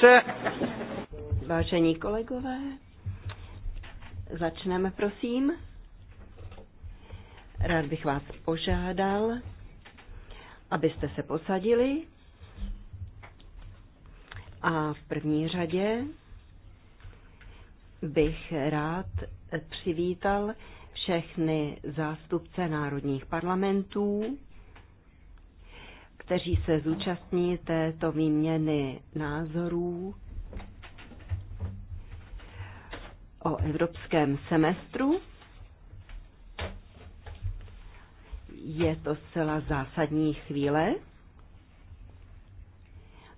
se, Vážení kolegové, začneme prosím. Rád bych vás požádal, abyste se posadili a v první řadě bych rád přivítal všechny zástupce národních parlamentů, kteří se zúčastní této výměny názorů o evropském semestru. Je to zcela zásadní chvíle,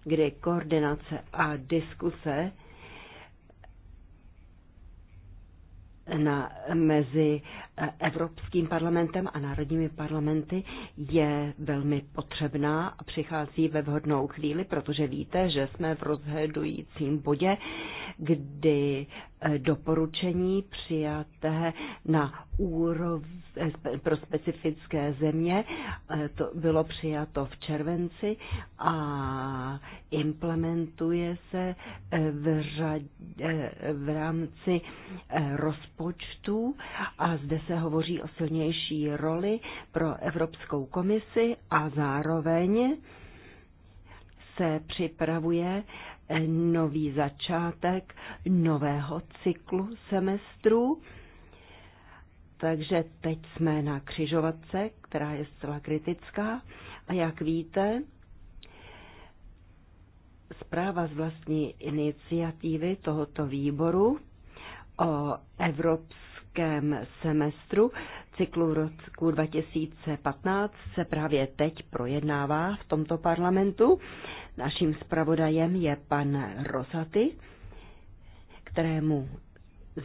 kdy koordinace a diskuse na, mezi Evropským parlamentem a národními parlamenty je velmi potřebná a přichází ve vhodnou chvíli, protože víte, že jsme v rozhodujícím bodě, kdy eh, doporučení přijaté na úrovni eh, pro specifické země eh, to bylo přijato v červenci a implementuje se v, řad, v rámci rozpočtu a zde se se hovoří o silnější roli pro Evropskou komisi a zároveň se připravuje nový začátek nového cyklu semestru. Takže teď jsme na křižovatce, která je zcela kritická. A jak víte, zpráva z vlastní iniciativy tohoto výboru o Evropské evropském semestru cyklu roku 2015 se právě teď projednává v tomto parlamentu. Naším zpravodajem je pan Rosaty, kterému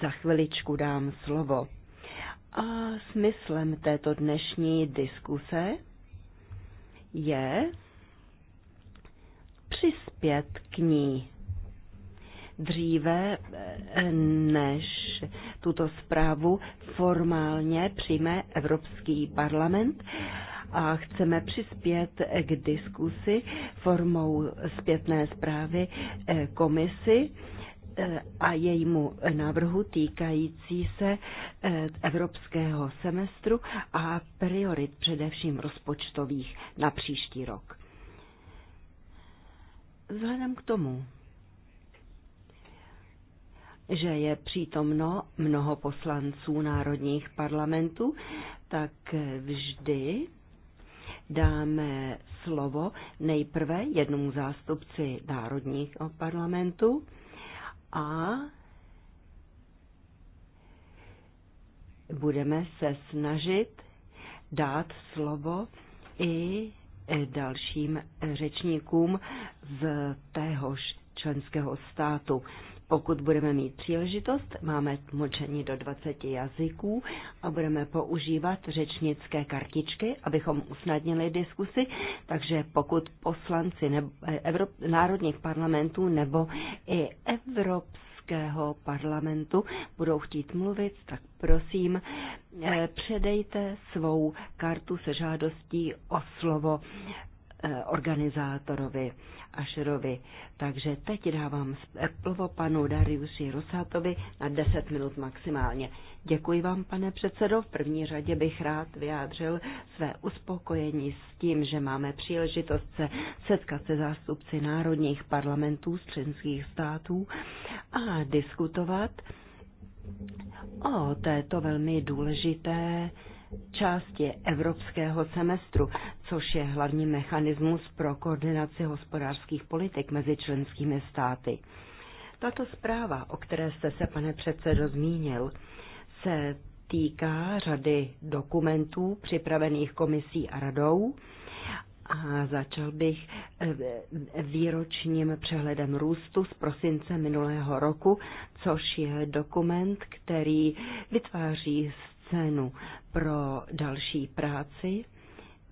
za chviličku dám slovo. A smyslem této dnešní diskuse je přispět k ní dříve, eh, než tuto zprávu formálně přijme Evropský parlament a chceme přispět k diskusi formou zpětné zprávy eh, komisi eh, a jejímu návrhu týkající se evropského semestru a priorit především rozpočtových na příští rok. Vzhledem k tomu, že je přítomno mnoho poslanců národních parlamentů, tak vždy dáme slovo nejprve jednomu zástupci národních parlamentu a budeme se snažit dát slovo i dalším řečníkům z téhož členského státu. Pokud budeme mít příležitost, máme tlumočení do 20 jazyků a budeme používat řečnické kartičky, abychom usnadnili diskusy, takže pokud poslanci nebo Evrop, národních parlamentů nebo i Evropského parlamentu budou chtít mluvit, tak prosím, eh, předejte svou kartu se žádostí o slovo Eh, organizátorovi Ašerovi. Takže teď dávám eh, slovo panu Dariusi Rosátovi na 10 minut maximálně. Děkuji vám, pane předsedo. V první řadě bych rád vyjádřil své uspokojení s tím, že máme příležitost se setkat se zástupci národních parlamentů z členských států a diskutovat o této velmi důležité části evropského semestru, což je hlavní mechanismus pro koordinaci hospodářských politik mezi členskými státy. Tato zpráva, o které jste se, pane předsedo, zmínil, se týká řady dokumentů připravených komisí a radou a začal bych eh, výročním přehledem růstu z prosince minulého roku, což je dokument, který vytváří scénu pro další práci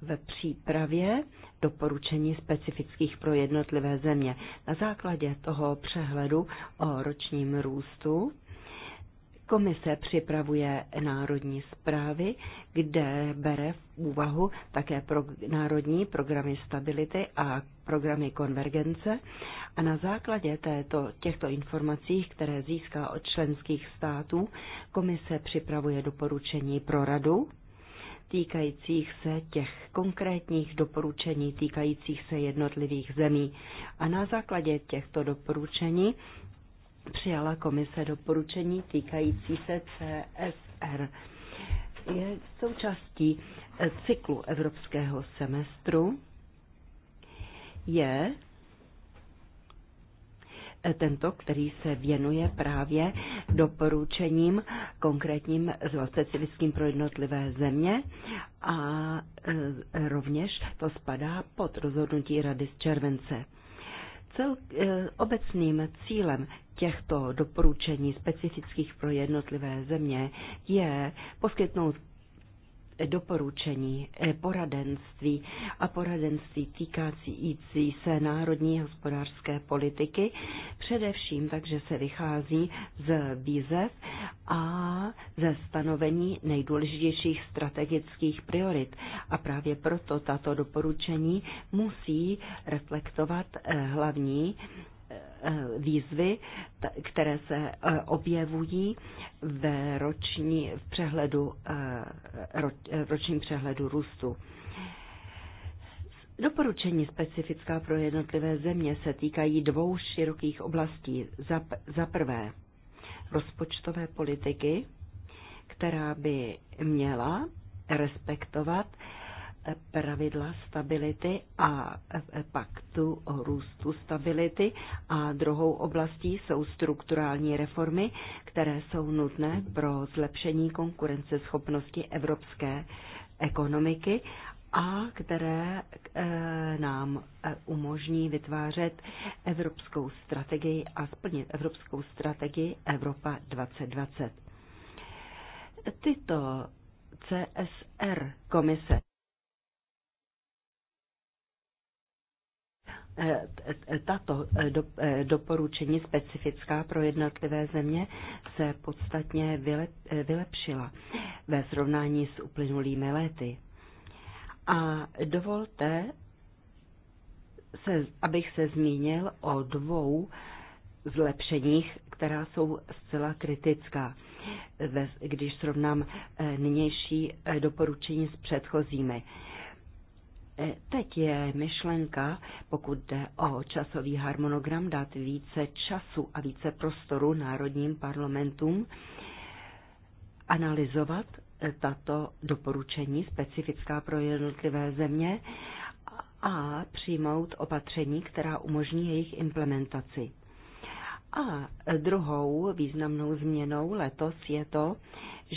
ve přípravě doporučení specifických pro jednotlivé země. Na základě toho přehledu o ročním růstu Komise připravuje národní zprávy, kde bere v úvahu také pro, národní programy stability a programy konvergence a na základě této, těchto informací, které získá od členských států, komise připravuje doporučení pro radu týkajících se těch konkrétních doporučení týkajících se jednotlivých zemí. A na základě těchto doporučení přijala komise doporučení týkající se CSR. Je součástí eh, cyklu evropského semestru je eh, tento, který se věnuje právě doporučením konkrétním specifickým pro jednotlivé země a eh, rovněž to spadá pod rozhodnutí Rady z července. Cel, obecným cílem těchto doporučení specifických pro jednotlivé země je poskytnout doporučení, eh, poradenství a poradenství týkající se národní hospodářské politiky, především takže se vychází z výzev a ze stanovení nejdůležitějších strategických priorit. A právě proto tato doporučení musí reflektovat eh, hlavní Eh, výzvy, které se eh, objevují v, roční, v, přehledu, eh, v ročním přehledu růstu. Doporučení specifická pro jednotlivé země se týkají dvou širokých oblastí. Za, za prvé, rozpočtové politiky, která by měla respektovat eh, pravidla stability a paktu o růstu stability a druhou oblastí jsou strukturální reformy, které jsou nutné pro zlepšení konkurenceschopnosti evropské ekonomiky a které eh, nám eh, umožní vytvářet evropskou strategii a splnit evropskou strategii Evropa 2020. Tyto CSR komise Eh, eh, tato eh, doporučení specifická pro jednotlivé země se podstatně vylepšila ve srovnání s uplynulými lety. A dovolte, se, abych se zmínil o dvou zlepšeních, která jsou zcela kritická, když srovnám nynější doporučení s předchozími. E, teď je myšlenka, pokud jde o časový harmonogram, dát více času a více prostoru národním parlamentům analyzovat e, tato doporučení specifická pro jednotlivé země a přijmout opatření, která umožní jejich implementaci. A druhou významnou změnou letos je to,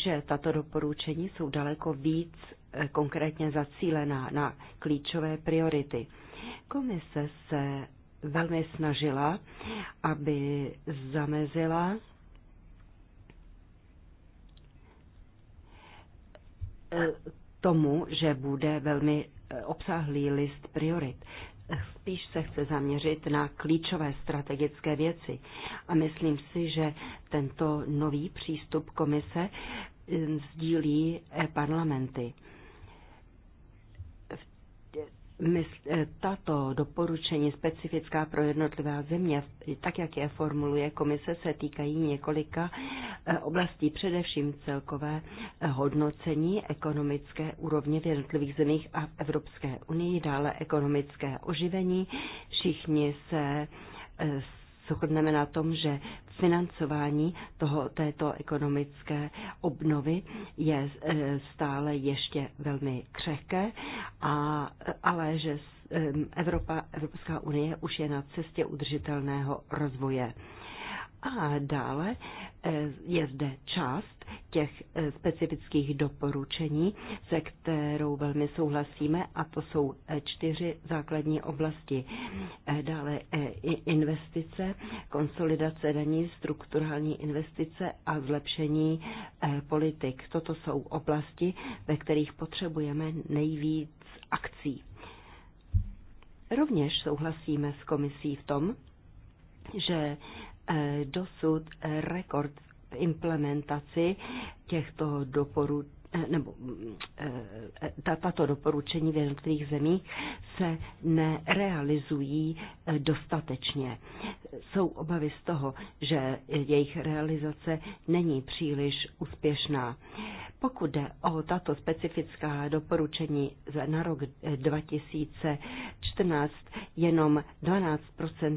že tato doporučení jsou daleko víc Eh, konkrétně zacílená na klíčové priority. Komise se velmi snažila, aby zamezila eh, tomu, že bude velmi eh, obsáhlý list priorit. Spíš se chce zaměřit na klíčové strategické věci. A myslím si, že tento nový přístup komise sdílí parlamenty. Eh, tato doporučení specifická pro jednotlivá země, tak jak je formuluje komise, se týkají několika eh, oblastí, především celkové eh, hodnocení ekonomické úrovně v jednotlivých zemích a v Evropské unii, dále ekonomické oživení. Všichni se shodneme na tom, že financování toho, této ekonomické obnovy je e, stále ještě velmi křehké, a, ale že e, Evropa, Evropská unie už je na cestě udržitelného rozvoje. A dále eh, je zde část těch eh, specifických doporučení, se kterou velmi souhlasíme, a to jsou eh, čtyři základní oblasti. Dále investice, konsolidace daní, strukturální investice a zlepšení politik. Toto jsou oblasti, ve kterých potřebujeme nejvíc akcí. Rovněž souhlasíme s komisí v tom, že Eh, dosud rekord v implementaci těchto doporučení Eh, nebo mm, eh, eh, tato doporučení v jednotlivých zemích se nerealizují dostatečně. Jsou obavy z toho, že jejich realizace není příliš úspěšná. Pokud jde o tato specifická doporučení na rok 2014, jenom 12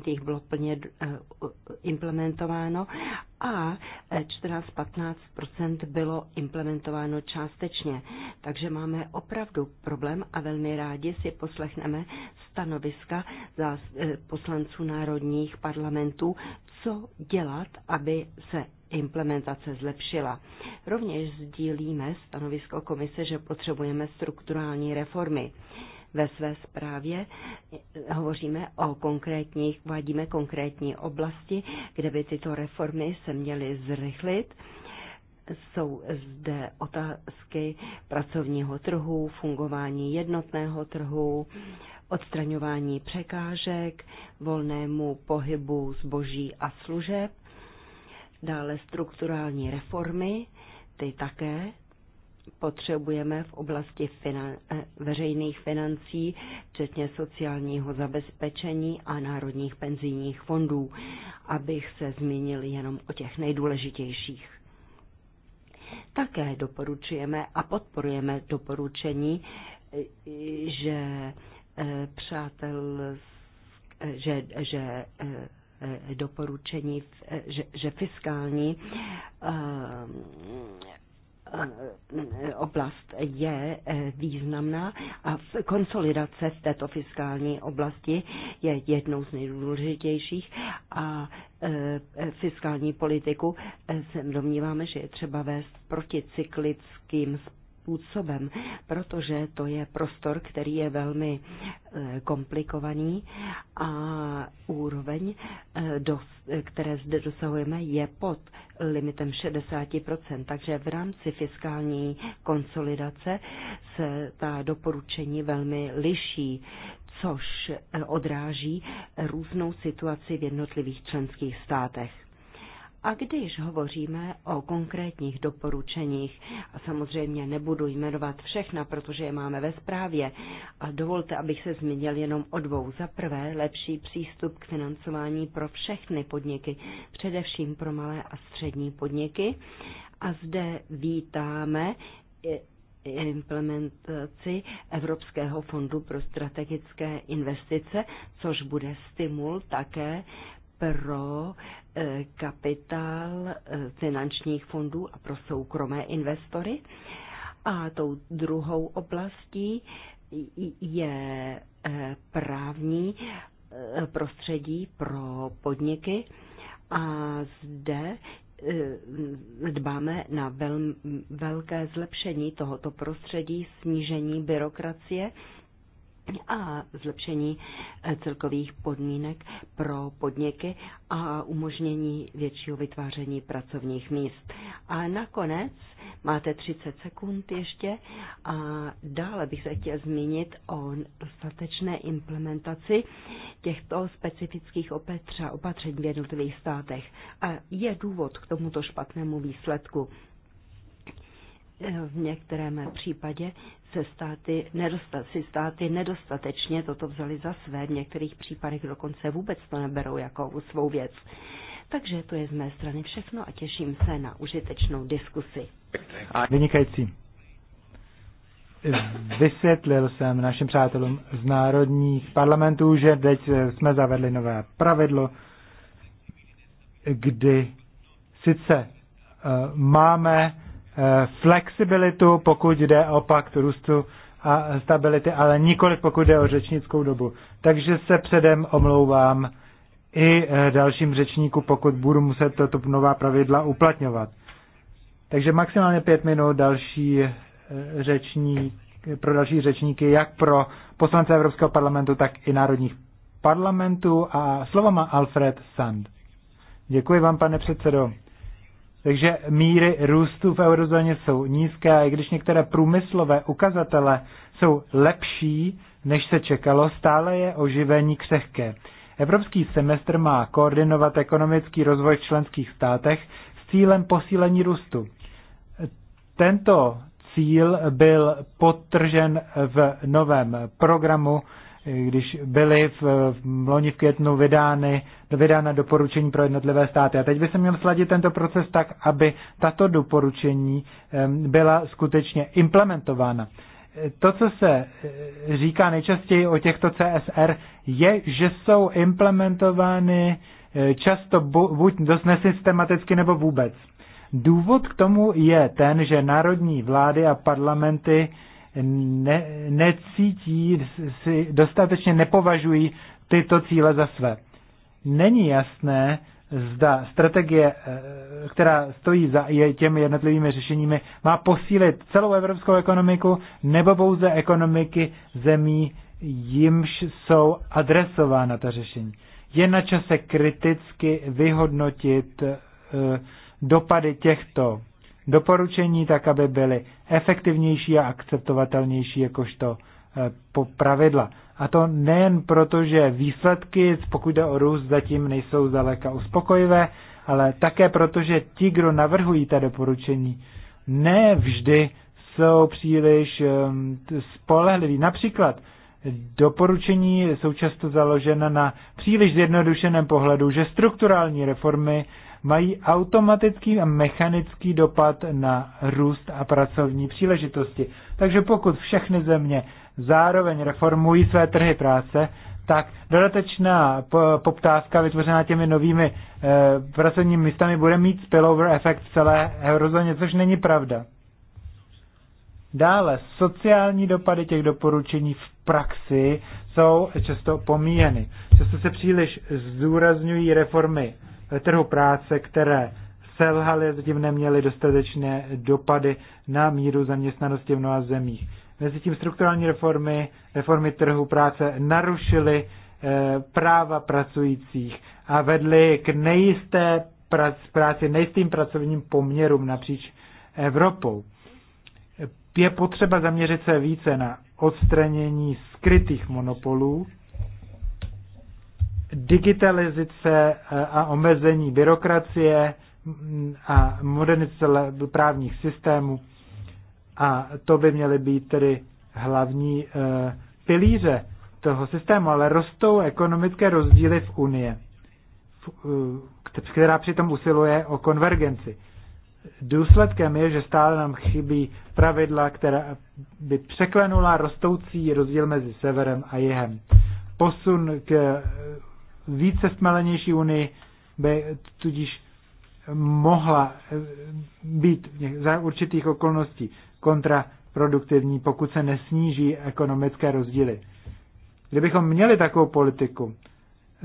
jich bylo plně implementováno a 14-15 bylo implementováno částečně. Takže máme opravdu problém a velmi rádi si poslechneme stanoviska za eh, poslanců národních parlamentů, co dělat, aby se implementace zlepšila. Rovněž sdílíme stanovisko komise, že potřebujeme strukturální reformy ve své zprávě. Hovoříme o konkrétních, vádíme konkrétní oblasti, kde by tyto reformy se měly zrychlit jsou zde otázky pracovního trhu, fungování jednotného trhu, odstraňování překážek, volnému pohybu zboží a služeb, dále strukturální reformy, ty také potřebujeme v oblasti finan- eh, veřejných financí, včetně sociálního zabezpečení a národních penzijních fondů, abych se zmínil jenom o těch nejdůležitějších. Také doporučujeme a podporujeme doporučení, eh, že eh, přátel, že, že doporučení, že, že fiskální Eh, oblast je eh, významná a konsolidace v této fiskální oblasti je jednou z nejdůležitějších a eh, fiskální politiku se domníváme, že je třeba vést proticyklickým způsobem, protože to je prostor, který je velmi eh, komplikovaný a úroveň, eh, eh, které zde dosahujeme, je pod limitem 60%, takže v rámci fiskální konsolidace se ta doporučení velmi liší, což odráží různou situaci v jednotlivých členských státech. A když hovoříme o konkrétních doporučeních, a samozřejmě nebudu jmenovat všechna, protože je máme ve zprávě, a dovolte, abych se zmínil jenom o dvou. Za prvé, lepší přístup k financování pro všechny podniky, především pro malé a střední podniky. A zde vítáme implementaci Evropského fondu pro strategické investice, což bude stimul také pro eh, kapitál eh, finančních fondů a pro soukromé investory. A tou druhou oblastí je eh, právní prostředí pro podniky a zde dbáme na velké zlepšení tohoto prostředí, snížení byrokracie a zlepšení eh, celkových podmínek pro podniky a umožnění většího vytváření pracovních míst. A nakonec máte 30 sekund ještě a dále bych se chtěl zmínit o dostatečné implementaci těchto specifických opatření v jednotlivých státech. A je důvod k tomuto špatnému výsledku v některém případě se státy, nedostat, si státy nedostatečně toto vzali za své, v některých případech dokonce vůbec to neberou jako svou věc. Takže to je z mé strany všechno a těším se na užitečnou diskusi. Vynikající. Vysvětlil jsem našim přátelům z národních parlamentů, že teď jsme zavedli nové pravidlo, kdy sice eh, máme flexibilitu, pokud jde o pakt růstu a stability, ale nikoli pokud jde o řečnickou dobu. Takže se předem omlouvám i eh, dalším řečníku, pokud budu muset tato nová pravidla uplatňovat. Takže maximálně pět minut další eh, řečník, pro další řečníky, jak pro poslance Evropského parlamentu, tak i národních parlamentů. A slovo má Alfred Sand. Děkuji vám, pane předsedo. Takže míry růstu v eurozóně jsou nízké, i když některé průmyslové ukazatele jsou lepší, než se čekalo, stále je oživení křehké. Evropský semestr má koordinovat ekonomický rozvoj v členských státech s cílem posílení růstu. Tento cíl byl potržen v novém programu když byly v, v loni v květnu vydány, vydána doporučení pro jednotlivé státy. A teď by se měl sladit tento proces tak, aby tato doporučení byla skutečně implementována. To, co se e, říká nejčastěji o těchto CSR, je, že jsou implementovány e, často buď dost nesystematicky nebo vůbec. Důvod k tomu je ten, že národní vlády a parlamenty ne, necítí, si dostatečně nepovažují tyto cíle za své. Není jasné, zda strategie, eh, která stojí za těmi jednotlivými řešeními, má posílit celou evropskou ekonomiku nebo pouze ekonomiky zemí, jimž jsou adresována ta řešení. Je na čase kriticky vyhodnotit eh, dopady těchto doporučení, tak aby byly efektivnější a akceptovatelnější jakožto eh, po pravidla. A to nejen proto, že výsledky, pokud jde o růst, zatím nejsou zdaleka uspokojivé, ale také proto, že ti, kdo navrhují ta doporučení, ne vždy jsou příliš ehm, spolehliví. Například doporučení jsou často založena na příliš zjednodušeném pohledu, že strukturální reformy mají automatický a mechanický dopad na růst a pracovní příležitosti. Takže pokud všechny země zároveň reformují své trhy práce, tak dodatečná poptávka vytvořená těmi novými e, pracovními místami bude mít spillover efekt v celé eurozóně, což není pravda. Dále, sociální dopady těch doporučení v praxi jsou často pomíjeny. Často se příliš zdůrazňují reformy trhu práce, které selhaly, zatím neměly dostatečné dopady na míru zaměstnanosti v mnoha zemích. Mezitím strukturální reformy, reformy trhu práce narušily eh, práva pracujících a vedly k nejisté práci, nejistým pracovním poměrům napříč Evropou. Je potřeba zaměřit se více na odstranění skrytých monopolů, digitalizace eh, a omezení byrokracie mm, a modernizace právních systémů. A to by měly být tedy hlavní eh, pilíře toho systému, ale rostou ekonomické rozdíly v Unii, eh, která přitom usiluje o konvergenci. Důsledkem je, že stále nám chybí pravidla, která by překlenula rostoucí rozdíl mezi severem a jihem. Posun k více stmelenější unii by tudíž mohla eh, být za určitých okolností kontraproduktivní, pokud se nesníží ekonomické rozdíly. Kdybychom měli takovou politiku,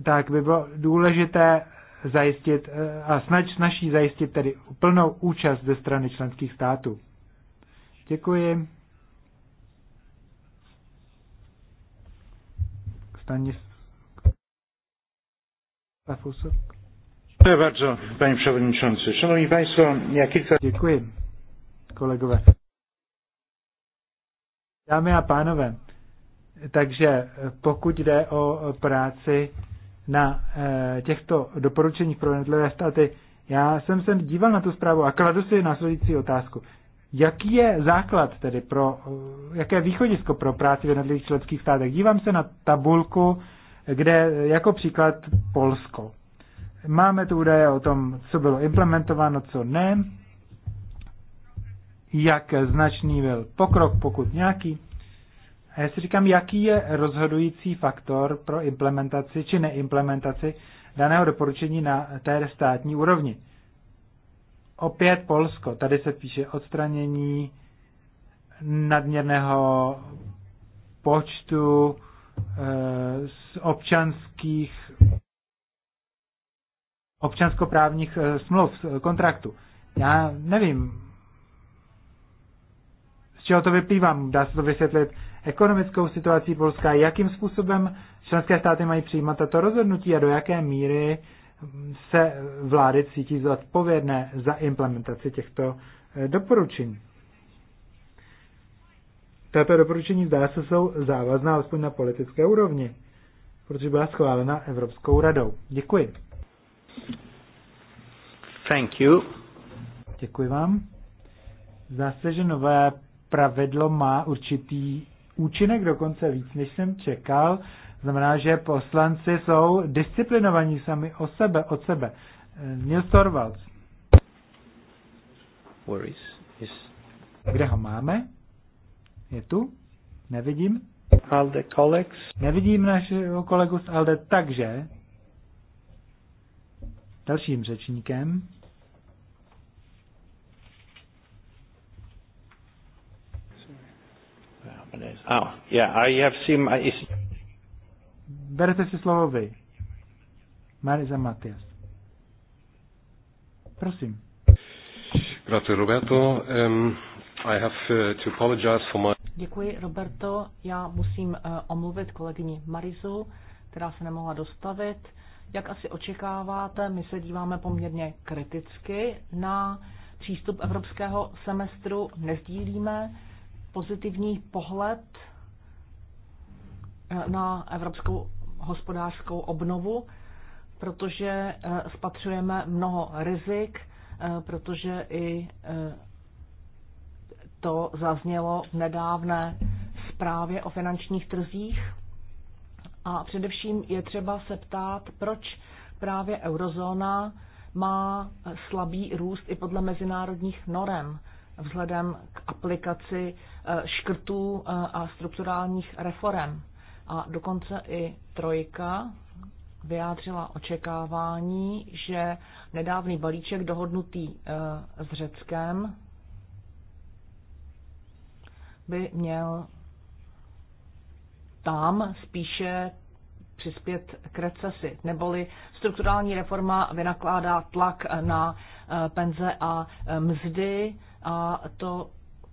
tak by bylo důležité zajistit eh, a snaž, snaží zajistit tedy plnou účast ze strany členských států. Děkuji. Stanis Dziękuję bardzo, panie przewodniczący. Szanowni państwo, ja kilka... Dziękuję, kolegové. Dámy a pánové, takže pokud jde o práci na eh, těchto doporučeních pro jednotlivé státy, já jsem se díval na tu zprávu a kladu si následující otázku. Jaký je základ tedy pro, eh, jaké východisko pro práci v jednotlivých členských státech? Dívám se na tabulku kde jako příklad Polsko. Máme tu údaje o tom, co bylo implementováno, co ne, jak značný byl pokrok, pokud nějaký. A já si říkám, jaký je rozhodující faktor pro implementaci či neimplementaci daného doporučení na té státní úrovni. Opět Polsko. Tady se píše odstranění nadměrného počtu Eh, z občanských občanskoprávních eh, smluv, kontraktu. Já nevím, z čeho to vyplývá. Dá se to vysvětlit ekonomickou situací Polska, jakým způsobem členské státy mají přijímat tato rozhodnutí a do jaké míry se vlády cítí zodpovědné za implementaci těchto eh, doporučení. Tato doporučení zdá se jsou závazná alespoň na politické úrovni, protože byla schválena Evropskou radou. Děkuji. Thank you. Děkuji vám. Zdá se, že nové pravidlo má určitý účinek, dokonce víc, než jsem čekal. Znamená, že poslanci jsou disciplinovaní sami o sebe, od sebe. Nils Torvalds. Where is, is... Kde ho máme? Je tu? Nevidím. Alde Kolex. Nevidím našeho kolegu z Alde, takže dalším řečníkem Oh, yeah, I have seen my... Berete si slovo vy. Marisa Matias. Prosím. Grazie Roberto. Um... I have uh, to apologize for my... Děkuji, Roberto. Já musím uh, omluvit kolegyni Marizu, která se nemohla dostavit. Jak asi očekáváte, my se díváme poměrně kriticky na přístup evropského semestru. Nezdílíme pozitivní pohled uh, na evropskou hospodářskou obnovu, protože uh, spatřujeme mnoho rizik, protože i to zaznělo v nedávné zprávě o finančních trzích. A především je třeba se ptát, proč právě eurozóna má slabý růst i podle mezinárodních norem vzhledem k aplikaci eh, škrtů eh, a strukturálních reform. A dokonce i trojka vyjádřila očekávání, že nedávný balíček dohodnutý eh, s Řeckem by měl tam spíše přispět k recesi, neboli strukturální reforma vynakládá tlak na eh, penze a eh, mzdy a to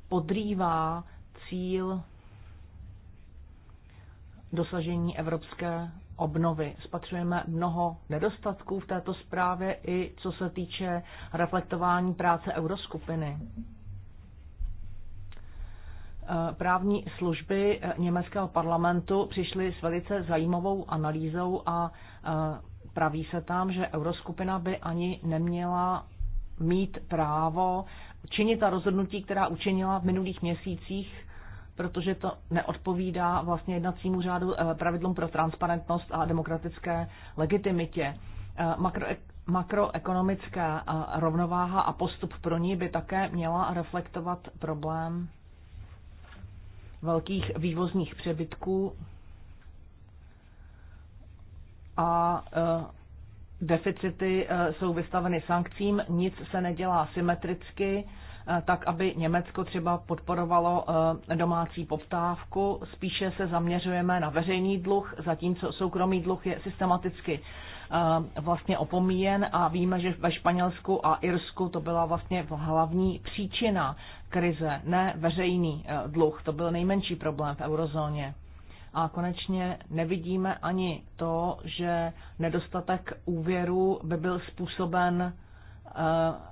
podrývá cíl dosažení evropské obnovy. Spatřujeme mnoho nedostatků v této zprávě i co se týče reflektování práce euroskupiny. Eh, právní služby eh, německého parlamentu přišly s velice zajímavou analýzou a eh, praví se tam, že euroskupina by ani neměla mít právo činit ta rozhodnutí, která učinila v minulých měsících, protože to neodpovídá vlastně jednacímu řádu pravidlům pro transparentnost a demokratické legitimitě. Makro, makroekonomická rovnováha a postup pro ní by také měla reflektovat problém velkých vývozních přebytků a e, deficity e, jsou vystaveny sankcím, nic se nedělá symetricky, e, tak aby Německo třeba podporovalo domácí poptávku. Spíše se zaměřujeme na veřejný dluh, zatímco soukromý dluh je systematicky Eh, vlastně opomíjen a víme, že ve Španělsku a Irsku to byla vlastně hlavní příčina krize, ne veřejný eh, dluh, to byl nejmenší problém v eurozóně. A konečně nevidíme ani to, že nedostatek úvěru by byl způsoben eh,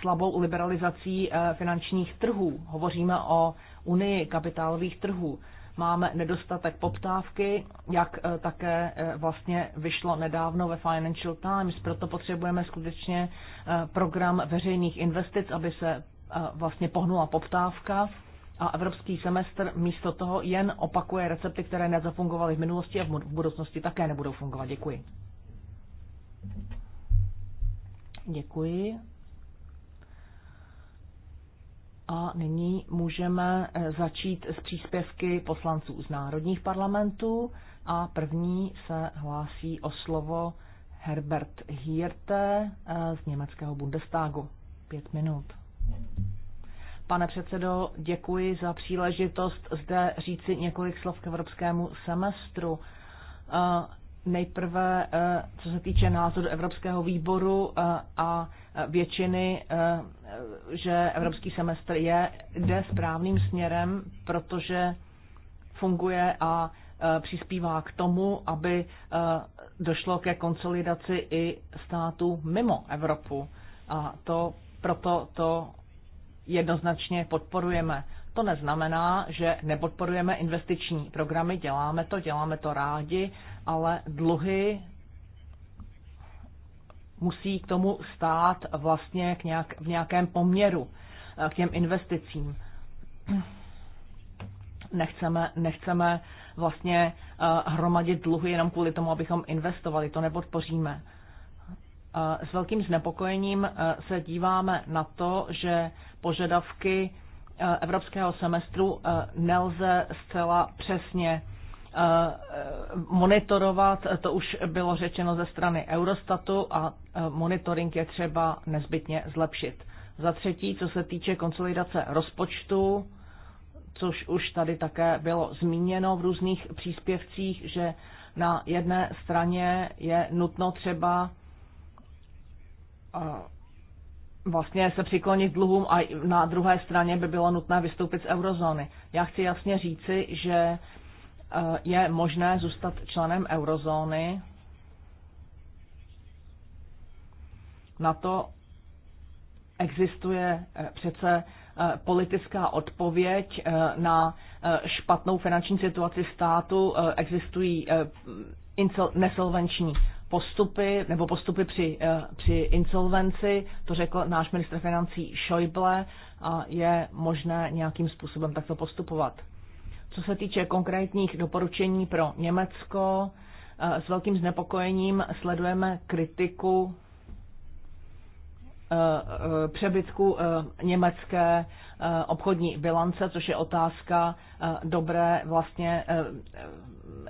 slabou liberalizací finančních trhů. Hovoříme o unii kapitálových trhů máme nedostatek poptávky, jak e, také e, vlastně vyšlo nedávno ve Financial Times. Proto potřebujeme skutečně e, program veřejných investic, aby se vlastně pohnula poptávka a evropský semestr místo toho jen opakuje recepty, které nezafungovaly v minulosti a v budoucnosti také nebudou fungovat. Děkuji. Děkuji. A nyní můžeme eh, začít s příspěvky poslanců z národních parlamentů a první se hlásí o slovo Herbert Hirte eh, z německého Bundestagu. Pět minut. Pane předsedo, děkuji za příležitost zde říci několik slov k evropskému semestru. Eh, Nejprve, eh, co se týče názoru Evropského výboru eh, a eh, většiny, že Evropský semestr je, jde správným směrem, protože funguje a přispívá k tomu, aby došlo ke konsolidaci i států mimo Evropu. A to proto to jednoznačně podporujeme. To neznamená, že nepodporujeme investiční programy, děláme to, děláme to rádi, ale dluhy musí k tomu stát vlastně k nějak, v nějakém poměru eh, k těm investicím. Nechceme, nechceme vlastně eh, hromadit dluhy jenom kvůli tomu, abychom investovali, to nepodpoříme. Eh, s velkým znepokojením se díváme na to, že požadavky Eh, evropského semestru eh, nelze zcela přesně eh, monitorovat, to už bylo řečeno ze strany Eurostatu a monitoring je třeba nezbytně zlepšit. Za třetí, co se týče konsolidace rozpočtu, což už tady také bylo zmíněno v různých příspěvcích, že na jedné straně je nutno třeba vlastně se přiklonit dluhům a na druhé straně by bylo nutné vystoupit z eurozóny. Já chci jasně říci, že e, je možné zůstat členem eurozóny. Na to existuje e, přece e, politická odpověď na špatnou finanční situaci státu, existují nesolvenční postupy nebo postupy při, eh, při insolvenci, to řekl náš ministr financí Schäuble, a je možné nějakým způsobem takto postupovat. Co se týče konkrétních doporučení pro Německo, eh, s velkým znepokojením sledujeme kritiku eh, přebytku německé obchodní bilance, což je otázka dobré vlastně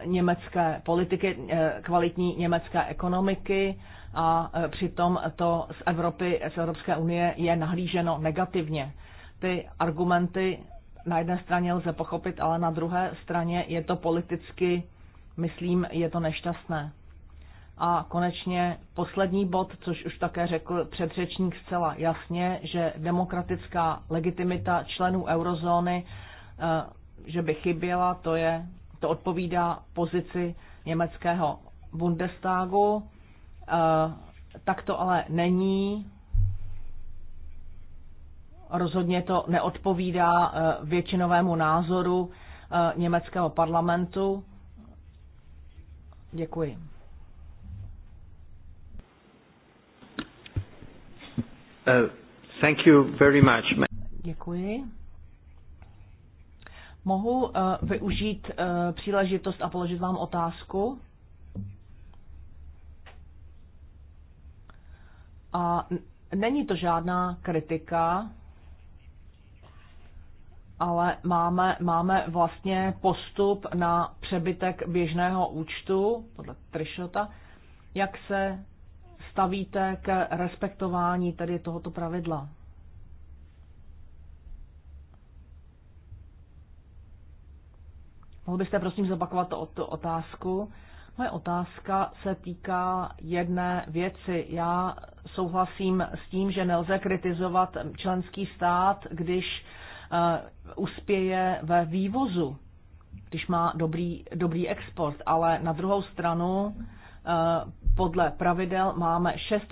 německé politiky, eh, kvalitní německé ekonomiky a eh, přitom to z Evropy, z Evropské unie je nahlíženo negativně. Ty argumenty na jedné straně lze pochopit, ale na druhé straně je to politicky, myslím, je to nešťastné. A konečně poslední bod, což už také řekl předřečník zcela jasně, že demokratická legitimita členů eurozóny, eh, že by chyběla, to je to odpovídá pozici německého Bundestagu. Eh, tak to ale není. Rozhodně to neodpovídá eh, většinovému názoru eh, německého parlamentu. Děkuji. Uh, thank you very much. Děkuji. Mohu eh, využít eh, příležitost a položit vám otázku? A není to žádná kritika, ale máme, máme vlastně postup na přebytek běžného účtu, podle Trishota. jak se stavíte k respektování tady tohoto pravidla? Mohl byste prosím zopakovat to, tu otázku? Moje otázka se týká jedné věci. Já souhlasím s tím, že nelze kritizovat členský stát, když uh, uspěje ve vývozu, když má dobrý, dobrý export, ale na druhou stranu eh, podle pravidel máme 6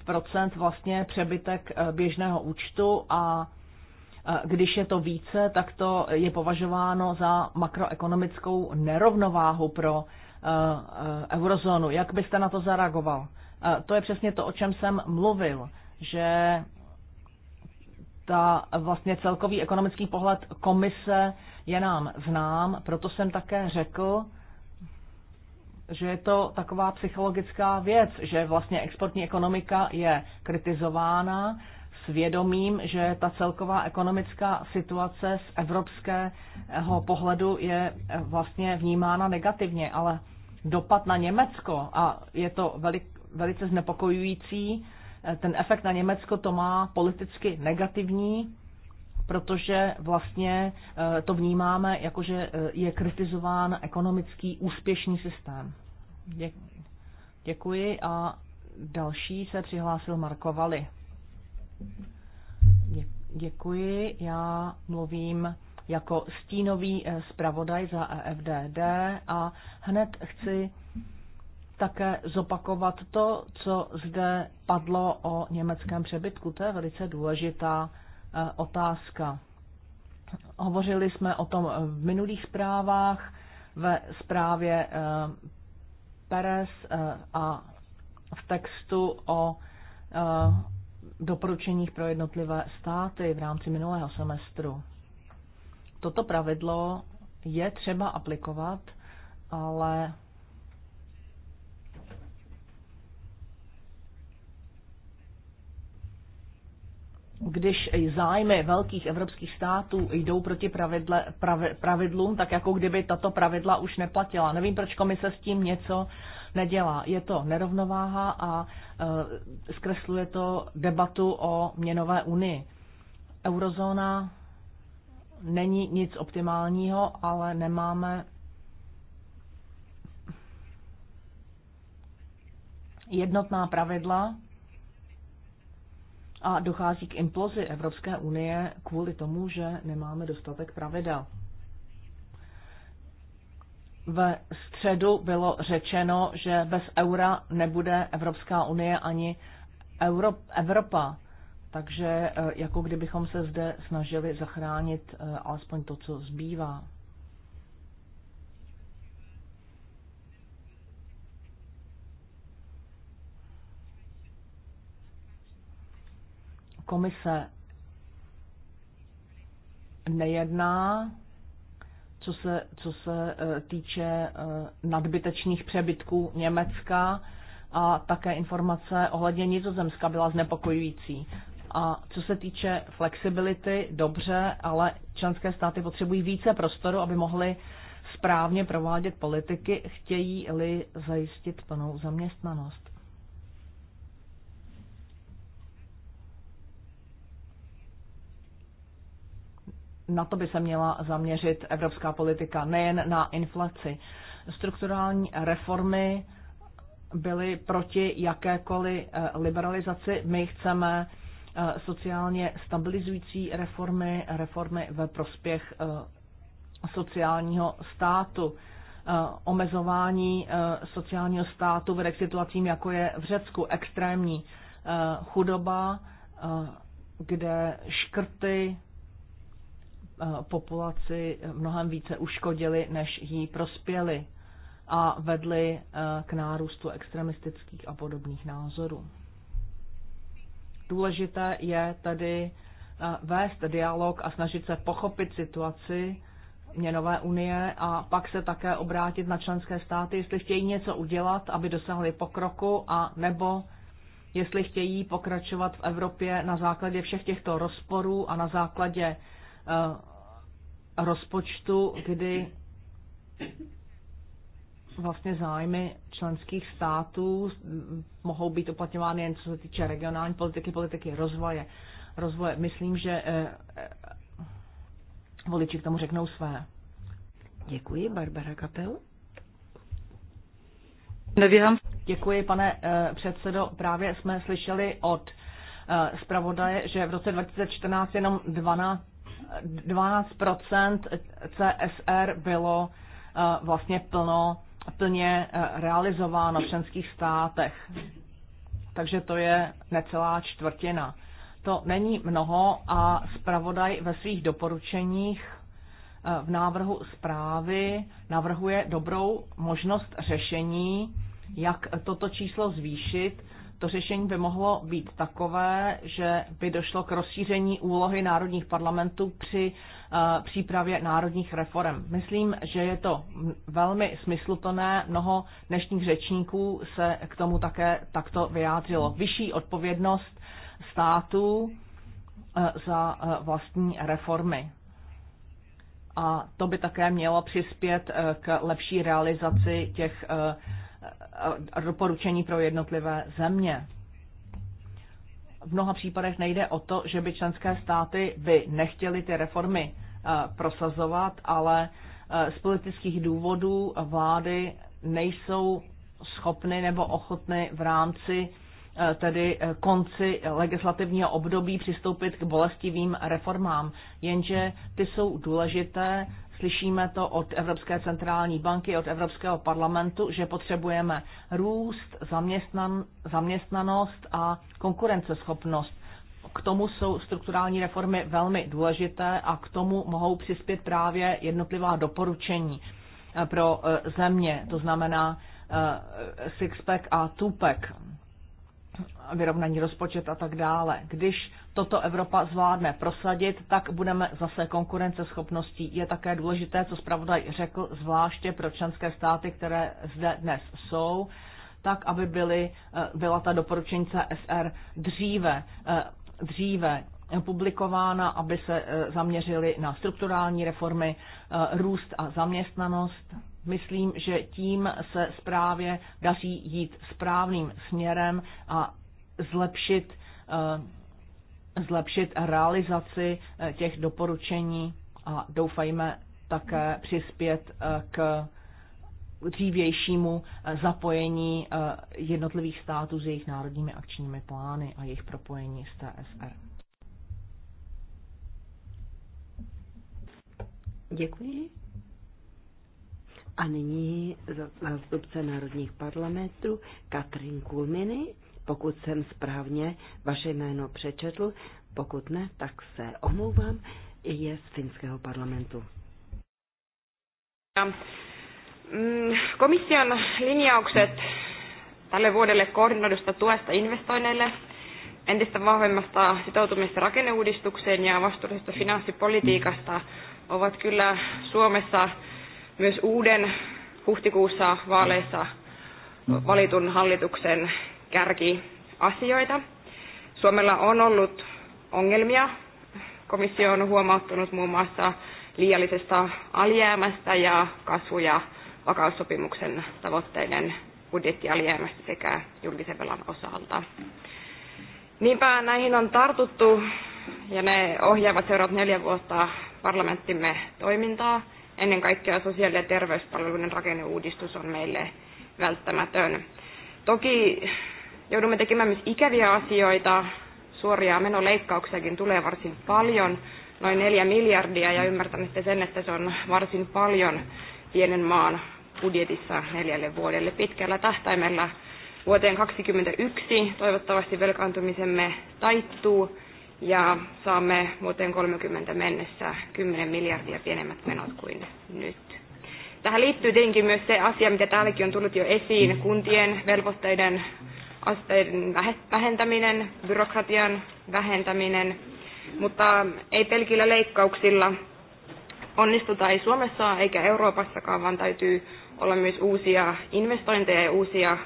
vlastně přebytek eh, běžného účtu a Eh, když je to více, tak to je považováno za makroekonomickou nerovnováhu pro eh, eh, eurozónu. Jak byste na to zareagoval? To je přesně to, o čem jsem mluvil, že ta vlastně celkový ekonomický pohled komise je nám znám, proto jsem také řekl, že je to taková psychologická věc, že vlastně exportní ekonomika je kritizována svědomím, že ta celková ekonomická situace z evropského pohledu je vlastně vnímána negativně, ale dopad na Německo a je to velik, velice znepokojující, ten efekt na Německo to má politicky negativní, protože vlastně eh, to vnímáme jako, že eh, je kritizován ekonomický úspěšný systém. Děkuji a další se přihlásil Marko Vali. Děkuji. Já mluvím jako stínový eh, zpravodaj za EFDD a hned chci také zopakovat to, co zde padlo o německém přebytku. To je velice důležitá eh, otázka. Hovořili jsme o tom eh, v minulých zprávách, ve zprávě Perez a v textu o doporučeních pro jednotlivé státy v rámci minulého semestru. Toto pravidlo je třeba aplikovat, ale když zájmy velkých evropských států jdou proti pravidle, pravi, pravidlům, tak jako kdyby tato pravidla už neplatila. Nevím, proč komise s tím něco nedělá. Je to nerovnováha a e, zkresluje to debatu o měnové unii. Eurozóna není nic optimálního, ale nemáme jednotná pravidla a dochází k implozi Evropské unie kvůli tomu, že nemáme dostatek pravidel ve středu bylo řečeno, že bez eura nebude Evropská unie ani Evropa. Takže eh, jako kdybychom se zde snažili zachránit eh, alespoň to, co zbývá. Komise nejedná co se, co se eh, týče eh, nadbytečných přebytků Německa a také informace ohledně Nizozemska byla znepokojující. A co se týče flexibility, dobře, ale členské státy potřebují více prostoru, aby mohly správně provádět politiky, chtějí-li zajistit plnou zaměstnanost. na to by se měla zaměřit evropská politika, nejen na inflaci. Strukturální reformy byly proti jakékoliv eh, liberalizaci. My chceme eh, sociálně stabilizující reformy, reformy ve prospěch eh, sociálního státu. Omezování sociálního státu vede k situacím, jako je v Řecku extrémní chudoba, kde škrty Eh, populaci mnohem více uškodili, než jí prospěli a vedli eh, k nárůstu extremistických a podobných názorů. Důležité je tedy eh, vést dialog a snažit se pochopit situaci měnové unie a pak se také obrátit na členské státy, jestli chtějí něco udělat, aby dosáhli pokroku a nebo jestli chtějí pokračovat v Evropě na základě všech těchto rozporů a na základě rozpočtu, kdy vlastně zájmy členských států mohou být uplatňovány jen co se týče regionální politiky, politiky rozvoje. rozvoje. Myslím, že eh, eh, voliči k tomu řeknou své. Děkuji, Barbara Kapel. Nevím. Děkuji, pane eh, předsedo. Právě jsme slyšeli od zpravodaje, že v roce 2014 jenom 12 12 CSR bylo eh, vlastně plno, plně eh, realizováno v členských státech. Takže to je necelá čtvrtina. To není mnoho a zpravodaj ve svých doporučeních eh, v návrhu zprávy navrhuje dobrou možnost řešení, jak toto číslo zvýšit to řešení by mohlo být takové, že by došlo k rozšíření úlohy národních parlamentů při uh, přípravě národních reform. Myslím, že je to velmi smysluplné. Mnoho dnešních řečníků se k tomu také takto vyjádřilo. Vyšší odpovědnost států uh, eh, za uh, vlastní reformy. A to by také mělo přispět k lepší realizaci těch uh, doporučení pro jednotlivé země. V mnoha případech nejde o to, že by členské státy by nechtěly ty reformy eh, prosazovat, ale eh, z politických důvodů vlády nejsou schopny nebo ochotny v rámci eh, tedy konci legislativního období přistoupit k bolestivým reformám. Jenže ty jsou důležité Slyšíme to od Evropské centrální banky, od Evropského parlamentu, že potřebujeme růst, zaměstnan, zaměstnanost a konkurenceschopnost. K tomu jsou strukturální reformy velmi důležité a k tomu mohou přispět právě jednotlivá doporučení pro eh, země, to znamená eh, sixpack a Tupac, vyrovnaný rozpočet a tak dále. Když toto Evropa zvládne prosadit, tak budeme zase konkurenceschopností. Je také důležité, co zpravodaj řekl, zvláště pro členské státy, které zde dnes jsou, tak, aby byly, eh, byla ta doporučení CSR dříve, eh, dříve publikována, aby se eh, zaměřili na strukturální reformy, růst a zaměstnanost. Myslím, že tím se zprávě daří jít správným směrem a zlepšit zlepšit realizaci eh, těch doporučení a doufajme také přispět eh, k dřívějšímu eh, zapojení jednotlivých států s jejich národními akčními plány a jejich propojení s TSR. Děkuji. A nyní zástupce národních parlamentů Katrin Kulminy pokud jsem správně vaše jméno přečetl, pokud ne, tak se omlouvám, je z finského parlamentu. Mm, komission linjaukset tälle vuodelle koordinoidusta tuesta investoinneille, entistä vahvemmasta sitoutumista rakenneuudistukseen ja vastuullisesta finanssipolitiikasta ovat kyllä Suomessa myös uuden huhtikuussa vaaleissa valitun hallituksen kärkiasioita. Suomella on ollut ongelmia. Komissio on huomauttanut muun muassa liiallisesta alijäämästä ja kasvu- ja vakaussopimuksen tavoitteiden budjettialijäämästä sekä julkisen velan osalta. Niinpä näihin on tartuttu ja ne ohjaavat seuraavat neljä vuotta parlamenttimme toimintaa. Ennen kaikkea sosiaali- ja terveyspalveluiden rakenneuudistus on meille välttämätön. Toki Joudumme tekemään myös ikäviä asioita. Suoria menoleikkauksiakin tulee varsin paljon, noin neljä miljardia, ja ymmärtämättä sen, että se on varsin paljon pienen maan budjetissa neljälle vuodelle pitkällä tähtäimellä. Vuoteen 2021 toivottavasti velkaantumisemme taittuu ja saamme vuoteen 30 mennessä 10 miljardia pienemmät menot kuin nyt. Tähän liittyy tietenkin myös se asia, mitä täälläkin on tullut jo esiin, kuntien velvoitteiden asteiden vähentäminen, byrokratian vähentäminen, mutta ei pelkillä leikkauksilla onnistuta ei Suomessa eikä Euroopassakaan, vaan täytyy olla myös uusia investointeja ja uusia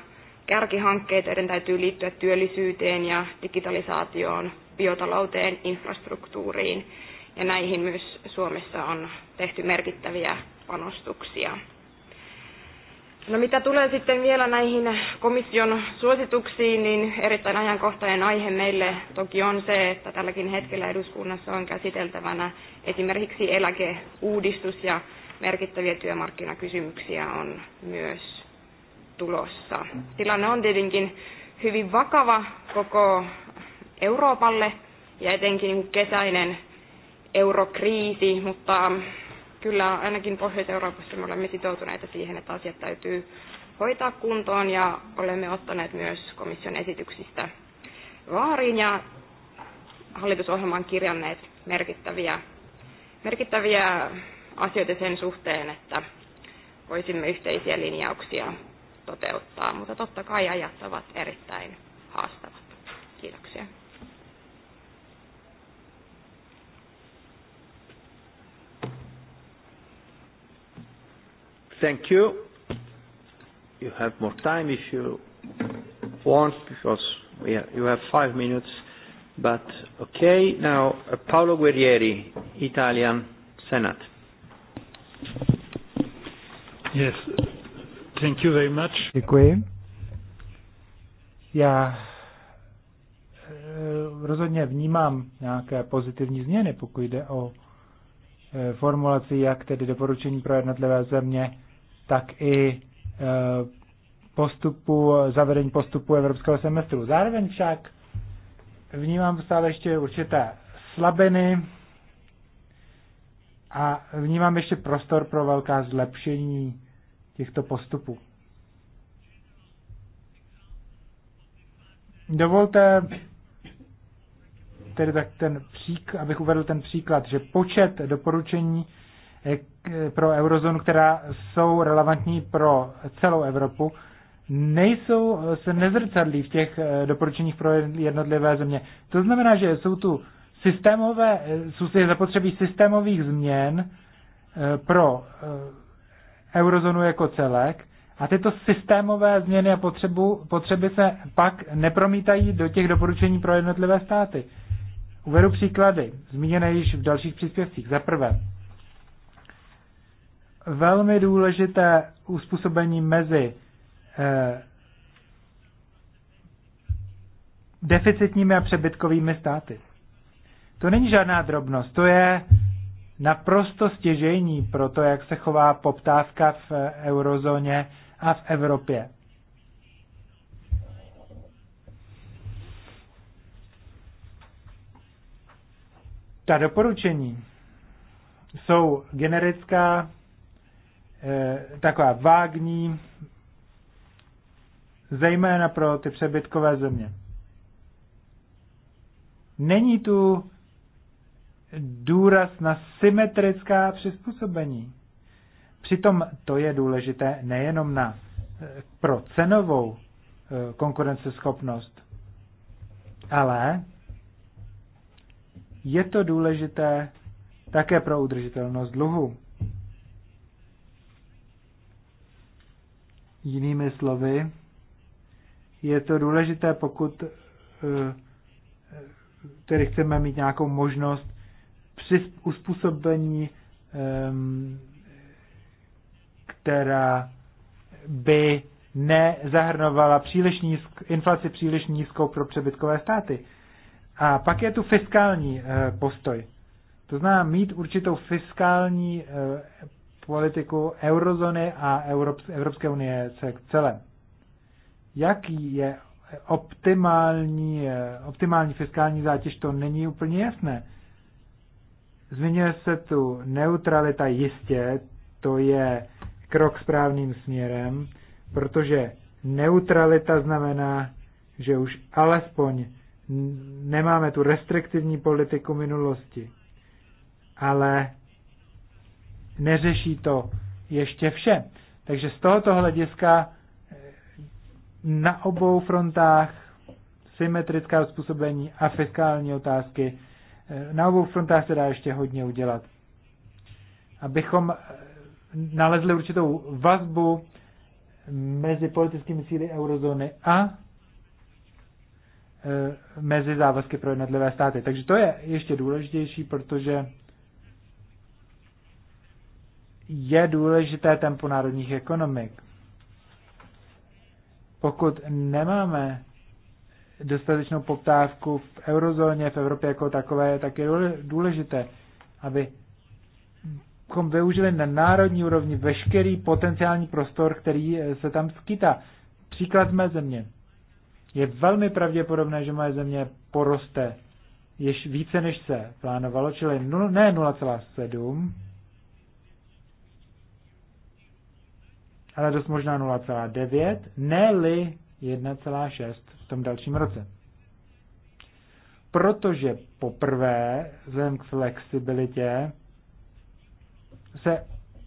kärkihankkeita, joiden täytyy liittyä työllisyyteen ja digitalisaatioon, biotalouteen, infrastruktuuriin. Ja näihin myös Suomessa on tehty merkittäviä panostuksia. No mitä tulee sitten vielä näihin komission suosituksiin, niin erittäin ajankohtainen aihe meille toki on se, että tälläkin hetkellä eduskunnassa on käsiteltävänä esimerkiksi eläkeuudistus ja merkittäviä työmarkkinakysymyksiä on myös tulossa. Tilanne on tietenkin hyvin vakava koko Euroopalle ja etenkin kesäinen eurokriisi, mutta kyllä ainakin Pohjois-Euroopassa me olemme sitoutuneita siihen, että asiat täytyy hoitaa kuntoon ja olemme ottaneet myös komission esityksistä vaariin ja hallitusohjelmaan kirjanneet merkittäviä, merkittäviä asioita sen suhteen, että voisimme yhteisiä linjauksia toteuttaa, mutta totta kai ajat ovat erittäin haastavat. Kiitoksia. Thank you. You have more time if you want, because we have, you have five minutes. okay, now uh, Paolo Guerrieri, Italian Senate. Yes, thank you very much. Děkuji. Já eh, rozhodně vnímám nějaké pozitivní změny, pokud jde o eh, formulaci, jak tedy doporučení pro jednotlivé země tak i e, postupu, zavedení postupu evropského semestru. Zároveň však vnímám stále ještě určité slabiny a vnímám ještě prostor pro velká zlepšení těchto postupů. Dovolte tedy tak ten příklad, abych uvedl ten příklad, že počet doporučení Eh, pro eurozónu, která jsou relevantní pro celou Evropu, nejsou, eh, se nezrcadlí v těch eh, doporučeních pro jednotlivé země. To znamená, že jsou tu systémové, jsou si zapotřebí systémových změn pro eurozónu jako celek a tyto systémové změny a potřebu, potřeby se pak nepromítají do těch doporučení pro jednotlivé státy. Uvedu příklady, zmíněné již v dalších příspěvcích. Za prvé, velmi důležité uspůsobení mezi eh, deficitními a přebytkovými státy. To není žádná drobnost, to je naprosto stěžení pro to, jak se chová poptávka v eh, eurozóně a v Evropě. Ta doporučení jsou generická, Eh, taková vágní, zejména pro ty přebytkové země. Není tu důraz na symetrická přizpůsobení. Přitom to je důležité nejenom na, eh, pro cenovou eh, konkurenceschopnost, ale je to důležité také pro udržitelnost dluhu. Jinými slovy, je to důležité, pokud eh, tedy chceme mít nějakou možnost při uspůsobení, ehm, která by nezahrnovala příliš nízk, inflaci příliš nízkou pro přebytkové státy. A pak je tu fiskální eh, postoj. To znamená mít určitou fiskální eh, politiku eurozóny a Evropské unie se k celé. Jaký je optimální, optimální fiskální zátěž, to není úplně jasné. Zmiňuje se tu neutralita jistě, to je krok správným směrem, protože neutralita znamená, že už alespoň nemáme tu restriktivní politiku minulosti. Ale neřeší to ještě vše. Takže z tohoto hlediska eh, na obou frontách symetrická způsobení a fiskální otázky, eh, na obou frontách se dá ještě hodně udělat. Abychom eh, nalezli určitou vazbu mezi politickými síly eurozóny a mezi závazky pro jednotlivé státy. Takže to je ještě důležitější, protože je důležité tempo národních ekonomik. Pokud nemáme dostatečnou poptávku v eurozóně, v Evropě jako takové, tak je důležité, aby kom využili na národní úrovni veškerý potenciální prostor, který eh, se tam skýtá. Příklad mé země. Je velmi pravděpodobné, že moje země poroste ještě více, než se plánovalo, čili ne 0,7, ale dost možná 0,9, ne-li 1,6 v tom dalším roce. Protože poprvé, vzhledem k flexibilitě, se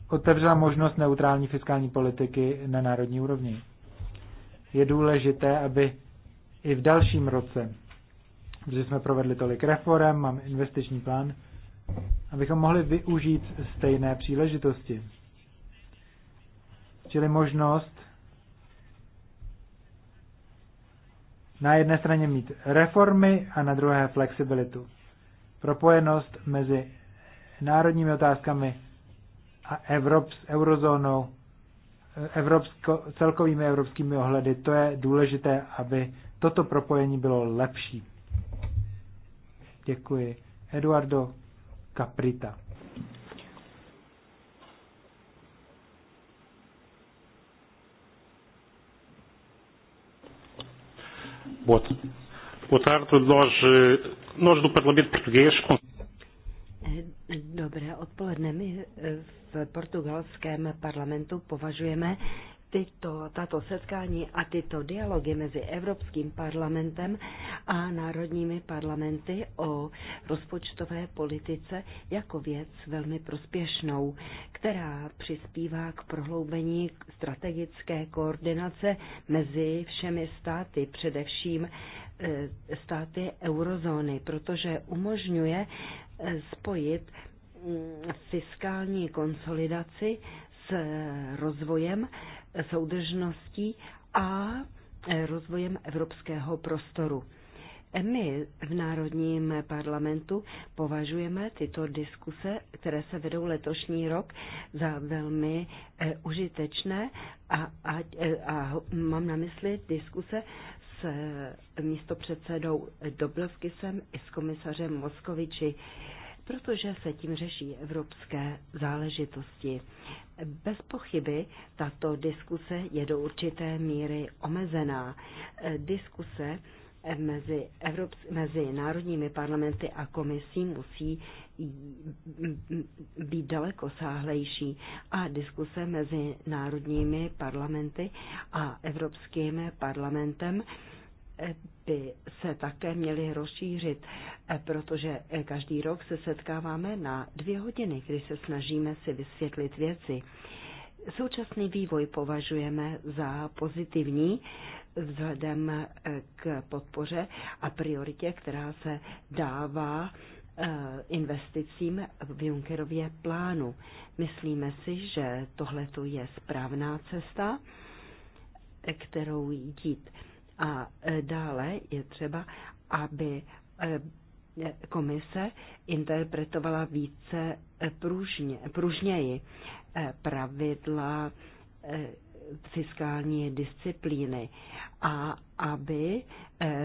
otevřela možnost neutrální fiskální politiky na národní úrovni. Je důležité, aby i v dalším roce, protože jsme provedli tolik reform, mám investiční plán, abychom mohli využít stejné příležitosti. Čili možnost na jedné straně mít reformy a na druhé flexibilitu. Propojenost mezi národními otázkami a Evrops, eurozónou, evropsko, celkovými evropskými ohledy, to je důležité, aby toto propojení bylo lepší. Děkuji. Eduardo Caprita. Boa, tarde. boa tarde. Nós, eh, nós do Parlamento Português. Dobré odpoledne. My v portugalském parlamentu považujeme tyto, tato setkání a tyto dialogy mezi Evropským parlamentem a národními parlamenty o rozpočtové politice jako věc velmi prospěšnou, která přispívá k prohloubení strategické koordinace mezi všemi státy, především eh, státy eurozóny, protože umožňuje eh, spojit mm, fiskální konsolidaci s rozvojem soudržností a rozvojem evropského prostoru. My v Národním parlamentu považujeme tyto diskuse, které se vedou letošní rok, za velmi e, užitečné a, a, eh, a mám na mysli diskuse s místopředsedou Doblovkysem i s komisařem Moskoviči. E, protože se tím řeší evropské záležitosti. Bez pochyby tato diskuse je do určité míry omezená. Diskuse mezi, Evrops- mezi národními parlamenty a komisí musí být daleko sáhlejší a diskuse mezi národními parlamenty a Evropským parlamentem by se také měly rozšířit, eh, protože eh, každý rok se setkáváme na dvě hodiny, kdy se snažíme si vysvětlit věci. Současný vývoj považujeme za pozitivní vzhledem eh, k podpoře a prioritě, která se dává investicím v Junckerově plánu. Myslíme si, že tohleto je správná cesta, kterou jít. A e, dále je třeba, aby e, komise interpretovala více e, pružně, pružněji pravidla fiskální disciplíny a aby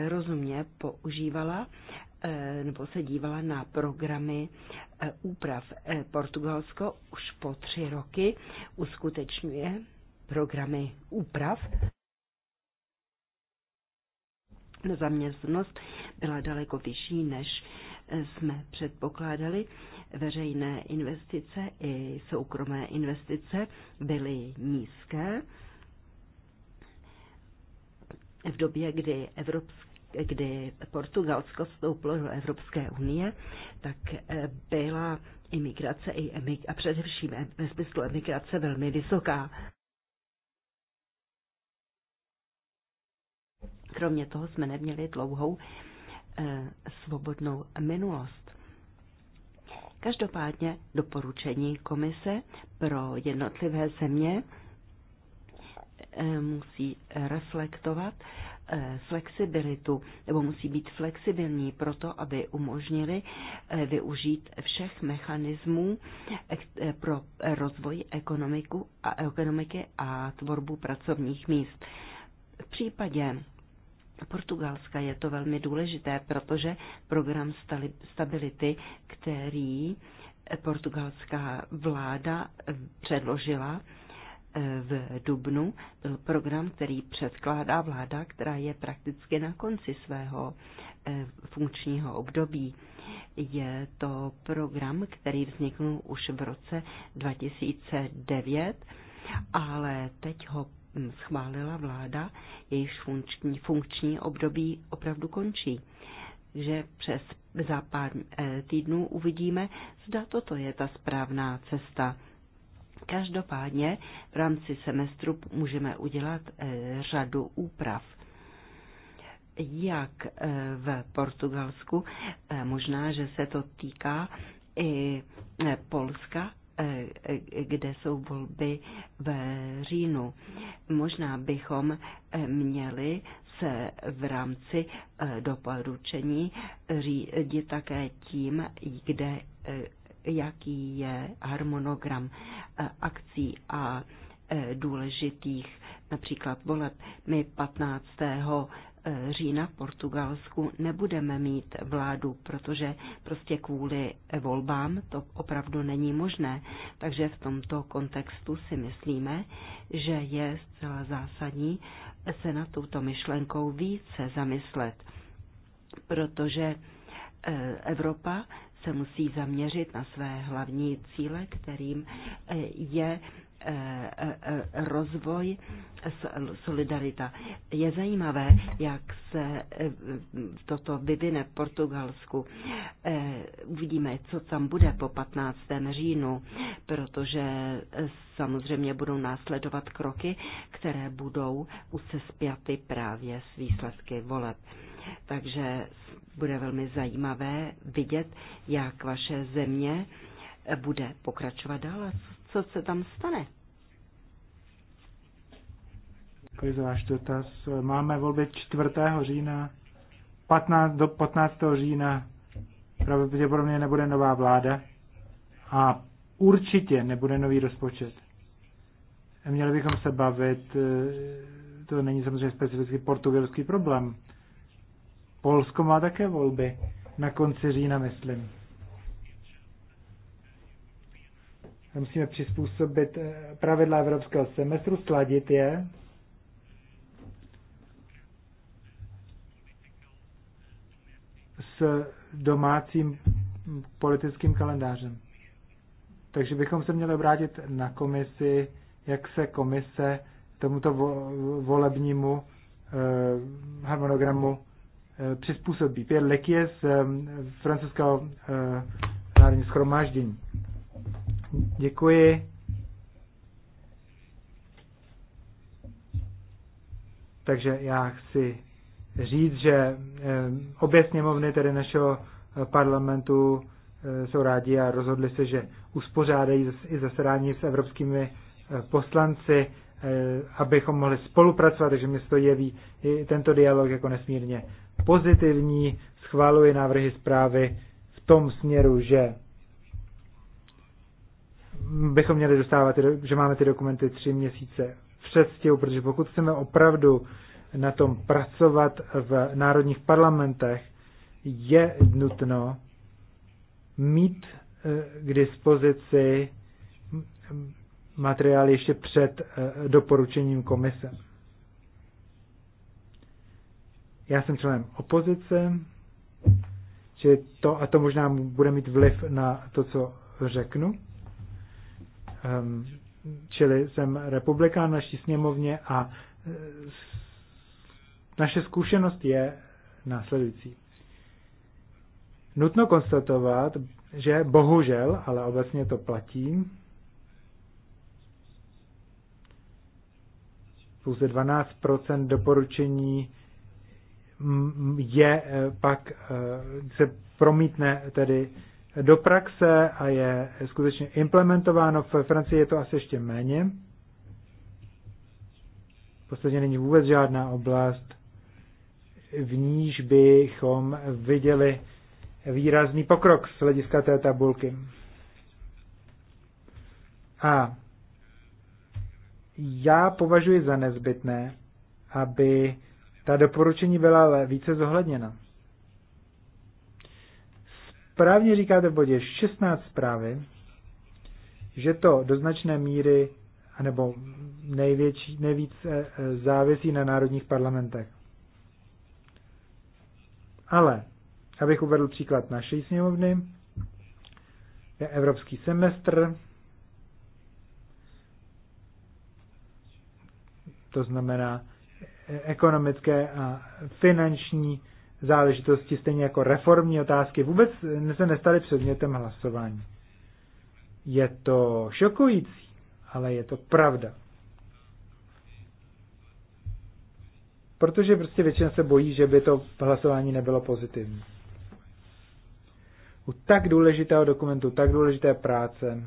rozumně používala nebo se dívala na programy úprav. Portugalsko už po tři roky uskutečňuje programy úprav Nezaměstnost byla daleko vyšší, než jsme předpokládali. Veřejné investice i soukromé investice byly nízké. V době, kdy evropské kdy Portugalsko vstoupilo do Evropské unie, tak eh, byla imigrace i emig- a především ve smyslu emigrace velmi vysoká. Kromě toho jsme neměli dlouhou eh, svobodnou minulost. Každopádně doporučení komise pro jednotlivé země eh, musí reflektovat eh, flexibilitu, nebo musí být flexibilní proto, aby umožnili využít všech mechanismů pro rozvoj ekonomiku a ekonomiky a tvorbu pracovních míst. V případě Portugalska je to velmi důležité, protože program stability, který portugalská vláda předložila eh, v Dubnu, byl program, který předkládá vláda, která je prakticky na konci svého eh, funkčního období. Je to program, který vznikl už v roce 2009, ale teď ho schválila vláda, jejíž funkční, funkční období opravdu končí. Že přes za pár eh, týdnů uvidíme, zda toto je ta správná cesta. Každopádně v rámci semestru můžeme udělat eh, řadu úprav jak eh, v Portugalsku, možná, že se to týká i Polska Eh, eh, kde jsou volby v říjnu. Možná bychom eh, měli se v rámci doporučení řídit také tím, kde, jaký je harmonogram akcí a důležitých například voleb. My 15 října v Portugalsku nebudeme mít vládu, protože prostě kvůli volbám to opravdu není možné. Takže v tomto kontextu si myslíme, že je zcela zásadní se na tuto myšlenkou více zamyslet, protože eh, Evropa se musí zaměřit na své hlavní cíle, kterým eh, je rozvoj, solidarita. Je zajímavé, jak se eh, toto vyvine v Portugalsku. Eh, uvidíme, co tam bude po 15. říjnu, protože eh, samozřejmě budou následovat kroky, které budou se spjaty právě s výsledky voleb. Takže bude velmi zajímavé vidět, jak vaše země bude pokračovat dál a co co se tam stane. Děkuji za váš dotaz. Máme volby 4. října, 15, do 15. října pravděpodobně nebude nová vláda a určitě nebude nový rozpočet. Měli bychom se bavit, eh, to není samozřejmě specificky portugalský problém. Polsko má také volby na konci října, myslím. musíme přizpůsobit eh, pravidla evropského semestru, sladit je. s domácím politickým kalendářem. Takže bychom se měli obrátit na komisi, jak se komise tomuto volebnímu eh, harmonogramu eh, přizpůsobí. Pierre je z francouzského národního schromáždění. Děkuji. Takže já chci říct, že eh, obě sněmovny tedy našeho eh, parlamentu eh, jsou rádi a rozhodli se, že uspořádají i zasedání s evropskými poslanci, abychom mohli spolupracovat, takže mi to jeví i tento dialog jako nesmírně pozitivní. Schvaluji návrhy zprávy v tom směru, že bychom měli dostávat, že máme ty dokumenty tři měsíce předstihu, protože pokud chceme opravdu na tom pracovat v národních parlamentech, je nutno mít eh, k dispozici materiál ještě před eh, doporučením komise. Já jsem členem opozice, čili to a to možná bude mít vliv na to, co řeknu. Ehm, čili jsem republikán naší sněmovně a e, naše zkušenost je následující. Nutno konstatovat, že bohužel, ale obecně to platí, pouze 12 doporučení je e, pak e, se promítne tedy do praxe a je skutečně implementováno. V Francii je to asi ještě méně. V podstatě není vůbec žádná oblast, v níž bychom viděli výrazný pokrok z hlediska té tabulky. A já považuji za nezbytné, aby ta doporučení byla více zohledněna správně říkáte v bodě 16 zprávy, že to do značné míry anebo největší, nejvíc eh, eh, závisí na národních parlamentech. Ale, abych uvedl příklad naší sněmovny, je evropský semestr, to znamená eh, ekonomické a finanční záležitosti, stejně jako reformní otázky, vůbec se nestaly předmětem hlasování. Je to šokující, ale je to pravda. Protože prostě většina se bojí, že by to hlasování nebylo pozitivní. U tak důležitého dokumentu, tak důležité práce,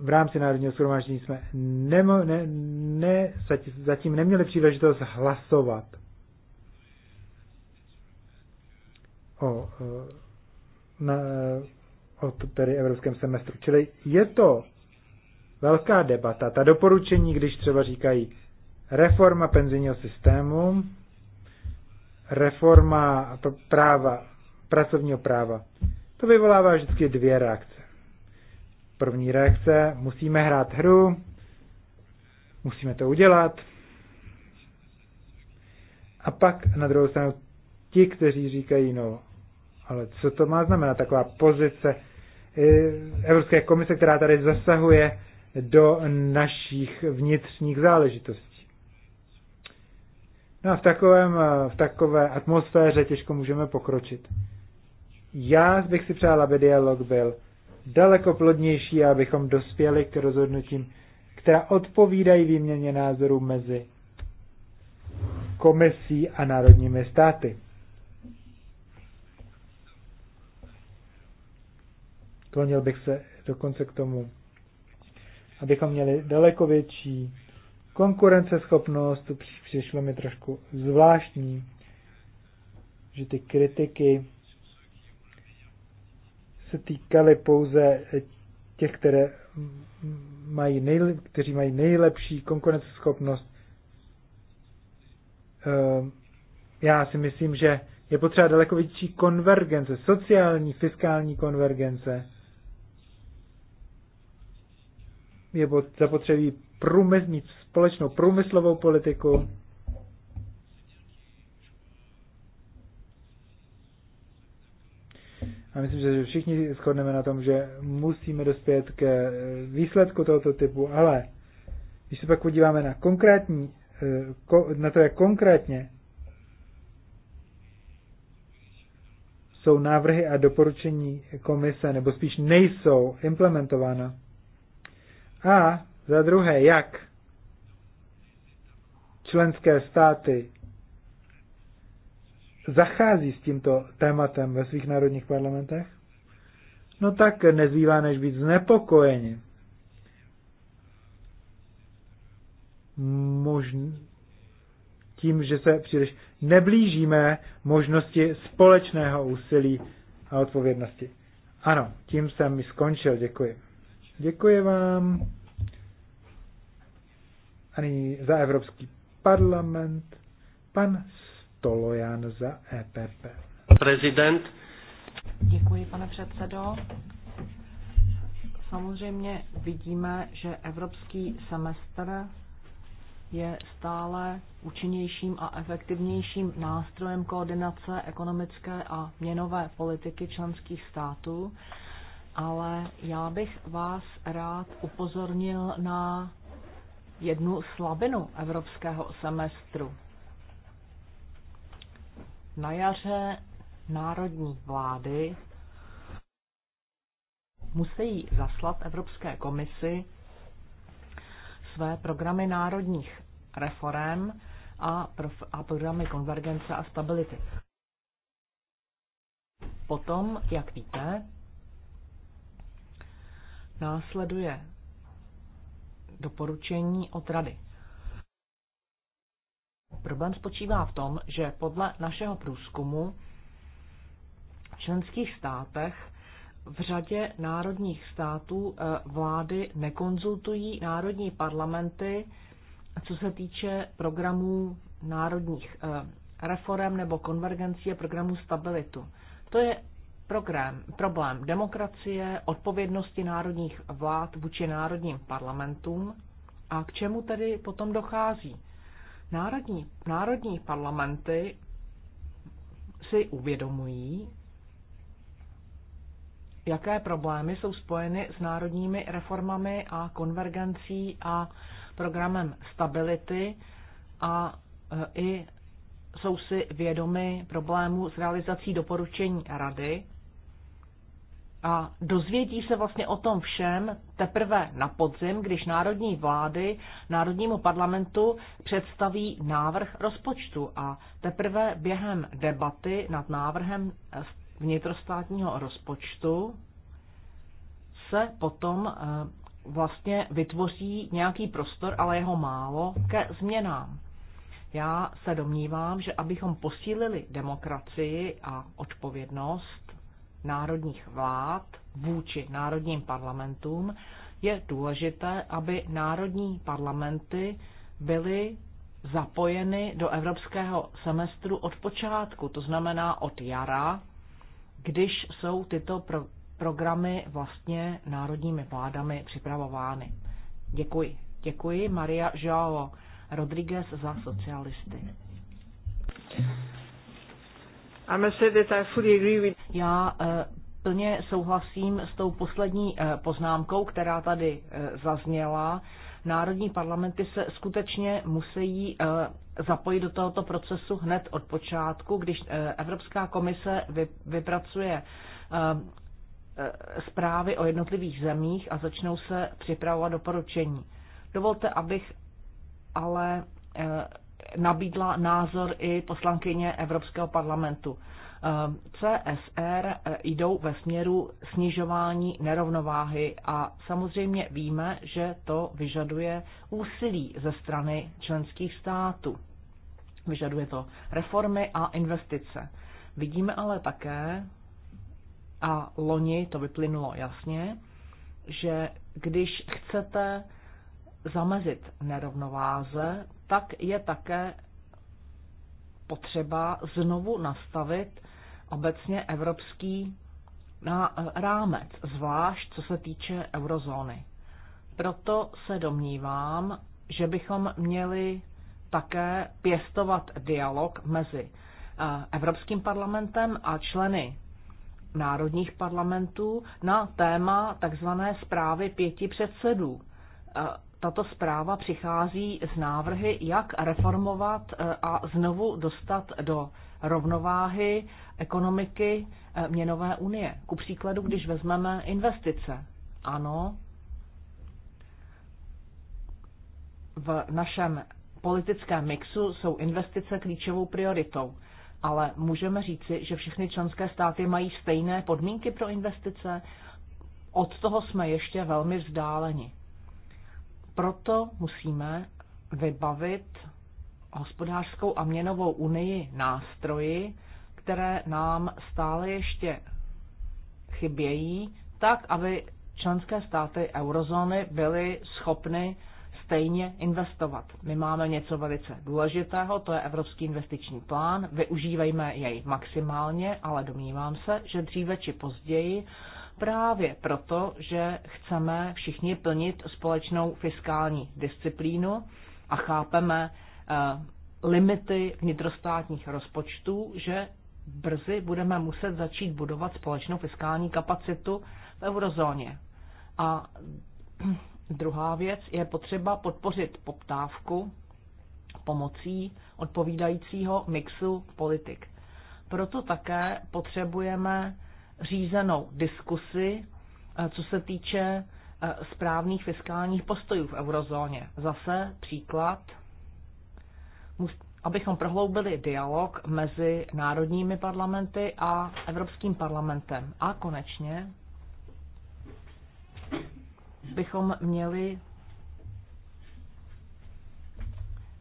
v rámci Národního shromáždění jsme nemo, ne, ne, zatím neměli příležitost hlasovat. o, na, o tedy evropském semestru. Čili je to velká debata. Ta doporučení, když třeba říkají reforma penzijního systému, reforma práva, pracovního práva, to vyvolává vždycky dvě reakce. První reakce, musíme hrát hru, musíme to udělat. A pak na druhou stranu ti, kteří říkají, no, ale co to má znamenat, taková pozice eh, Evropské komise, která tady zasahuje do našich vnitřních záležitostí? No a v, takovém, v takové atmosféře těžko můžeme pokročit. Já bych si přál, aby dialog byl daleko plodnější, abychom dospěli k rozhodnutím, která odpovídají výměně názorů mezi komisí a národními státy. Klonil bych se dokonce k tomu, abychom měli daleko větší konkurenceschopnost, to přišlo mi trošku zvláštní, že ty kritiky se týkaly pouze těch, které mají kteří mají nejlepší konkurenceschopnost. Eh, já si myslím, že je potřeba daleko větší konvergence, sociální, fiskální konvergence je zapotřebí průmysl, mít společnou průmyslovou politiku. A myslím, že všichni shodneme na tom, že musíme dospět k výsledku tohoto typu, ale když se pak podíváme na konkrétní, eh, na to, jak konkrétně jsou návrhy a doporučení komise, nebo spíš nejsou implementována, a za druhé, jak členské státy zachází s tímto tématem ve svých národních parlamentech? No tak nezbývá, než být znepokojeni. Možn... Tím, že se příliš neblížíme možnosti společného úsilí a odpovědnosti. Ano, tím jsem mi skončil, děkuji. Děkuji vám. A nyní za Evropský parlament pan Stolojan za EPP. Prezident. Děkuji, pane předsedo. Samozřejmě vidíme, že evropský semestr je stále účinnějším a efektivnějším nástrojem koordinace ekonomické a měnové politiky členských států ale já bych vás rád upozornil na jednu slabinu evropského semestru. Na jaře národní vlády musí zaslat Evropské komisi své programy národních reform a, a programy konvergence a stability. Potom, jak víte, Následuje doporučení od rady. Problém spočívá v tom, že podle našeho průzkumu v členských státech v řadě národních států eh, vlády nekonzultují národní parlamenty, co se týče programů národních eh, reform nebo konvergencie programů stabilitu. To je program, problém demokracie, odpovědnosti národních vlád vůči národním parlamentům a k čemu tedy potom dochází. Národní, národní parlamenty si uvědomují, jaké problémy jsou spojeny s národními reformami a konvergencí a programem stability a e, i jsou si vědomi problému s realizací doporučení rady a dozvědí se vlastně o tom všem teprve na podzim, když národní vlády národnímu parlamentu představí návrh rozpočtu a teprve během debaty nad návrhem vnitrostátního rozpočtu se potom eh, vlastně vytvoří nějaký prostor, ale jeho málo, ke změnám. Já se domnívám, že abychom posílili demokracii a odpovědnost, národních vlád vůči národním parlamentům, je důležité, aby národní parlamenty byly zapojeny do evropského semestru od počátku, to znamená od jara, když jsou tyto pro- programy vlastně národními vládami připravovány. Děkuji. Děkuji Maria Joao Rodriguez za socialisty. Já eh, plně souhlasím s tou poslední eh, poznámkou, která tady eh, zazněla. Národní parlamenty se skutečně musí zapojit do tohoto procesu hned od počátku, když Evropská komise vypracuje zprávy o jednotlivých zemích a začnou se připravovat doporučení. Dovolte, abych ale nabídla názor i poslankyně Evropského parlamentu. Ehm, CSR eh, jdou ve směru snižování nerovnováhy a samozřejmě víme, že to vyžaduje úsilí ze strany členských států. Vyžaduje to reformy a investice. Vidíme ale také, a loni to vyplynulo jasně, že když chcete zamezit nerovnováze, tak je také potřeba znovu nastavit obecně evropský na eh, rámec, zvlášť co se týče eurozóny. Proto se domnívám, že bychom měli také pěstovat dialog mezi eh, Evropským parlamentem a členy národních parlamentů na téma tzv. zprávy pěti předsedů. Eh, tato zpráva přichází z návrhy, jak reformovat eh, a znovu dostat do rovnováhy ekonomiky eh, měnové unie. Ku příkladu, když vezmeme investice. Ano, v našem politickém mixu jsou investice klíčovou prioritou, ale můžeme říci, že všechny členské státy mají stejné podmínky pro investice. Od toho jsme ještě velmi vzdáleni proto musíme vybavit hospodářskou a měnovou unii nástroji, které nám stále ještě chybějí, tak aby členské státy eurozóny byly schopny stejně investovat. My máme něco velice důležitého, to je Evropský investiční plán, využívejme jej maximálně, ale domnívám se, že dříve či později právě proto, že chceme všichni plnit společnou fiskální disciplínu a chápeme eh, limity vnitrostátních rozpočtů, že brzy budeme muset začít budovat společnou fiskální kapacitu v eurozóně. A druhá věc je potřeba podpořit poptávku pomocí odpovídajícího mixu politik. Proto také potřebujeme řízenou diskusi, eh, co se týče eh, správných fiskálních postojů v eurozóně. Zase příklad, abychom prohloubili dialog mezi národními parlamenty a Evropským parlamentem. A konečně bychom měli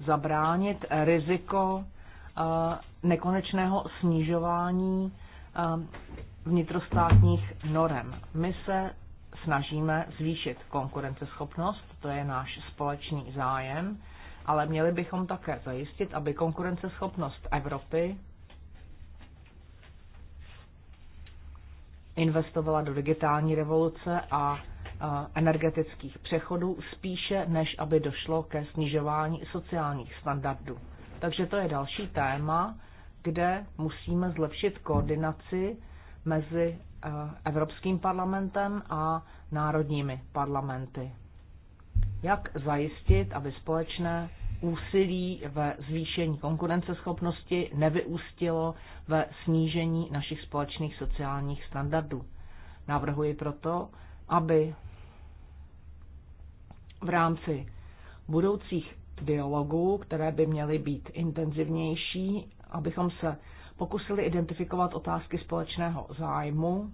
zabránit riziko eh, nekonečného snižování vnitrostátních norem. My se snažíme zvýšit konkurenceschopnost, to je náš společný zájem, ale měli bychom také zajistit, aby konkurenceschopnost Evropy investovala do digitální revoluce a energetických přechodů spíše, než aby došlo ke snižování sociálních standardů. Takže to je další téma, kde musíme zlepšit koordinaci mezi eh, Evropským parlamentem a národními parlamenty. Jak zajistit, aby společné úsilí ve zvýšení konkurenceschopnosti nevyústilo ve snížení našich společných sociálních standardů. Navrhuji proto, aby v rámci budoucích dialogů, které by měly být intenzivnější, abychom se pokusili identifikovat otázky společného zájmu,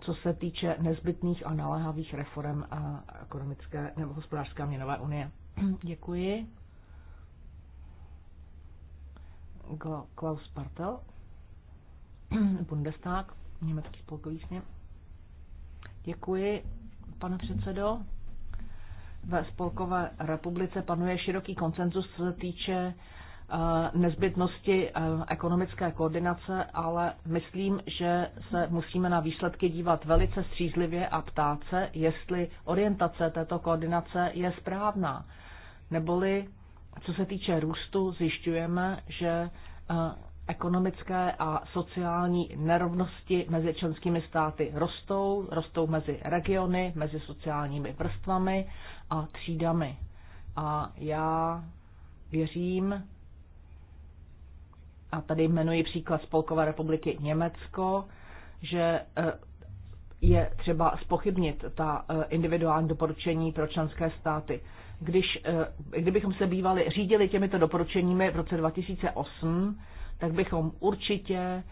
co se týče nezbytných a naléhavých reform a ekonomické nebo hospodářské měnové unie. Děkuji. Klaus Partel, Bundestag, německý spolkový sněm. Děkuji, pane předsedo. Ve Spolkové republice panuje široký koncenzus, co se týče Eh, nezbytnosti eh, ekonomické koordinace, ale myslím, že se musíme na výsledky dívat velice střízlivě a ptát se, jestli orientace této koordinace je správná. Neboli, co se týče růstu, zjišťujeme, že eh, ekonomické a sociální nerovnosti mezi členskými státy rostou, rostou mezi regiony, mezi sociálními vrstvami a třídami. A já věřím, a tady jmenuji příklad Spolkové republiky Německo, že eh, je třeba spochybnit ta eh, individuální doporučení pro členské státy. Když, eh, kdybychom se bývali řídili těmito doporučeními v roce 2008, tak bychom určitě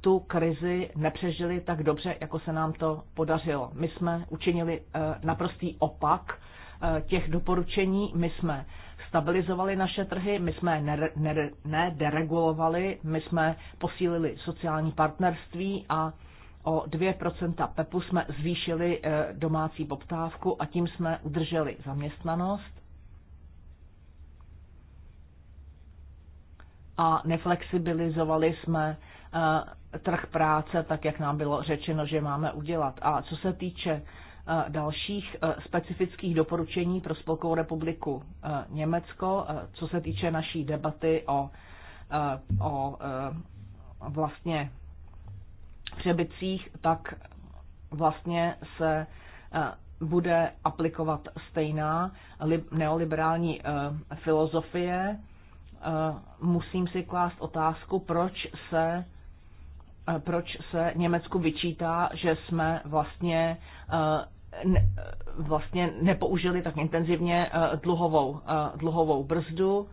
tu krizi nepřežili tak dobře, jako se nám to podařilo. My jsme učinili naprostý opak těch doporučení. My jsme stabilizovali naše trhy, my jsme nederegulovali, ne, ne my jsme posílili sociální partnerství a o 2% PEPu jsme zvýšili eh, domácí poptávku a tím jsme udrželi zaměstnanost. A neflexibilizovali jsme eh, trh práce, tak jak nám bylo řečeno, že máme udělat. A co se týče Eh, dalších eh, specifických doporučení pro Spolkovou republiku eh, Německo, co se týče naší debaty o, o vlastně přebycích, tak vlastně se bude aplikovat stejná neoliberální filozofie. Musím si klást otázku, proč se proč se Německu vyčítá, že jsme vlastně ne, vlastně nepoužili tak intenzivně eh, dluhovou, eh, dluhovou brzdu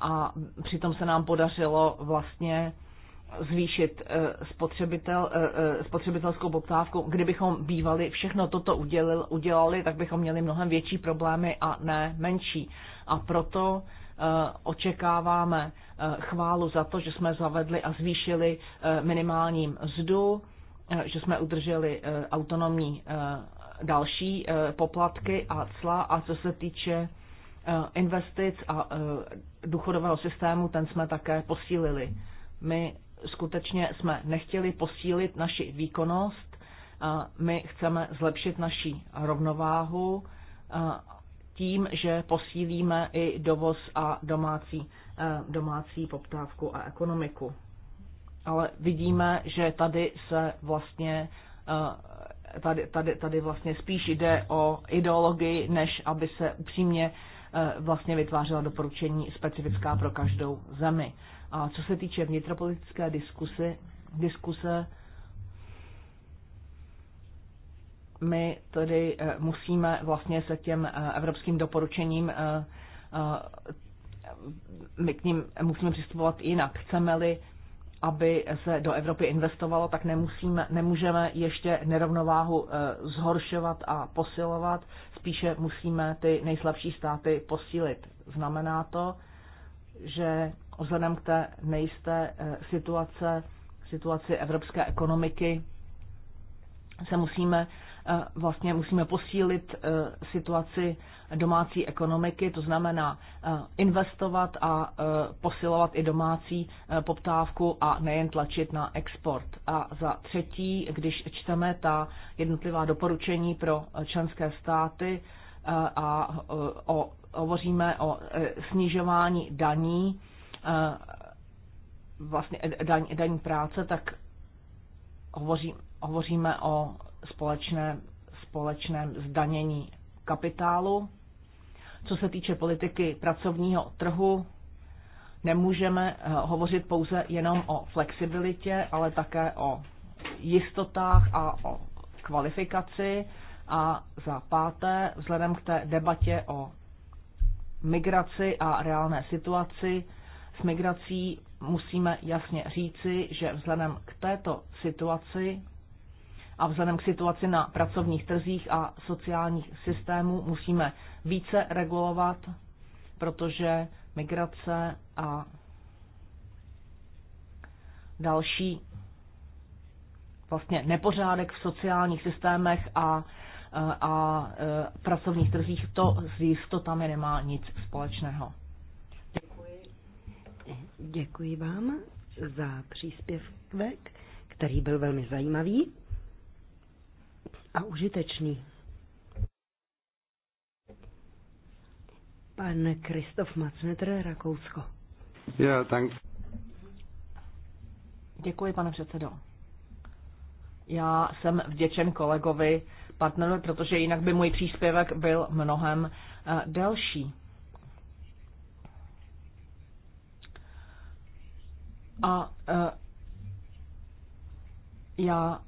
a přitom se nám podařilo vlastně zvýšit eh, spotřebitel, spotřebitelskou poptávku. Kdybychom bývali všechno toto udělil, udělali, tak bychom měli mnohem větší problémy a ne menší. A proto očekáváme chválu za to, že jsme zavedli a zvýšili minimální mzdu, že jsme udrželi autonomní další eh, poplatky a cla a co se týče eh, investic a eh, důchodového systému, ten jsme také posílili. My skutečně jsme nechtěli posílit naši výkonnost, my chceme zlepšit naši rovnováhu tím, že posílíme i dovoz a domácí, domácí poptávku a ekonomiku. Ale vidíme, že tady se vlastně tady, tady, tady vlastně spíš jde o ideologii, než aby se upřímně eh, vlastně vytvářela doporučení specifická pro každou zemi. A co se týče vnitropolitické diskuse, diskuse my tedy eh, musíme vlastně se těm eh, evropským doporučením my k ním musíme přistupovat jinak. Chceme-li aby se do Evropy investovalo, tak nemusíme, nemůžeme ještě nerovnováhu eh, zhoršovat a posilovat, spíše musíme ty nejslabší státy posílit. Znamená to, že vzhledem k té nejisté eh, situace, situaci evropské ekonomiky, se musíme Eh, vlastně musíme posílit eh, situaci domácí ekonomiky, to znamená eh, investovat a posilovat i domácí poptávku a nejen tlačit na export. A za třetí, když čteme ta jednotlivá doporučení pro členské státy a o, hovoříme o snižování daní, vlastně daní, daní práce, tak hovoří, hovoříme o společné, společném zdanění kapitálu. Co se týče politiky pracovního trhu, nemůžeme eh, hovořit pouze jenom o flexibilitě, ale také o jistotách a o kvalifikaci. A za páté, vzhledem k té debatě o migraci a reálné situaci, s migrací musíme jasně říci, že vzhledem k této situaci a vzhledem k situaci na pracovních trzích a sociálních systémů musíme více regulovat, protože migrace a další vlastně nepořádek v sociálních systémech a, a, a pracovních trzích, to s jistotami nemá nic společného. Děkuji. Děkuji vám za příspěvek, který byl velmi zajímavý a užitečný. Pan Kristof Macnetr, Rakousko. Já, tak. Děkuji, pane předsedo. Já jsem vděčen kolegovi, partnerovi, protože jinak by můj příspěvek byl mnohem eh, delší. A eh, já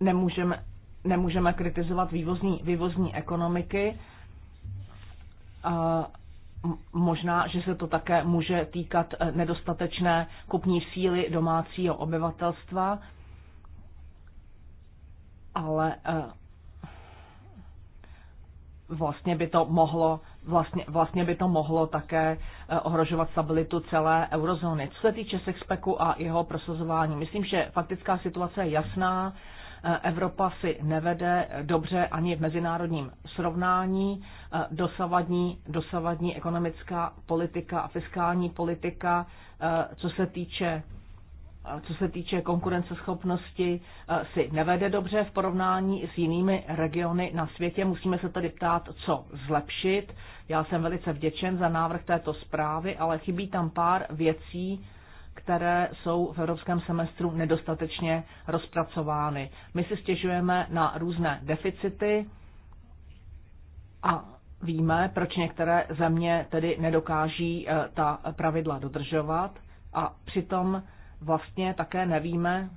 nemůžeme nemůžeme kritizovat vývozní, vývozní ekonomiky. Možná, že se to také může týkat eh, nedostatečné kupní síly domácího obyvatelstva, ale eh, vlastně by to mohlo, vlastně, vlastně by to mohlo také eh, ohrožovat stabilitu celé eurozóny. Co se týče sexpeku a jeho prosazování, myslím, že faktická situace je jasná. Evropa si nevede dobře ani v mezinárodním srovnání. Dosavadní, dosavadní ekonomická politika a fiskální politika, eh, co se týče eh, co se týče konkurenceschopnosti, eh, si nevede dobře v porovnání s jinými regiony na světě. Musíme se tedy ptát, co zlepšit. Já jsem velice vděčen za návrh této zprávy, ale chybí tam pár věcí, které jsou v evropském semestru nedostatečně rozpracovány. My si stěžujeme na různé deficity a víme, proč některé země tedy nedokáží eh, ta pravidla dodržovat a přitom vlastně také nevíme,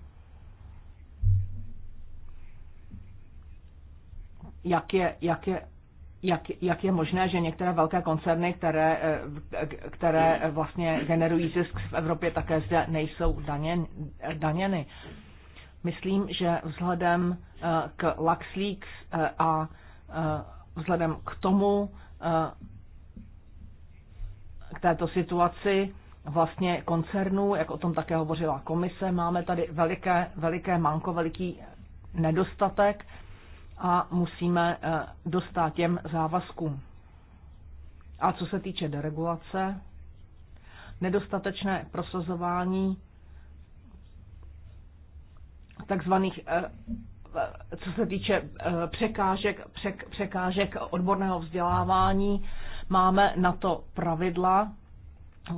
jak je, jak je jak, jak je možné, že některé velké koncerny, které, eh, eh, které eh, vlastně generují zisk v Evropě, také zde nejsou daněn, daněny. Myslím, že vzhledem k LuxLeaks a vzhledem k tomu, k této situaci vlastně koncernů, jak o tom také hovořila komise, máme tady veliké, veliké manko, veliký nedostatek a musíme eh, dostat těm závazkům. A co se týče deregulace, nedostatečné prosazování takzvaných, eh, eh, co se týče překážek, překážek odborného vzdělávání, máme na to pravidla,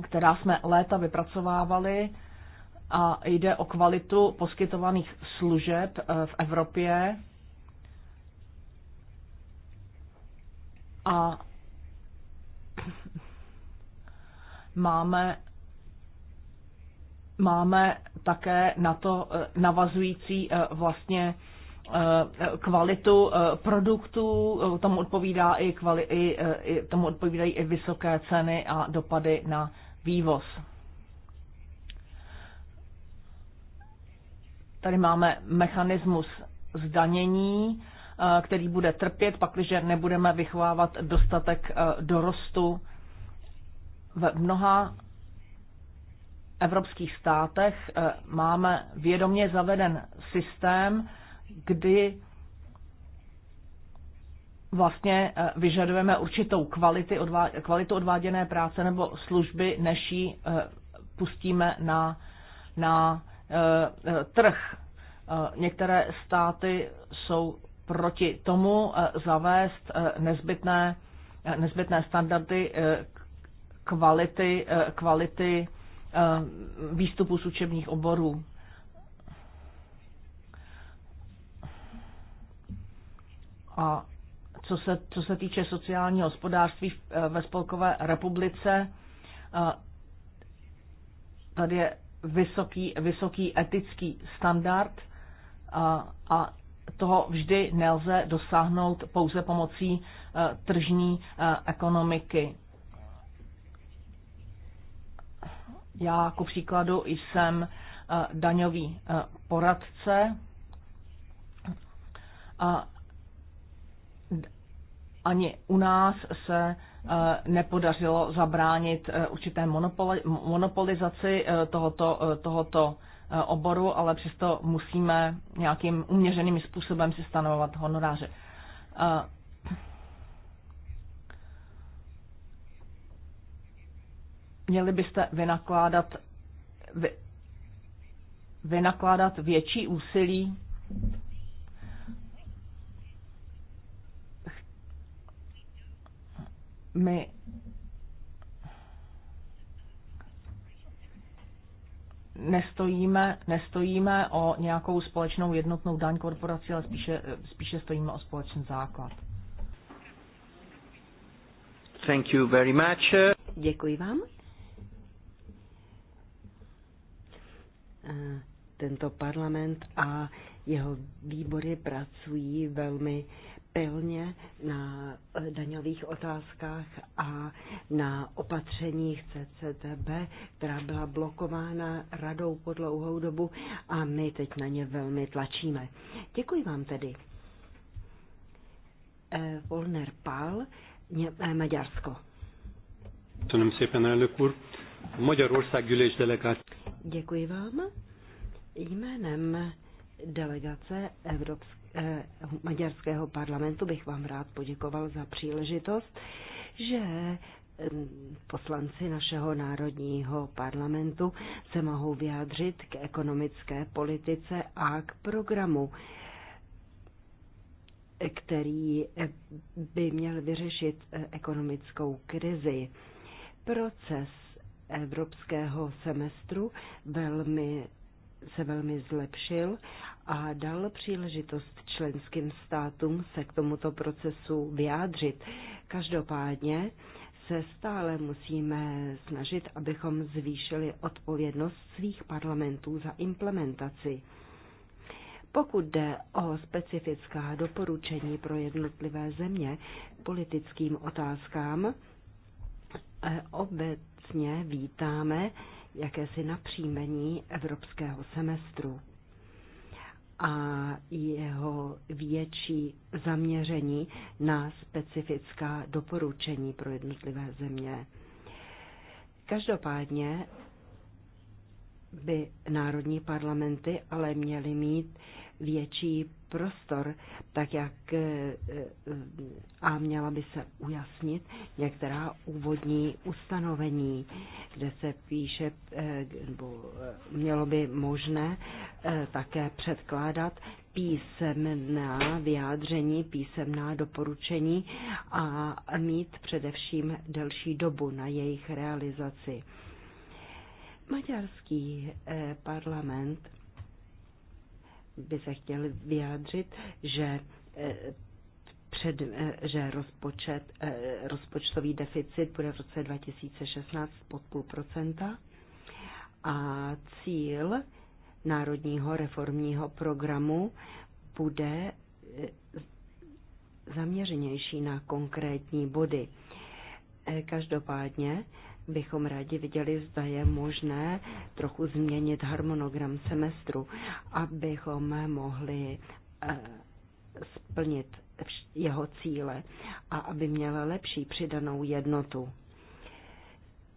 která jsme léta vypracovávali a jde o kvalitu poskytovaných služeb v Evropě A máme máme také na to eh, navazující eh, vlastně eh, kvalitu produktů, tomu, odpovídá i kvali, i, i, tomu odpovídají i vysoké ceny a dopady na vývoz. Tady máme mechanismus zdanění, Eh, který bude trpět, pakliže nebudeme vychovávat dostatek eh, dorostu. V mnoha evropských státech eh, máme vědomě zaveden systém, kdy vlastně vyžadujeme určitou kvality, kvalitu odváděné práce nebo služby, než ji pustíme na, na trh. Některé státy jsou proti tomu eh, zavést eh, nezbytné, eh, nezbytné standardy kvality, kvality výstupu z učebních oborů. A co se, co se týče sociálního hospodářství ve Spolkové republice, tady je vysoký, vysoký etický standard a, a toho vždy nelze dosáhnout pouze pomocí eh, tržní eh, ekonomiky. Já ku příkladu jsem eh, daňový poradce a ani u nás se nepodařilo zabránit určité monopolizaci tohoto, tohoto Eh, oboru, ale přesto musíme nějakým uměřeným způsobem si stanovovat honoráře. Eh, měli byste vynakládat, vy, vynakládat větší úsilí my nestojíme, nestojíme o nějakou společnou jednotnou daň korporaci, ale spíše, spíše stojíme o společný základ. Thank you very much. Děkuji vám. Eh, tento parlament a jeho výbory pracují velmi pilně na eh, daňových otázkách a na opatřeních CCTB, která byla blokována radou po dlouhou dobu a my teď na ně velmi tlačíme. Děkuji vám tedy. Eh, Volner Pál, eh, Maďarsko. Magyarország Děkuji vám. Jménem delegace Evropské Eh, maďarského parlamentu bych vám rád poděkoval za příležitost, že poslanci našeho národního parlamentu se mohou vyjádřit k ekonomické politice a k programu, který eh, by měl vyřešit eh, ekonomickou krizi. Proces evropského semestru velmi, se velmi zlepšil a dal příležitost členským státům se k tomuto procesu vyjádřit. Každopádně se stále musíme snažit, abychom zvýšili odpovědnost svých parlamentů za implementaci. Pokud jde o specifická doporučení pro jednotlivé země politickým otázkám, eh, obecně vítáme jakési napříjmení evropského semestru a jeho větší zaměření na specifická doporučení pro jednotlivé země. Každopádně by národní parlamenty ale měly mít větší prostor, tak jak eh, eh, a měla by se ujasnit některá úvodní ustanovení, kde se píše, eh, nebo mělo by možné také předkládat písemná vyjádření, písemná doporučení a mít především delší dobu na jejich realizaci. Maďarský parlament by se chtěl vyjádřit, že eh, před, eh, že rozpočet, eh, rozpočtový deficit bude v roce 2016 pod půl procenta a cíl Národního reformního programu bude zaměřenější na konkrétní body. Každopádně bychom rádi viděli, zda je možné trochu změnit harmonogram semestru, abychom mohli eh, splnit jeho cíle a aby měla lepší přidanou jednotu.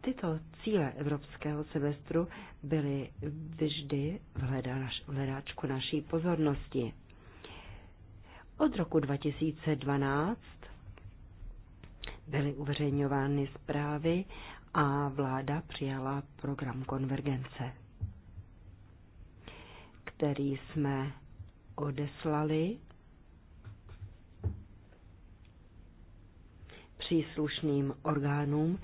Tyto cíle evropského semestru byly vždy v, hledáč, v hledáčku naší pozornosti. Od roku 2012 byly uveřejňovány zprávy a vláda přijala program konvergence, který jsme odeslali příslušným orgánům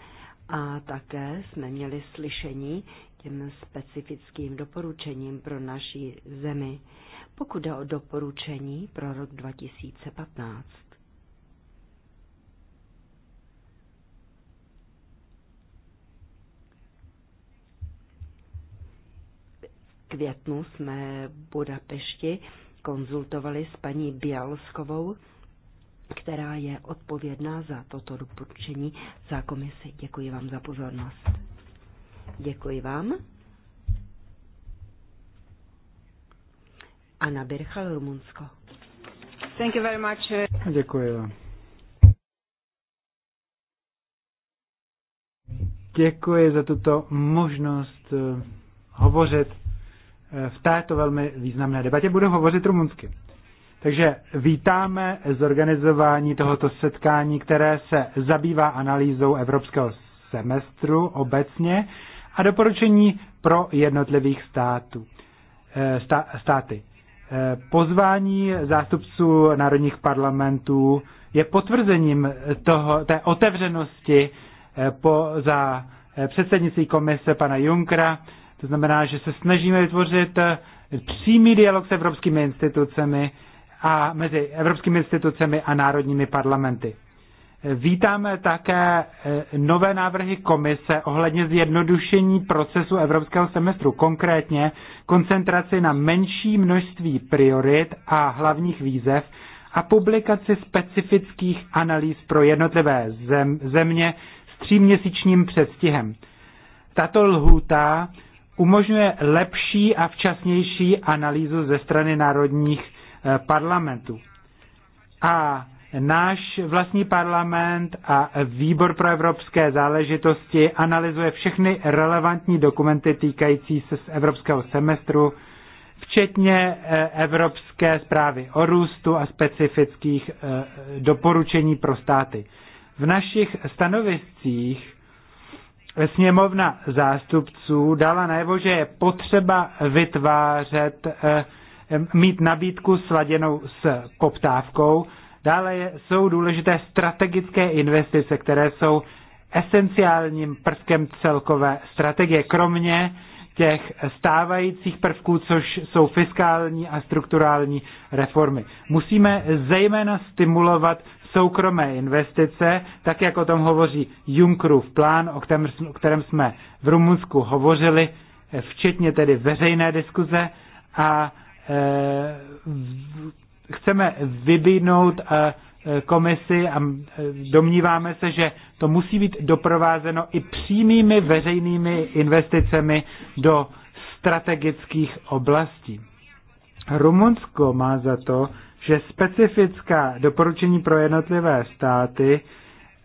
a také jsme měli slyšení těm specifickým doporučením pro naší zemi, pokud jde o doporučení pro rok 2015. květnu jsme v Budapešti konzultovali s paní Bialskovou, která je odpovědná za toto doporučení za komisi. Děkuji vám za pozornost. Děkuji vám. Anna Birchal, Rumunsko. Thank you very much. Děkuji vám. Děkuji za tuto možnost eh, hovořit v této velmi významné debatě. Budu hovořit rumunsky. Takže vítáme zorganizování tohoto setkání, které se zabývá analýzou evropského semestru obecně a doporučení pro jednotlivých států, eh, stá, státy. Eh, pozvání zástupců národních parlamentů je potvrzením toho, té otevřenosti eh, po, za předsednictví komise pana Junkra to znamená, že se snažíme vytvořit eh, přímý dialog s evropskými institucemi a mezi evropskými institucemi a národními parlamenty. Eh, vítáme také eh, nové návrhy komise ohledně zjednodušení procesu evropského semestru, konkrétně koncentraci na menší množství priorit a hlavních výzev a publikaci specifických analýz pro jednotlivé země s tříměsíčním předstihem. Tato lhůta umožňuje lepší a včasnější analýzu ze strany národních eh, parlamentů. A náš vlastní parlament a výbor pro evropské záležitosti analyzuje všechny relevantní dokumenty týkající se z evropského semestru, včetně eh, evropské zprávy o růstu a specifických eh, doporučení pro státy. V našich stanoviscích sněmovna zástupců dala najevo, že je potřeba vytvářet, eh, mít nabídku sladěnou s poptávkou. Dále jsou důležité strategické investice, které jsou esenciálním prvkem celkové strategie, kromě těch stávajících prvků, což jsou fiskální a strukturální reformy. Musíme zejména stimulovat soukromé investice, tak jak o tom hovoří Junckerův plán, o kterém, o kterém jsme v Rumunsku hovořili, eh, včetně tedy veřejné diskuze a e, chceme vybídnout e, komisi a domníváme se, že to musí být doprovázeno i přímými veřejnými investicemi do strategických oblastí. Rumunsko má za to, že specifická doporučení pro jednotlivé státy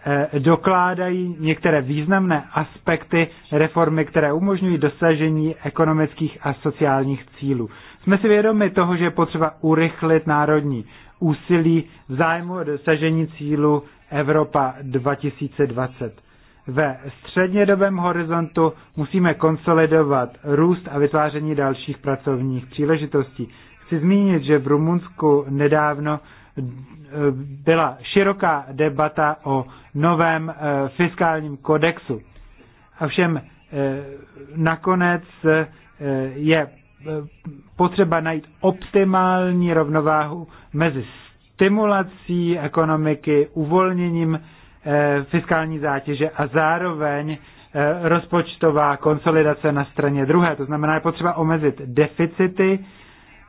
eh, dokládají některé významné aspekty reformy, které umožňují dosažení ekonomických a sociálních cílů. Jsme si vědomi toho, že je potřeba urychlit národní úsilí v zájmu o dosažení cílu Evropa 2020. Ve střednědobém horizontu musíme konsolidovat růst a vytváření dalších pracovních příležitostí chci zmínit, že v Rumunsku nedávno eh, byla široká debata o novém eh, fiskálním kodexu. Ovšem eh, nakonec je potřeba najít optimální rovnováhu mezi stimulací ekonomiky, uvolněním fiskální zátěže a zároveň rozpočtová konsolidace na straně druhé. To znamená, je potřeba omezit deficity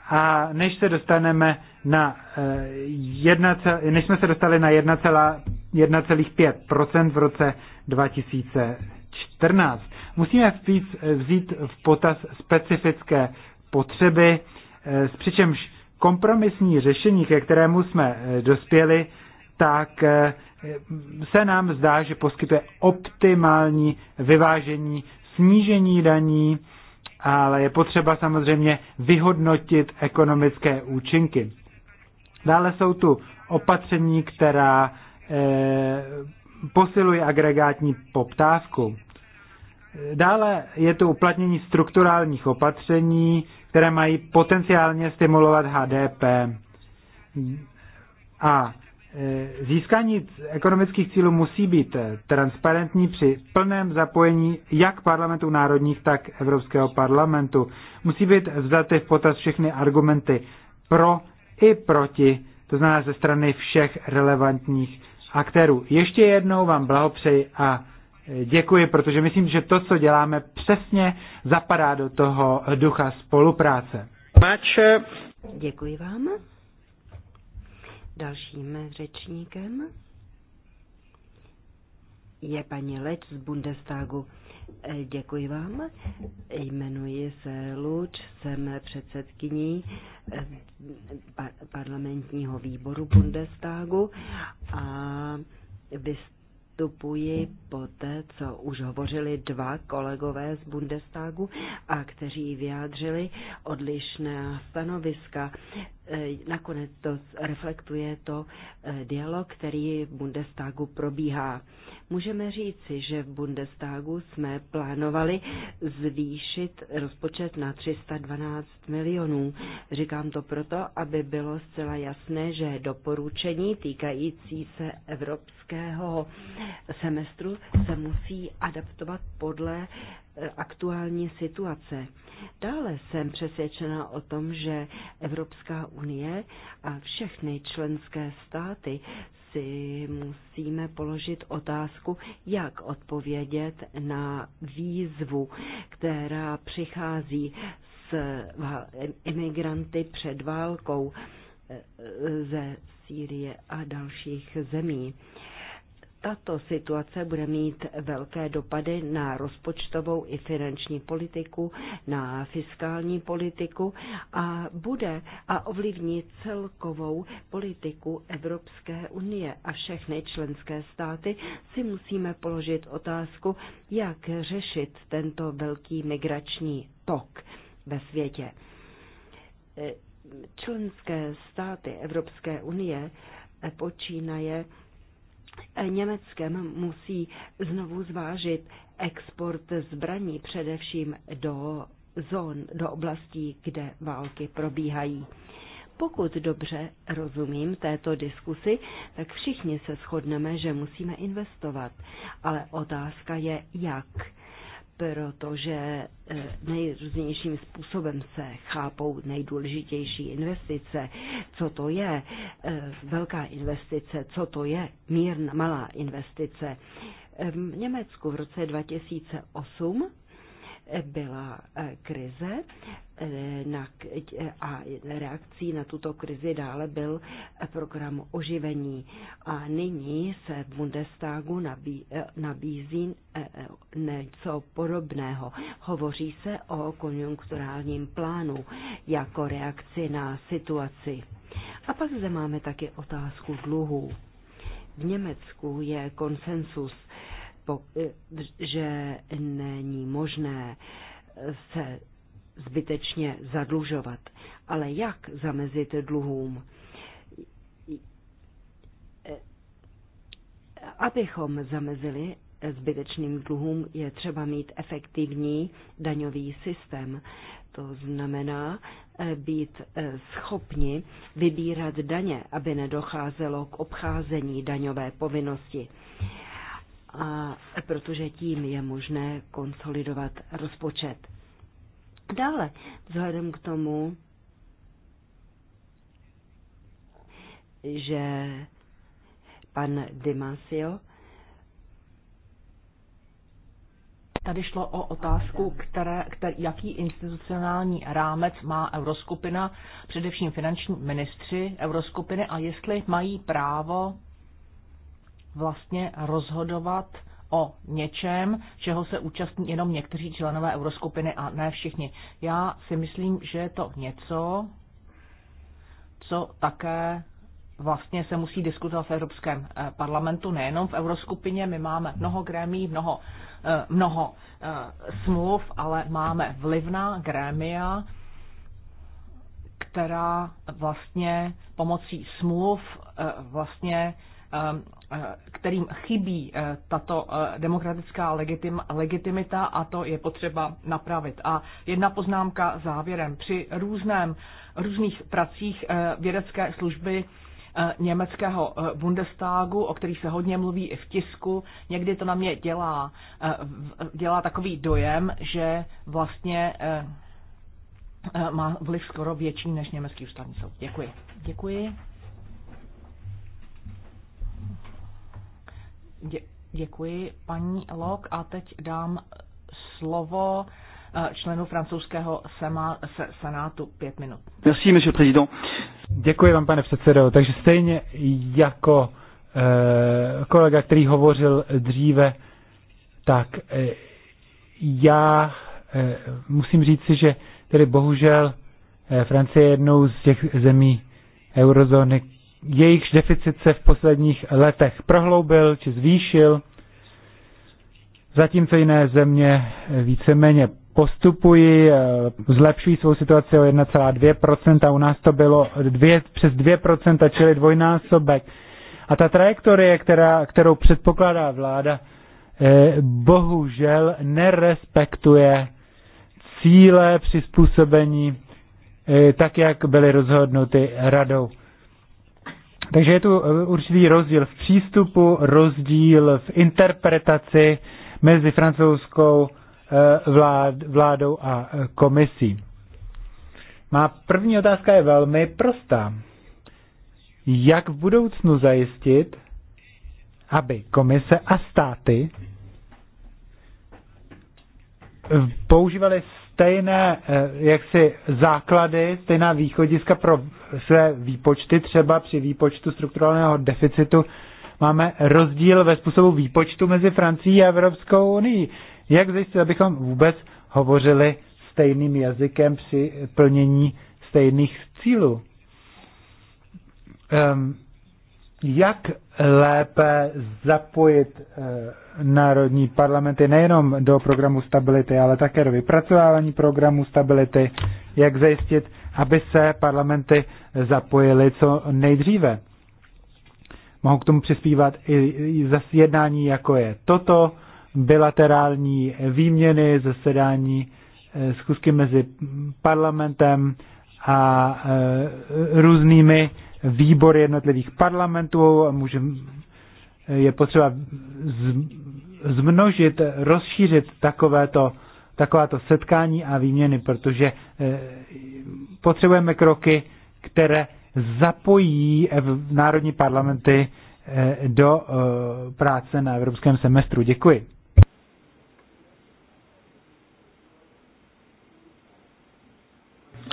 a než se dostaneme na eh, jedna, než jsme se dostali na 1,5% v roce 2014. Musíme víc eh, vzít v potaz specifické potřeby, eh, s přičemž kompromisní řešení, ke kterému jsme dospěli, tak se nám zdá, že poskytuje optimální vyvážení, snížení daní, ale je potřeba samozřejmě vyhodnotit ekonomické účinky. Dále jsou tu opatření, která eh, posilují agregátní poptávku. Dále je tu uplatnění strukturálních opatření, které mají potenciálně stimulovat HDP. A získání ekonomických cílů musí být transparentní při plném zapojení jak parlamentu národních, tak Evropského parlamentu. Musí být vzaty v potaz všechny argumenty pro i proti, to znamená ze strany všech relevantních aktérů. Ještě jednou vám blahopřeji a děkuji, protože myslím, že to, co děláme, přesně zapadá do toho ducha spolupráce. Mače. Děkuji vám. Dalším řečníkem je paní Leč z Bundestagu. E, děkuji vám. Jmenuji se Luč, jsem předsedkyní e, parlamentního výboru Bundestagu a vystupuji po té, co už hovořili dva kolegové z Bundestagu a kteří vyjádřili odlišná stanoviska E, nakonec to reflektuje to e, dialog, který v Bundestagu probíhá. Můžeme říci, že v Bundestagu jsme plánovali zvýšit rozpočet na 312 milionů. Říkám to proto, aby bylo zcela jasné, že doporučení týkající se evropského semestru se musí adaptovat podle aktuální situace. Dále jsem přesvědčena o tom, že Evropská unie a všechny členské státy si musíme položit otázku, jak odpovědět na výzvu, která přichází s imigranty před válkou e, e, ze Sýrie a dalších zemí. Tato situace bude mít velké dopady na rozpočtovou i finanční politiku, na fiskální politiku a bude a ovlivní celkovou politiku Evropské unie a všechny členské státy si musíme položit otázku, jak řešit tento velký migrační tok ve světě. E, členské státy Evropské unie e, počínaje Německem musí znovu zvážit export zbraní především do zón, do oblastí, kde války probíhají. Pokud dobře rozumím této diskusi, tak všichni se shodneme, že musíme investovat. Ale otázka je, jak protože eh, nejrůznějším způsobem se chápou nejdůležitější investice, co to je eh, velká investice, co to je mírná malá investice. V Německu v roce 2008 byla e, krize e, e, a reakcí na tuto krizi dále byl program oživení. A nyní se v Bundestagu nabízí něco podobného. Hovoří se o konjunkturálním plánu jako reakci na situaci. A pak zde máme také otázku dluhů. V Německu je konsensus že není možné se zbytečně zadlužovat. Ale jak zamezit dluhům? Abychom zamezili zbytečným dluhům, je třeba mít efektivní daňový systém. To znamená eh, být eh, schopni vybírat daně, aby nedocházelo k obcházení daňové povinnosti a protože tím je možné konsolidovat rozpočet. Dále, vzhledem k tomu, že pan Dimasio Tady šlo o otázku, které, který, jaký institucionální rámec má Euroskupina, především finanční ministři Euroskupiny a jestli mají právo vlastně rozhodovat o něčem, čeho se účastní jenom někteří členové euroskupiny a ne všichni. Já si myslím, že je to něco, co také vlastně se musí diskutovat v Evropském eh, parlamentu, nejenom v Euroskupině. My máme mnoho grémí, mnoho, eh, mnoho eh, smluv, ale máme vlivná grémia, která vlastně pomocí smluv vlastně Eh, kterým chybí eh, tato eh, demokratická legitim, legitimita a to je potřeba napravit. A jedna poznámka závěrem. Při různém, různých pracích vědecké služby německého Bundestagu, o kterých se hodně mluví i v tisku. Někdy to na mě dělá, dělá takový dojem, že vlastně má vliv skoro větší než německý ústavní soud. Děkuji. Děkuji. Dě- děkuji, paní Lok, a teď dám slovo eh, členu francouzského sema, se, senátu pět minut. Merci, monsieur président. Děkuji vám, pane předsedo. Takže stejně jako e, kolega, který hovořil dříve, tak e, já e, musím říci, že tedy bohužel e, Francie je jednou z těch zemí eurozóny, jejichž deficit se v posledních letech prohloubil či zvýšil, zatímco jiné země víceméně postupují, eh, zlepšují svou situaci o 1,2%, u nás to bylo dvě, přes 2%, čili dvojnásobek. A ta trajektorie, která, kterou předpokládá vláda, eh, bohužel nerespektuje cíle přizpůsobení eh, tak, jak byly rozhodnuty radou. Takže je tu eh, určitý rozdíl v přístupu, rozdíl v interpretaci mezi francouzskou eh, vlád, vládou a eh, komisí. Má první otázka je velmi prostá. Jak v budoucnu zajistit, aby komise a státy používali stejné eh, jaksi základy, stejná východiska pro své výpočty, třeba při výpočtu strukturálního deficitu máme rozdíl ve způsobu výpočtu mezi Francií a Evropskou unii. Jak zjistit, abychom vůbec hovořili stejným jazykem při plnění stejných cílů? Um, jak lépe zapojit eh, národní parlamenty nejenom do programu stability, ale také do vypracování programu stability, jak zajistit, aby se parlamenty zapojily co nejdříve. Mohou k tomu přispívat i zasedání, jako je toto, bilaterální výměny, zasedání, eh, schůzky mezi parlamentem a eh, různými výbory jednotlivých parlamentů, může, je potřeba zmnožit, rozšířit takovéto, takováto setkání a výměny, protože eh, potřebujeme kroky, které zapojí národní parlamenty eh, do eh, práce na evropském semestru. Děkuji.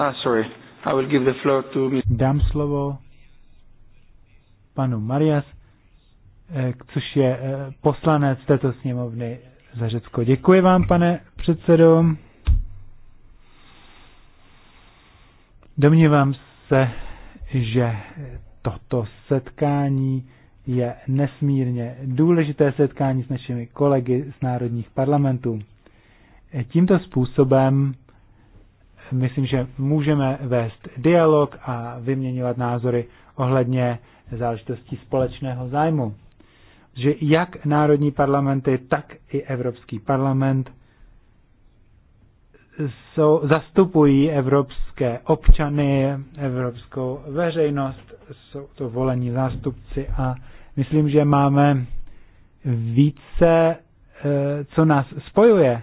Ah, sorry. I will give the floor to... Dám slovo panu Marias, eh, což je eh, poslanec této sněmovny za Řecko. Děkuji vám, pane předsedo. Domnívám se, že toto setkání je nesmírně důležité setkání s našimi kolegy z národních parlamentů. Eh, tímto způsobem myslím, že můžeme vést dialog a vyměňovat názory ohledně záležitostí společného zájmu. Že jak národní parlamenty, tak i Evropský parlament jsou, zastupují evropské občany, evropskou veřejnost, jsou to volení zástupci a myslím, že máme více, eh, co nás spojuje,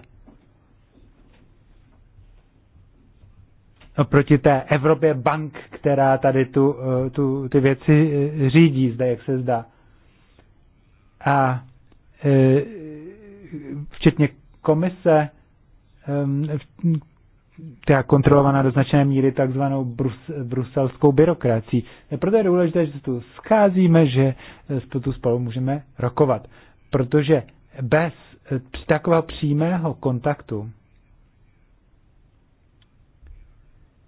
proti té Evropě bank, která tady tu, eh, tu, ty věci eh, řídí, zde jak se zdá. A eh, včetně komise, ehm, která kontrolovaná do značné míry takzvanou brus, bruselskou byrokracií. Proto je důležité, že se tu scházíme, že tu spolu můžeme rokovat. Protože bez takového přímého kontaktu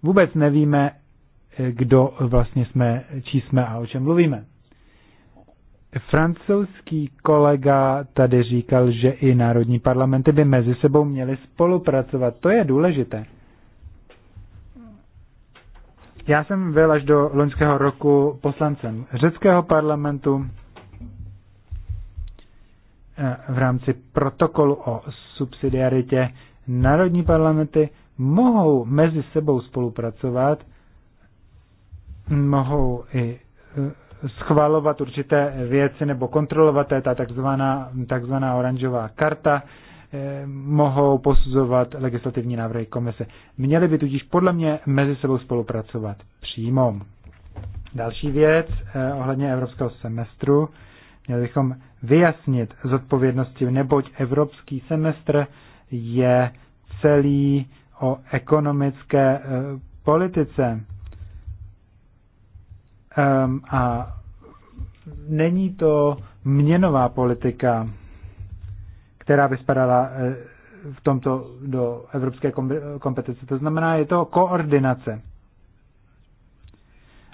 vůbec nevíme, eh, kdo vlastně jsme, čí jsme a o čem mluvíme. Francouzský kolega tady říkal, že i národní parlamenty by mezi sebou měly spolupracovat. To je důležité. Já jsem byl až do loňského roku poslancem řeckého parlamentu eh, v rámci protokolu o subsidiaritě. Národní parlamenty mohou mezi sebou spolupracovat, mohou i e, schvalovat určité věci nebo kontrolovat, to je ta takzvaná, takzvaná oranžová karta, e, mohou posuzovat legislativní návrhy komise. Měli by tudíž podle mě mezi sebou spolupracovat přímo. Další věc e, ohledně evropského semestru. Měli bychom vyjasnit zodpovědnosti, neboť evropský semestr je celý o ekonomické eh, politice. Ehm, a není to měnová politika, která by spadala eh, v tomto do evropské kompetence. To znamená, je to koordinace.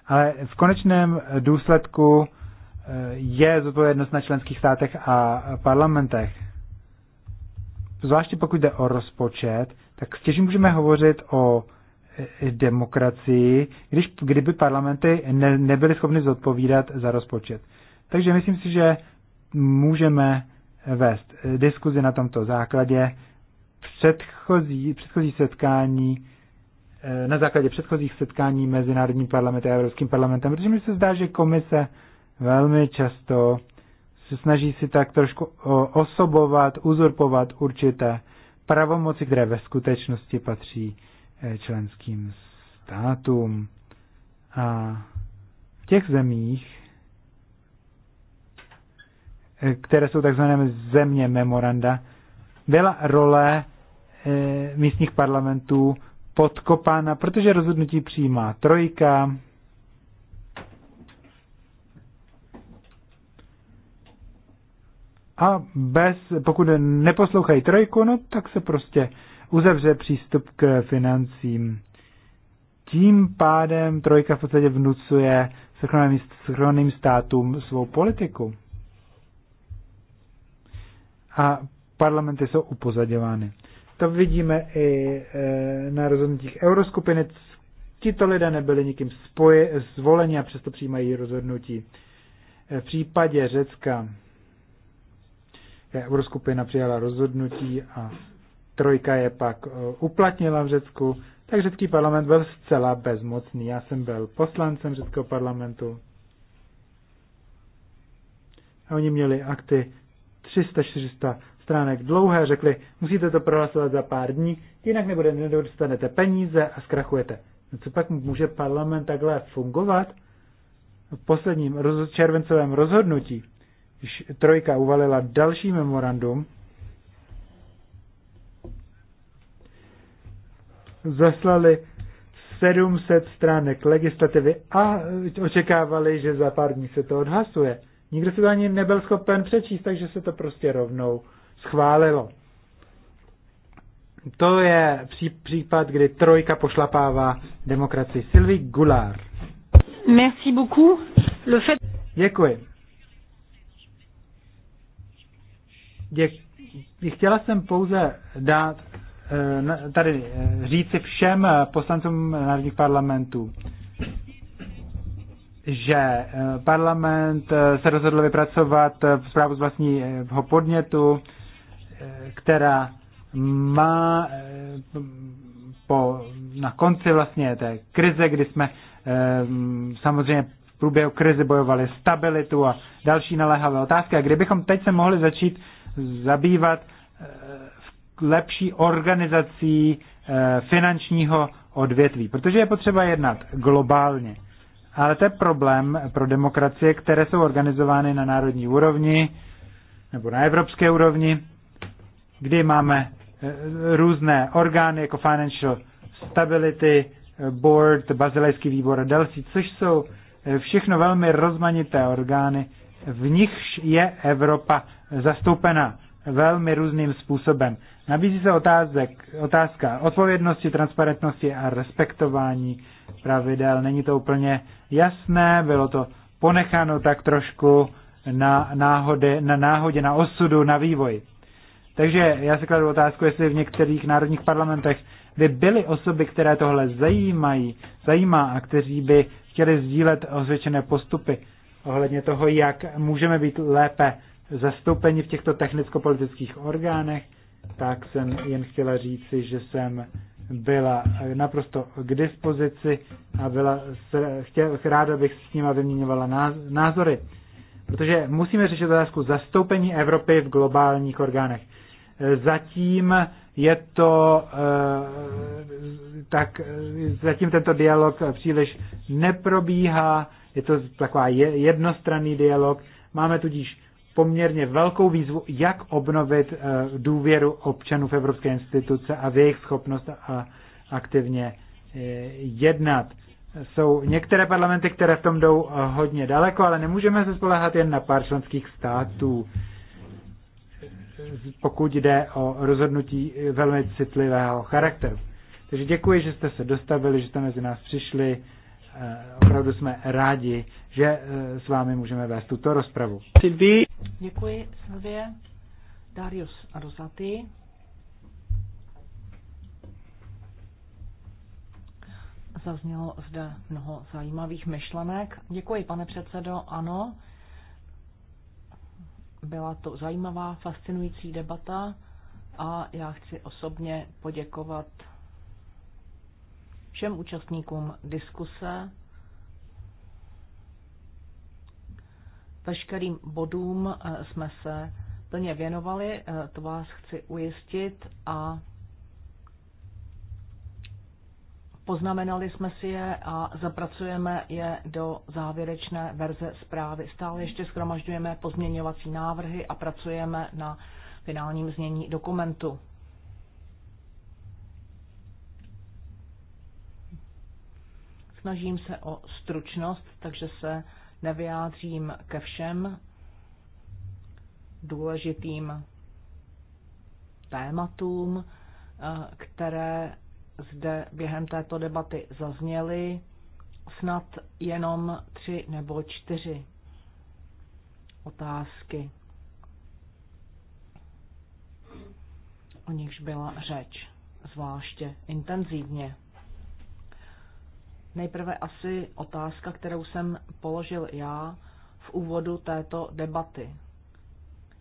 Ale v konečném důsledku eh, je zodpovědnost na členských státech a parlamentech zvláště pokud jde o rozpočet, tak stěží můžeme hovořit o e, e, demokracii, když, kdyby parlamenty ne, nebyly schopny zodpovídat za rozpočet. Takže myslím si, že můžeme vést e, diskuzi na tomto základě. Předchozí, předchozí setkání na základě předchozích setkání Mezinárodní parlamentem a Evropským parlamentem, protože mi se zdá, že komise velmi často se snaží si tak trošku osobovat, uzurpovat určité pravomoci, které ve skutečnosti patří e, členským státům. A v těch zemích, e, které jsou takzvané země memoranda, byla role e, místních parlamentů podkopána, protože rozhodnutí přijímá trojka, a bez, pokud neposlouchají trojku, no tak se prostě uzavře přístup k financím. Tím pádem trojka v podstatě vnucuje svrchovaným státům svou politiku. A parlamenty jsou upozaděvány. To vidíme i e, na rozhodnutích euroskupiny. Tito lidé nebyli nikým spoje, zvoleni a přesto přijímají rozhodnutí. E, v případě Řecka Euroskupina přijala rozhodnutí a trojka je pak eh, uplatnila v Řecku, tak řecký parlament byl zcela bezmocný. Já jsem byl poslancem řeckého parlamentu a oni měli akty 300-400 stránek dlouhé, řekli, musíte to prohlasovat za pár dní, jinak nebude, nedostanete peníze a zkrachujete. No co pak může parlament takhle fungovat? V posledním roz- červencovém rozhodnutí Trojka uvalila další memorandum, zaslali 700 stránek legislativy a očekávali, že za pár dní se to odhlasuje. Nikdo se to ani nebyl schopen přečíst, takže se to prostě rovnou schválilo. To je pří, případ, kdy trojka pošlapává demokracii. Sylvie Goulard. Merci beaucoup. Le fait... Děkuji. Děk, chtěla jsem pouze dát, eh, tady eh, říci všem eh, poslancům národních parlamentů, že parlament se rozhodl vypracovat zprávu z vlastního podnětu, která má po, na konci vlastně té krize, kdy jsme samozřejmě v průběhu krize bojovali stabilitu a další naléhavé otázky. A kdybychom teď se mohli začít zabývat eh, lepší organizací eh, finančního odvětví, protože je potřeba jednat globálně. Ale to je problém pro demokracie, které jsou organizovány na národní úrovni nebo na evropské úrovni, kdy máme eh, různé orgány jako Financial Stability Board, Bazilejský výbor a další, což jsou všechno velmi rozmanité orgány, v nichž je Evropa zastoupena velmi různým způsobem. Nabízí se otázek, otázka odpovědnosti, transparentnosti a respektování pravidel. Není to úplně jasné, bylo to ponecháno tak trošku na, náhody, na náhodě, na osudu, na vývoj. Takže já si kladu otázku, jestli v některých národních parlamentech by byly osoby, které tohle zajímají, zajímá a kteří by chtěli sdílet osvědčené postupy ohledně toho, jak můžeme být lépe zastoupeni v těchto technicko-politických orgánech, tak jsem jen chtěla říci, že jsem byla naprosto k dispozici a byla chtěl, ráda bych s nima vyměňovala názory. Protože musíme řešit otázku zastoupení Evropy v globálních orgánech. Zatím je to eh, tak, zatím tento dialog příliš neprobíhá, je to taková jednostranný dialog. Máme tudíž poměrně velkou výzvu, jak obnovit eh, důvěru občanů v evropské instituce a v jejich schopnost a aktivně eh, jednat. Jsou některé parlamenty, které v tom jdou eh, hodně daleko, ale nemůžeme se spolehat jen na pár členských států, pokud jde o rozhodnutí velmi citlivého charakteru. Takže děkuji, že jste se dostavili, že jste mezi nás přišli. Opravdu jsme rádi, že s vámi můžeme vést tuto rozpravu. Děkuji, Silvie. Darius Rosaty. Zaznělo zde mnoho zajímavých myšlenek. Děkuji, pane předsedo. Ano, byla to zajímavá, fascinující debata a já chci osobně poděkovat všem účastníkům diskuse Veškerým bodům eh, jsme se plně věnovali, eh, to vás chci ujistit a poznamenali jsme si je a zapracujeme je do závěrečné verze zprávy. Stále ještě schromažďujeme pozměňovací návrhy a pracujeme na finálním znění dokumentu. Snažím se o stručnost, takže se nevyjádřím ke všem důležitým tématům, eh, které zde během této debaty zazněly, snad jenom tři nebo čtyři otázky, o nichž byla řeč, zvláště intenzivně. Nejprve asi otázka, kterou jsem položil já v úvodu této debaty.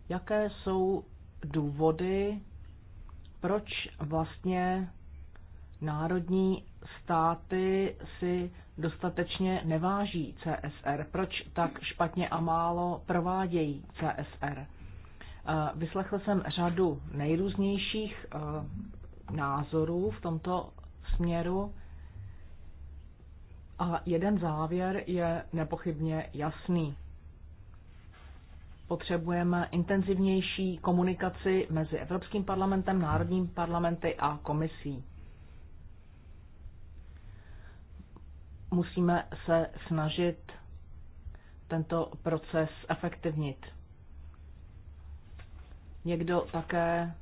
Jaké jsou důvody, proč vlastně národní státy si dostatečně neváží CSR, proč tak špatně a málo provádějí CSR. Eh, vyslechl jsem řadu nejrůznějších eh, názorů v tomto směru a jeden závěr je nepochybně jasný. Potřebujeme intenzivnější komunikaci mezi Evropským parlamentem, národním parlamenty a komisí. Musíme se snažit tento proces efektivnit. Někdo také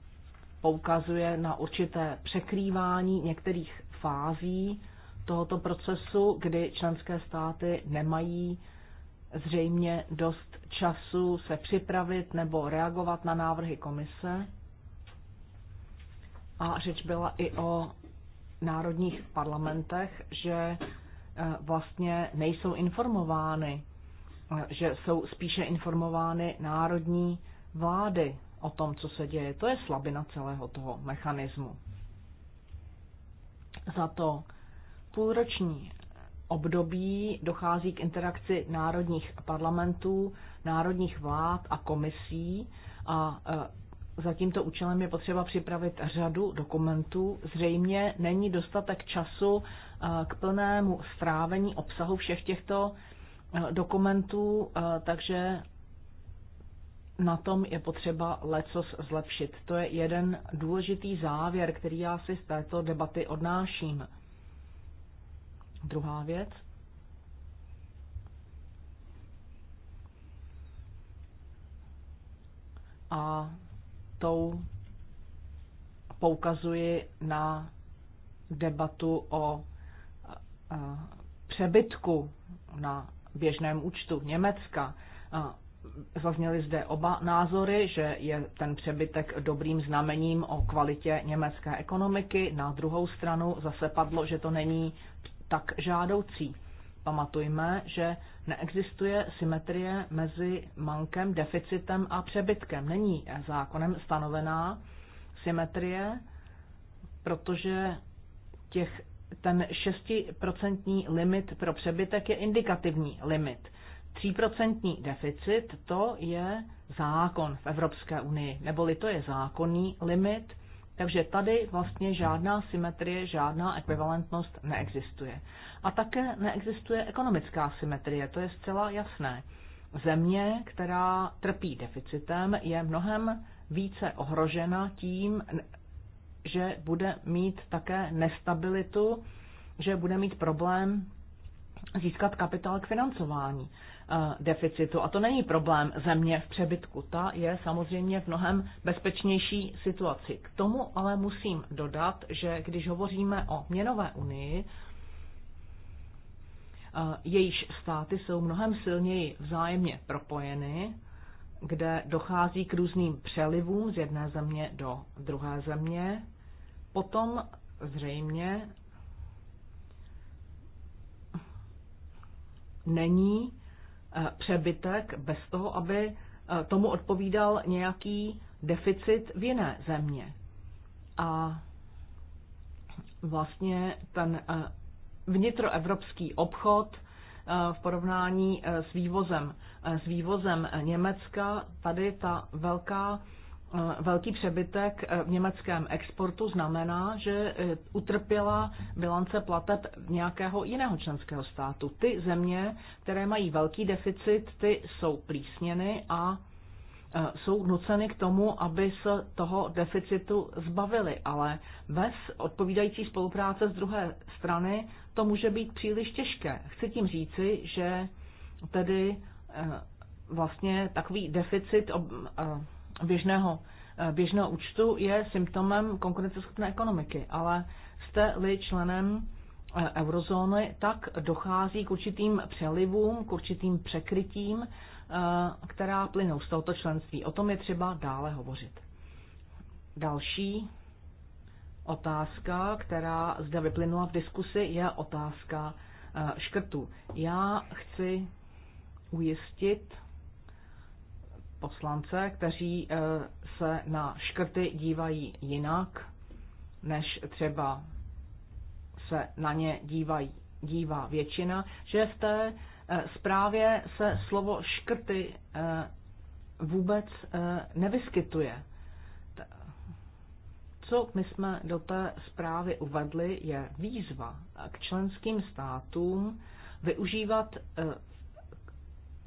poukazuje na určité překrývání některých fází tohoto procesu, kdy členské státy nemají zřejmě dost času se připravit nebo reagovat na návrhy komise. A řeč byla i o národních parlamentech, že e, vlastně nejsou informovány, e, že jsou spíše informovány národní vlády o tom, co se děje. To je slabina celého toho mechanismu. Za to půlroční období dochází k interakci národních parlamentů, národních vlád a komisí a e, za tímto účelem je potřeba připravit řadu dokumentů. Zřejmě není dostatek času e, k plnému strávení obsahu všech těchto e, dokumentů, takže na tom je potřeba lecos zlepšit. To je jeden důležitý závěr, který já si z této debaty odnáším. Druhá věc. A tou poukazuji na debatu o přebytku na běžném účtu Německa. Zazněly zde oba názory, že je ten přebytek dobrým znamením o kvalitě německé ekonomiky. Na druhou stranu zase padlo, že to není tak žádoucí. Pamatujme, že neexistuje symetrie mezi mankem, deficitem a přebytkem. Není zákonem stanovená symetrie, protože těch, ten 6% limit pro přebytek je indikativní limit. 3% deficit to je zákon v Evropské unii, neboli to je zákonný limit, takže tady vlastně žádná symetrie, žádná ekvivalentnost neexistuje. A také neexistuje ekonomická symetrie, to je zcela jasné. Země, která trpí deficitem, je mnohem více ohrožena tím, že bude mít také nestabilitu, že bude mít problém získat kapitál k financování. Eh, deficitu. A to není problém země v přebytku. Ta je samozřejmě v mnohem bezpečnější situaci. K tomu ale musím dodat, že když hovoříme o měnové unii, eh, jejíž státy jsou mnohem silněji vzájemně propojeny, kde dochází k různým přelivům z jedné země do druhé země, potom zřejmě není Eh, přebytek bez toho, aby eh, tomu odpovídal nějaký deficit v jiné země. A vlastně ten eh, vnitroevropský obchod v porovnání s vývozem, s vývozem Německa, tady ta velká velký přebytek eh, v německém exportu znamená, že eh, utrpěla bilance plateb nějakého jiného členského státu. Ty země, které mají velký deficit, ty jsou plísněny a eh, jsou nuceny k tomu, aby se toho deficitu zbavili, ale bez odpovídající spolupráce z druhé strany to může být příliš těžké. Chci tím říci, že tedy vlastně takový deficit běžného, eh, běžného účtu je symptomem konkurenceschopné ekonomiky, ale jste-li členem eh, eurozóny, tak dochází k určitým přelivům, k určitým překrytím, eh, která plynou z tohoto členství. O tom je třeba dále hovořit. Další otázka, která zde vyplynula v diskusi, je otázka škrtu. Já chci ujistit poslance, kteří eh, se na škrty dívají jinak, než třeba se na ně dívají, dívá většina, že v té eh, zprávě se slovo škrty eh, vůbec nevyskytuje. Co my jsme do té zprávy uvedli, je výzva k členským státům využívat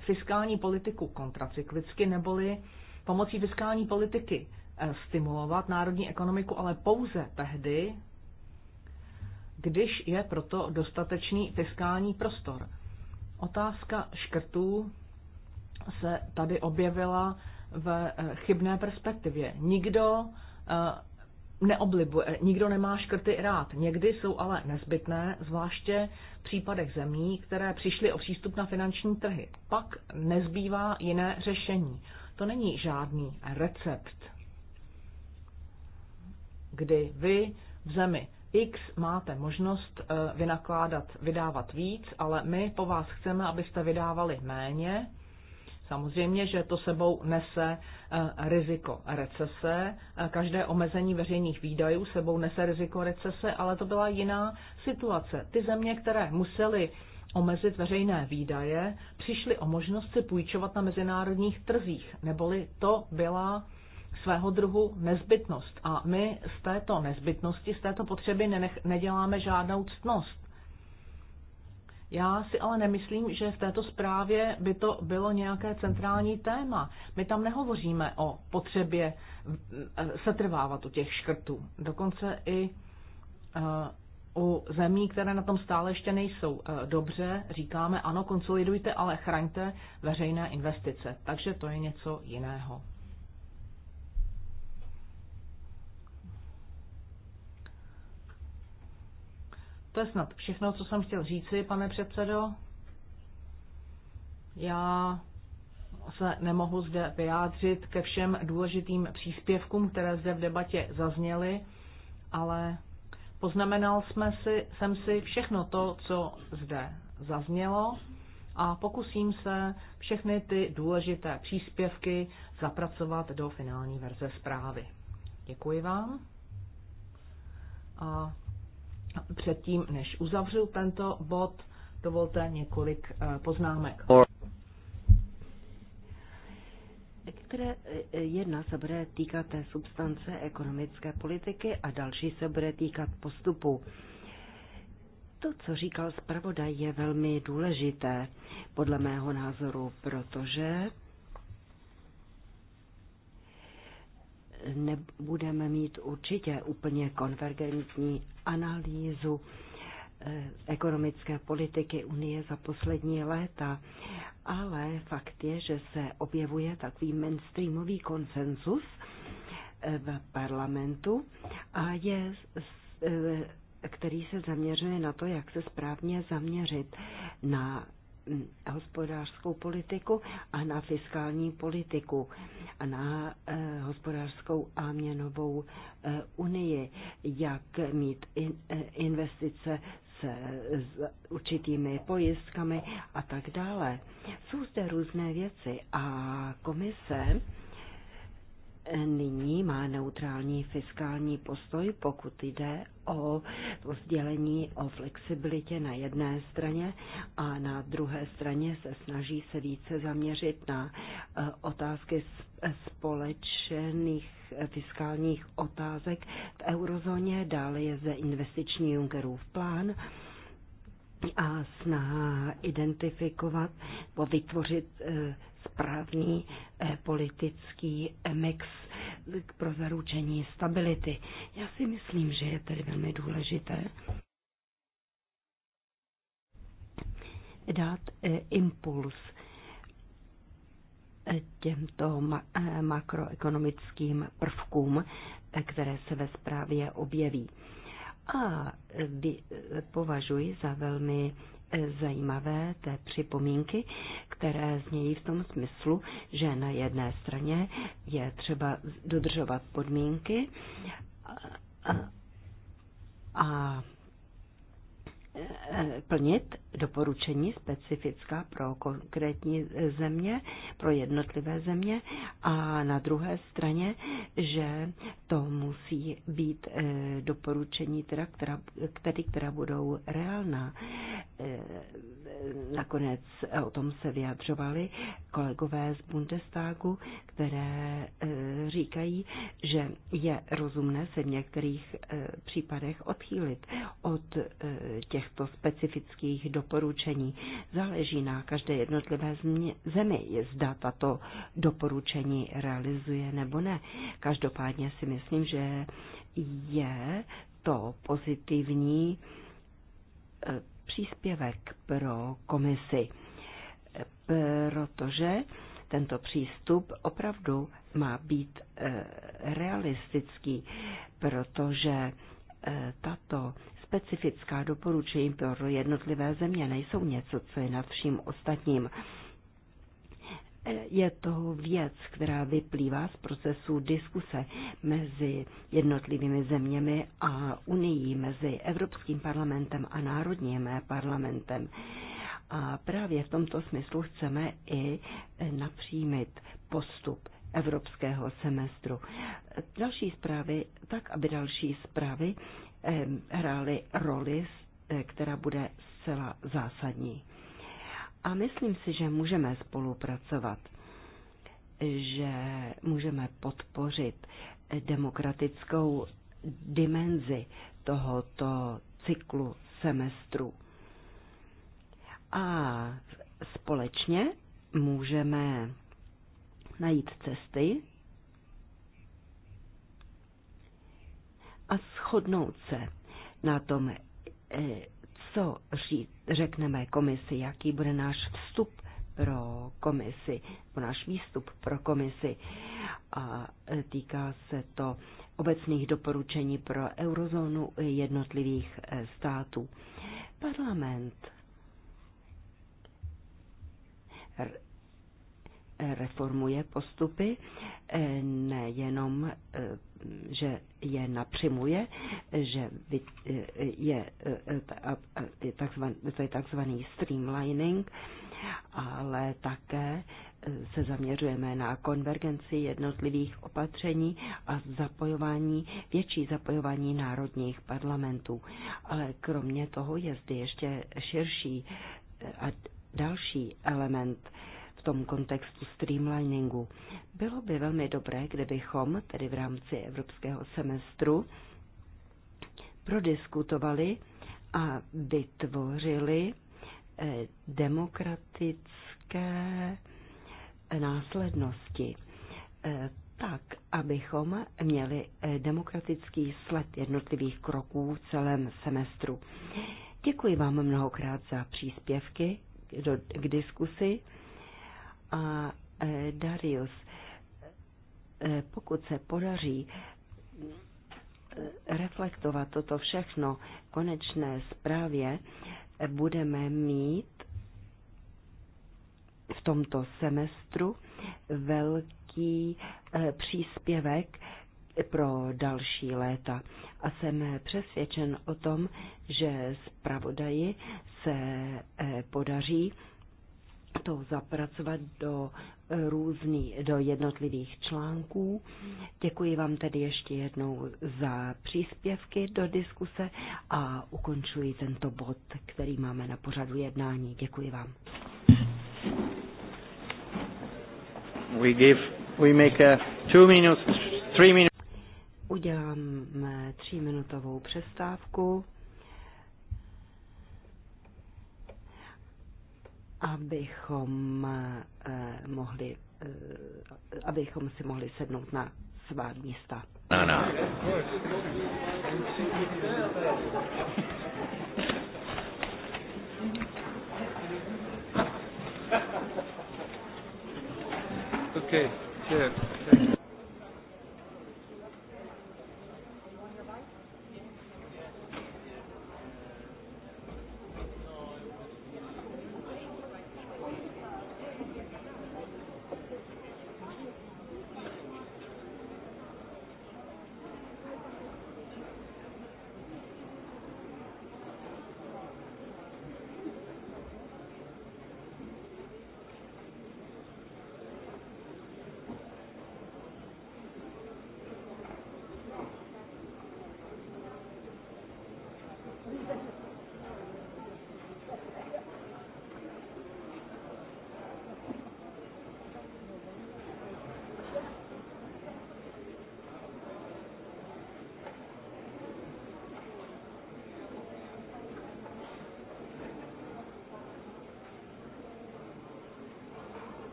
fiskální politiku kontracyklicky, neboli pomocí fiskální politiky eh, stimulovat národní ekonomiku, ale pouze tehdy, když je proto dostatečný fiskální prostor. Otázka škrtů se tady objevila v eh, chybné perspektivě. Nikdo eh, neoblibuje, nikdo nemá škrty rád. Někdy jsou ale nezbytné, zvláště v případech zemí, které přišly o přístup na finanční trhy. Pak nezbývá jiné řešení. To není žádný recept, kdy vy v zemi X máte možnost eh, vynakládat, vydávat víc, ale my po vás chceme, abyste vydávali méně, Samozřejmě, že to sebou nese eh, riziko recese. Eh, každé omezení veřejných výdajů sebou nese riziko recese, ale to byla jiná situace. Ty země, které musely omezit veřejné výdaje, přišly o možnost si půjčovat na mezinárodních trzích, neboli to byla svého druhu nezbytnost. A my z této nezbytnosti, z této potřeby nenech, neděláme žádnou ctnost. Já si ale nemyslím, že v této zprávě by to bylo nějaké centrální téma. My tam nehovoříme o potřebě mm, eh, setrvávat u těch škrtů. Dokonce i eh, u zemí, které na tom stále ještě nejsou eh, dobře, říkáme ano, konsolidujte, ale chraňte veřejné investice. Takže to je něco jiného. je snad všechno, co jsem chtěl říci, pane předsedo. Já se nemohu zde vyjádřit ke všem důležitým příspěvkům, které zde v debatě zazněly, ale poznamenal jsme si, jsem si všechno to, co zde zaznělo a pokusím se všechny ty důležité příspěvky zapracovat do finální verze zprávy. Děkuji vám. A Předtím, než uzavřu tento bod, dovolte několik eh, poznámek. Které eh, jedna se bude týkat té substance ekonomické politiky a další se bude týkat postupu. To, co říkal zpravodaj, je velmi důležité, podle mého názoru, protože nebudeme mít určitě úplně konvergentní analýzu eh, ekonomické politiky Unie za poslední léta, ale fakt je, že se objevuje takový mainstreamový konsenzus eh, v parlamentu a je eh, který se zaměřuje na to, jak se správně zaměřit na hospodářskou politiku a na fiskální politiku a na eh, hospodářskou a měnovou eh, unii, jak mít in, eh, investice s, s určitými pojistkami a tak dále. Jsou zde různé věci a komise nyní má neutrální fiskální postoj, pokud jde o sdělení o flexibilitě na jedné straně a na druhé straně se snaží se více zaměřit na eh, otázky společných fiskálních otázek v eurozóně. Dále je zde investiční Junckerův plán a snaha identifikovat, vytvořit eh, správný eh, politický mix pro zaručení stability. Já si myslím, že je tedy velmi důležité dát eh, impuls těmto makroekonomickým prvkům, které se ve zprávě objeví a eh, považuji za velmi eh, zajímavé té připomínky, které znějí v tom smyslu, že na jedné straně je třeba dodržovat podmínky a, a, a Eh, plnit doporučení specifická pro konkrétní země, pro jednotlivé země a na druhé straně, že to musí být eh, doporučení, teda, která, který, která budou reálná. Eh, nakonec o tom se vyjadřovali kolegové z Bundestagu, které říkají, že je rozumné se v některých případech odchýlit od těch těchto specifických doporučení. Záleží na každé jednotlivé zemi, zda tato doporučení realizuje nebo ne. Každopádně si myslím, že je to pozitivní eh, příspěvek pro komisi, eh, protože tento přístup opravdu má být eh, realistický, protože tato specifická doporučení pro jednotlivé země, nejsou něco, co je nad vším ostatním. Je to věc, která vyplývá z procesu diskuse mezi jednotlivými zeměmi a Unii, mezi Evropským parlamentem a Národním parlamentem. A právě v tomto smyslu chceme i napřímit postup evropského semestru. Další zprávy, tak aby další zprávy Ehm, hrály roli, e, která bude zcela zásadní. A myslím si, že můžeme spolupracovat, že můžeme podpořit demokratickou dimenzi tohoto cyklu semestru. A společně můžeme najít cesty, a shodnout se na tom, eh, co řekneme komisi, jaký bude náš vstup pro komisi, pro náš výstup pro komisi. A eh, týká se to obecných doporučení pro eurozónu jednotlivých eh, států. Parlament reformuje postupy, eh, nejenom, eh, že je napřimuje, že eh, je, takzvaný, to je takzvaný streamlining, ale také se zaměřujeme na konvergenci jednotlivých opatření a zapojování, větší zapojování národních parlamentů. Ale kromě toho je zde ještě širší a další element v tom kontextu streamliningu. Bylo by velmi dobré, kdybychom tedy v rámci evropského semestru prodiskutovali a vytvořili eh, demokratické eh, následnosti eh, tak, abychom měli demokratický sled jednotlivých kroků v celém semestru. Děkuji vám mnohokrát za příspěvky k diskusi a e, Darius, e, pokud se podaří e, reflektovat toto všechno v konečné zprávě, budeme mít v tomto semestru velký příspěvek pro další léta. A jsem přesvědčen o tom, že zpravodaji se podaří to zapracovat do eh, různý, do jednotlivých článků. Děkuji vám tedy ještě jednou za příspěvky do diskuse a ukončuji tento bod, který máme na pořadu jednání. Děkuji vám. We give, we make a two minutes, three minutes. Udělám tříminutovou přestávku. abychom eh, mohli, eh, abychom si mohli sednout na svá místa. No, no. Okay, sure.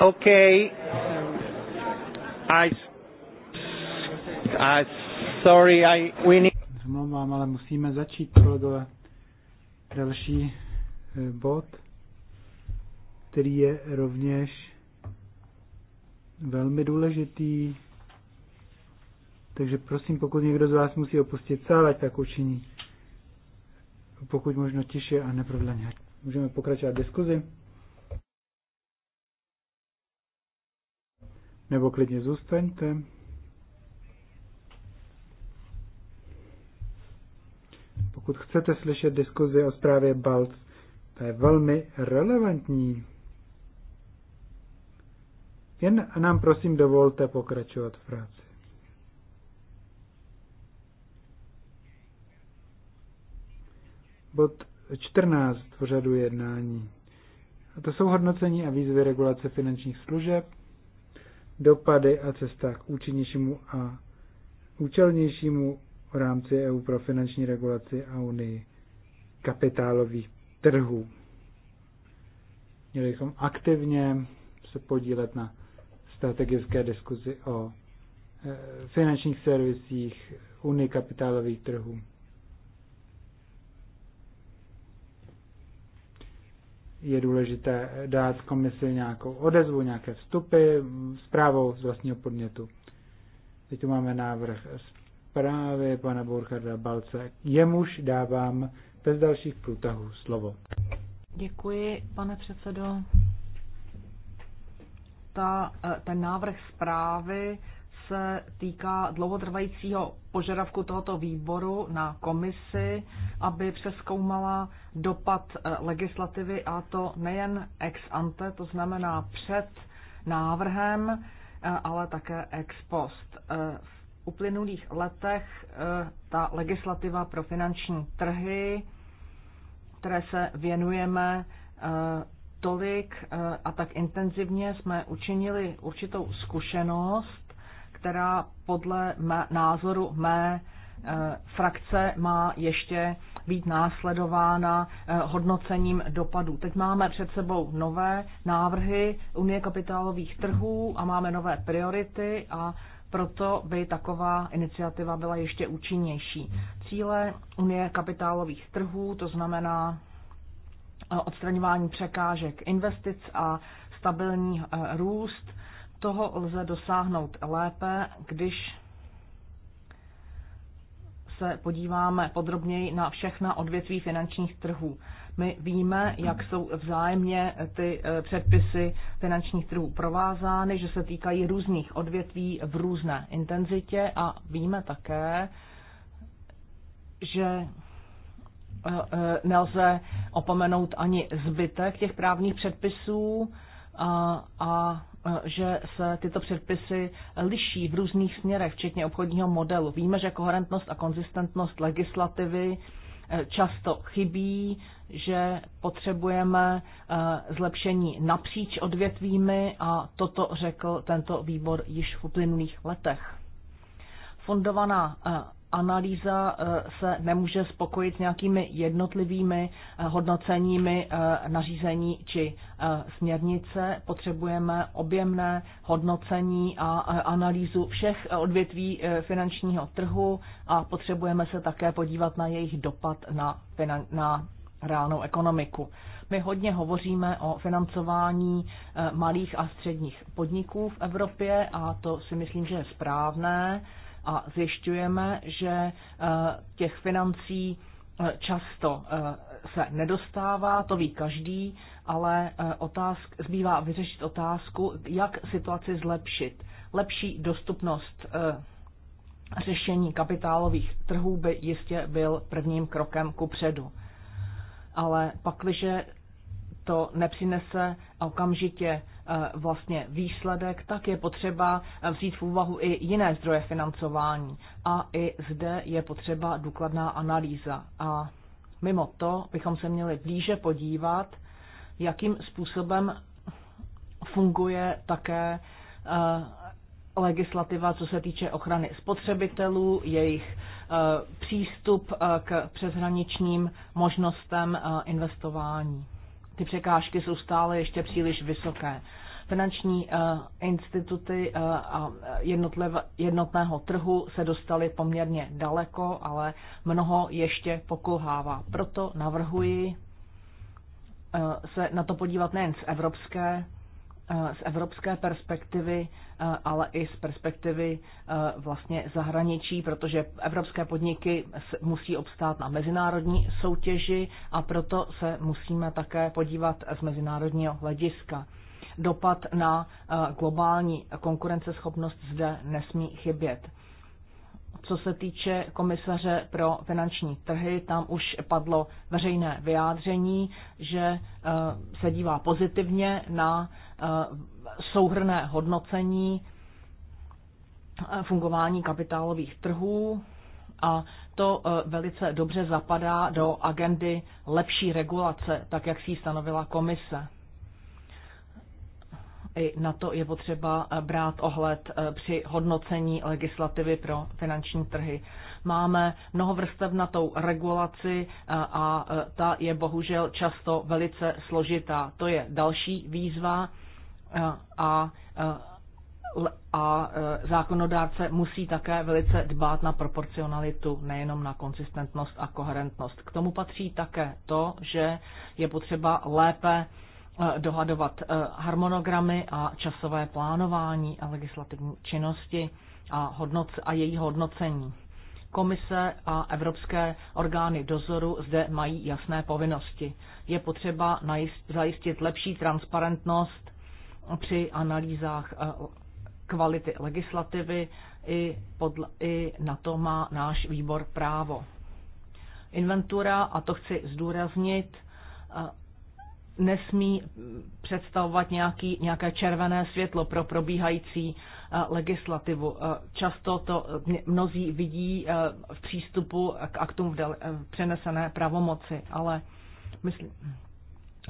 Okay. I, I sorry, I, we need... Zmlouvám, ale musíme začít, kolegové. Další eh, bod, který je rovněž velmi důležitý. Takže prosím, pokud někdo z vás musí opustit sál, tak učiní. Pokud možno tiše a neprodleně. Můžeme pokračovat diskuzi. nebo klidně zůstaňte. Pokud chcete slyšet diskuzi o zprávě Balc, to je velmi relevantní. Jen nám prosím dovolte pokračovat v práci. Bod 14 pořadu jednání. A to jsou hodnocení a výzvy regulace finančních služeb dopady a cesta k účinnějšímu a účelnějšímu v rámci EU pro finanční regulaci a unii kapitálových trhů. Měli bychom aktivně se podílet na strategické diskuzi o eh, finančních servisích Unii kapitálových trhů. je důležité dát komisi nějakou odezvu, nějaké vstupy zprávou z vlastního podnětu. Teď tu máme návrh zprávy pana Burcharda Balce. Jemuž dávám bez dalších průtahů slovo. Děkuji, pane předsedo. Ta, eh, ten návrh zprávy se týká dlouhotrvajícího požadavku tohoto výboru na komisi, aby přeskoumala dopad eh, legislativy a to nejen ex ante, to znamená před návrhem, eh, ale také ex post. Eh, v uplynulých letech ta legislativa pro finanční trhy, které se věnujeme tolik a tak intenzivně, jsme učinili určitou zkušenost která podle mé, názoru mé eh, frakce má ještě být následována eh, hodnocením dopadů. Teď máme před sebou nové návrhy Unie kapitálových trhů a máme nové priority a proto by taková iniciativa byla ještě účinnější. Cíle Unie kapitálových trhů, to znamená eh, odstraňování překážek investic a stabilní růst, toho lze dosáhnout lépe, když se podíváme podrobněji na všechna odvětví finančních trhů. My víme, jak jsou vzájemně ty e, předpisy finančních trhů provázány, že se týkají různých odvětví v různé intenzitě a víme také, že e, e, nelze opomenout ani zbytek těch právních předpisů a, a Eh, že se tyto předpisy liší v různých směrech, včetně obchodního modelu. Víme, že koherentnost a konzistentnost legislativy eh, často chybí, že potřebujeme eh, zlepšení napříč odvětvími a toto řekl tento výbor již v uplynulých letech. Fundovaná analýza eh, se nemůže spokojit s nějakými jednotlivými eh, hodnoceními eh, nařízení či směrnice. Potřebujeme objemné hodnocení a analýzu všech odvětví finančního trhu a potřebujeme se také podívat na jejich dopad na, finan- na reálnou ekonomiku. My hodně hovoříme o financování malých a středních podniků v Evropě a to si myslím, že je správné a zjišťujeme, že eh, těch financí eh, často eh, se nedostává, to ví každý, ale otázk, zbývá vyřešit otázku, jak situaci zlepšit. Lepší dostupnost řešení kapitálových trhů by jistě byl prvním krokem ku předu. Ale pakliže to nepřinese okamžitě Eh, vlastně výsledek, tak je potřeba eh, vzít v úvahu i jiné zdroje financování. A i zde je potřeba důkladná analýza. A mimo to bychom se měli blíže podívat, jakým způsobem funguje také eh, legislativa, co se týče ochrany spotřebitelů, jejich přístup k přeshraničním možnostem investování ty překážky jsou stále ještě příliš vysoké. Finanční eh, instituty eh, a jednotného trhu se dostaly poměrně daleko, ale mnoho ještě pokulhává. Proto navrhuji eh, se na to podívat nejen z evropské Eh, z evropské perspektivy, eh, ale i z perspektivy eh, vlastně zahraničí, protože evropské podniky musí obstát na mezinárodní soutěži a proto se musíme také podívat z mezinárodního hlediska. Dopad na globální konkurenceschopnost zde nesmí chybět. Co se týče komisaře pro finanční trhy, tam už padlo veřejné vyjádření, že se dívá pozitivně na Eh, souhrné hodnocení eh, fungování kapitálových trhů a to eh, velice dobře zapadá do agendy lepší regulace, tak jak si ji stanovila komise. I na to je potřeba brát ohled při hodnocení legislativy pro finanční trhy. Máme tou regulaci a ta je bohužel často velice složitá. To je další výzva Eh, a, eh, a eh, zákonodárce musí také velice dbát na proporcionalitu, nejenom na konsistentnost a koherentnost. K tomu patří také to, že je potřeba lépe dohadovat harmonogramy a časové plánování a legislativní činnosti a, hodnoc, a její hodnocení. Komise a evropské orgány dozoru zde mají jasné povinnosti. Je potřeba zajistit lepší transparentnost při analýzách eh, kvality legislativy i, podle, i na to má náš výbor právo. Inventura, a to chci zdůraznit, eh, nesmí představovat nějaký, nějaké červené světlo pro probíhající eh, legislativu. Často to mnozí vidí v přístupu k aktům v, dele, v přenesené pravomoci, ale myslím, hm.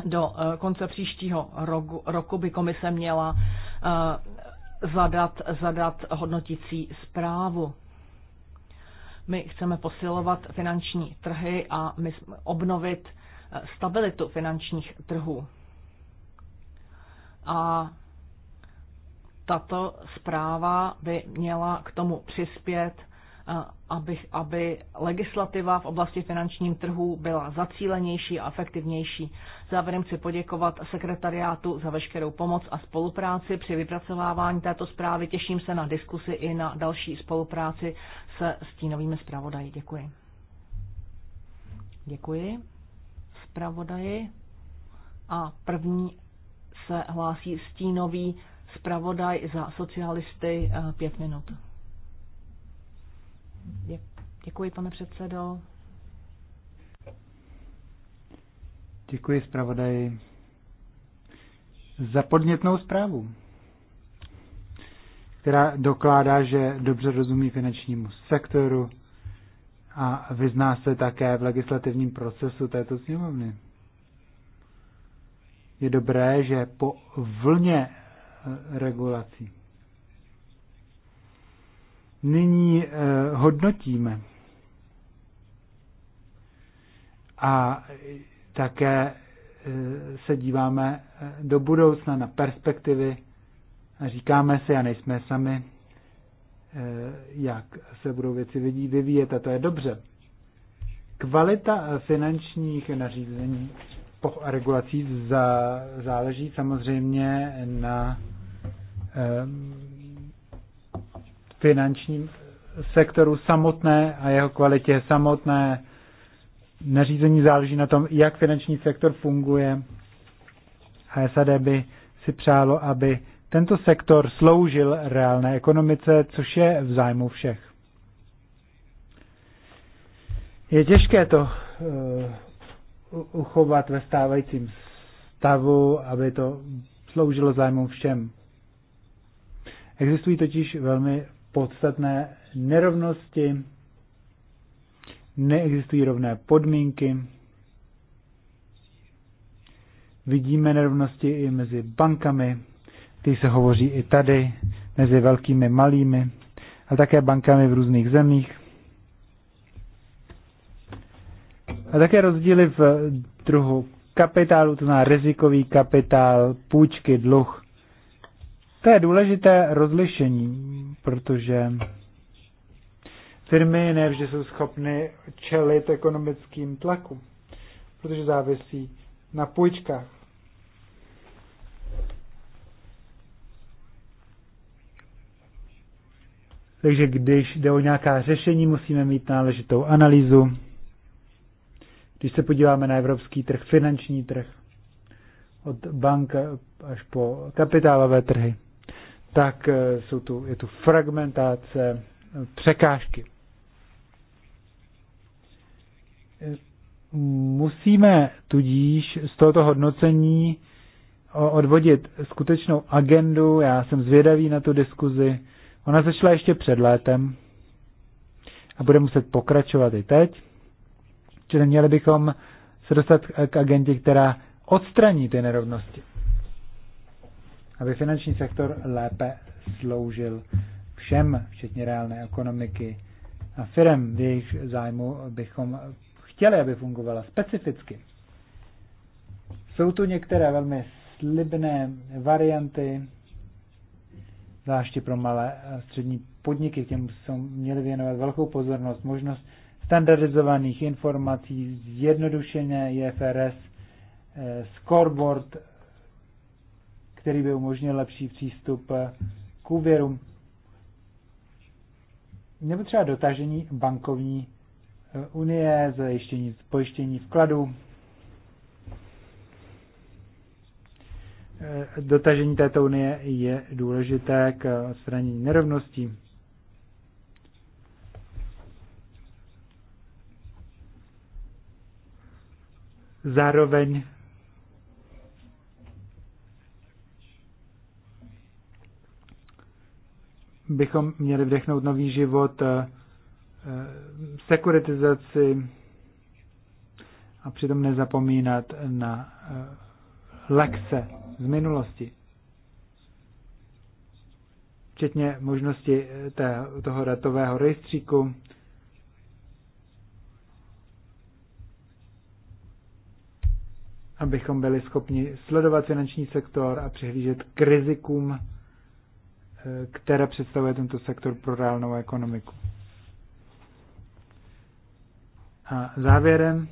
Do eh, konce příštího roku, roku by komise měla eh, zadat, zadat hodnotící zprávu. My chceme posilovat finanční trhy a my obnovit eh, stabilitu finančních trhů. A tato zpráva by měla k tomu přispět aby, aby legislativa v oblasti finančním trhu byla zacílenější a efektivnější. Závěrem chci poděkovat sekretariátu za veškerou pomoc a spolupráci při vypracovávání této zprávy. Těším se na diskusi i na další spolupráci se stínovými zpravodaji. Děkuji. Děkuji zpravodaji. A první se hlásí stínový zpravodaj za socialisty eh, pět minut. Děkuji, pane předsedo. Děkuji zpravodaji za podnětnou zprávu, která dokládá, že dobře rozumí finančnímu sektoru a vyzná se také v legislativním procesu této sněmovny. Je dobré, že po vlně eh, regulací nyní eh, hodnotíme. A také e, se díváme e, do budoucna na perspektivy a říkáme si, a nejsme sami, e, jak se budou věci vyvíjet, a to je dobře. Kvalita finančních nařízení po regulací za, záleží samozřejmě na um, finančním sektoru samotné a jeho kvalitě samotné. Nařízení záleží na tom, jak finanční sektor funguje. A SAD by si přálo, aby tento sektor sloužil reálné ekonomice, což je v zájmu všech. Je těžké to uh, uchovat ve stávajícím stavu, aby to sloužilo zájmu všem. Existují totiž velmi podstatné nerovnosti, neexistují rovné podmínky, vidíme nerovnosti i mezi bankami, ty se hovoří i tady, mezi velkými malými, a také bankami v různých zemích. A také rozdíly v druhu kapitálu, to znamená rizikový kapitál, půjčky, dluh. To je důležité rozlišení, protože Firmy nevždy jsou schopny čelit ekonomickým tlakům, protože závisí na půjčkách. Takže když jde o nějaká řešení, musíme mít náležitou analýzu. Když se podíváme na evropský trh, finanční trh, od bank až po kapitálové trhy, tak eh, jsou tu, je tu fragmentace, eh, překážky. Musíme tudíž z tohoto hodnocení odvodit skutečnou agendu. Já jsem zvědavý na tu diskuzi. Ona začala ještě před létem a bude muset pokračovat i teď. Čili měli bychom se dostat k agentě, která odstraní ty nerovnosti. Aby finanční sektor lépe sloužil všem, včetně reálné ekonomiky a firem, v jejich zájmu bychom chtěli, aby fungovala specificky. Jsou tu některé velmi slibné varianty, zvláště pro malé a střední podniky, těm jsou měli věnovat velkou pozornost, možnost standardizovaných informací, zjednodušené IFRS, eh, scoreboard, který by umožnil lepší přístup eh, k úvěrům, nebo třeba dotažení bankovní unie, zajištění pojištění vkladů, eh, dotažení této unie je důležité k odstranění nerovností. Zároveň bychom měli vdechnout nový život eh, Eh, sekuritizaci a přitom nezapomínat na eh, lekce z minulosti. Včetně možnosti eh, té, toho datového rejstříku, abychom byli schopni sledovat finanční sektor a přihlížet k rizikům, které představuje tento sektor pro reálnou ekonomiku. A závěrem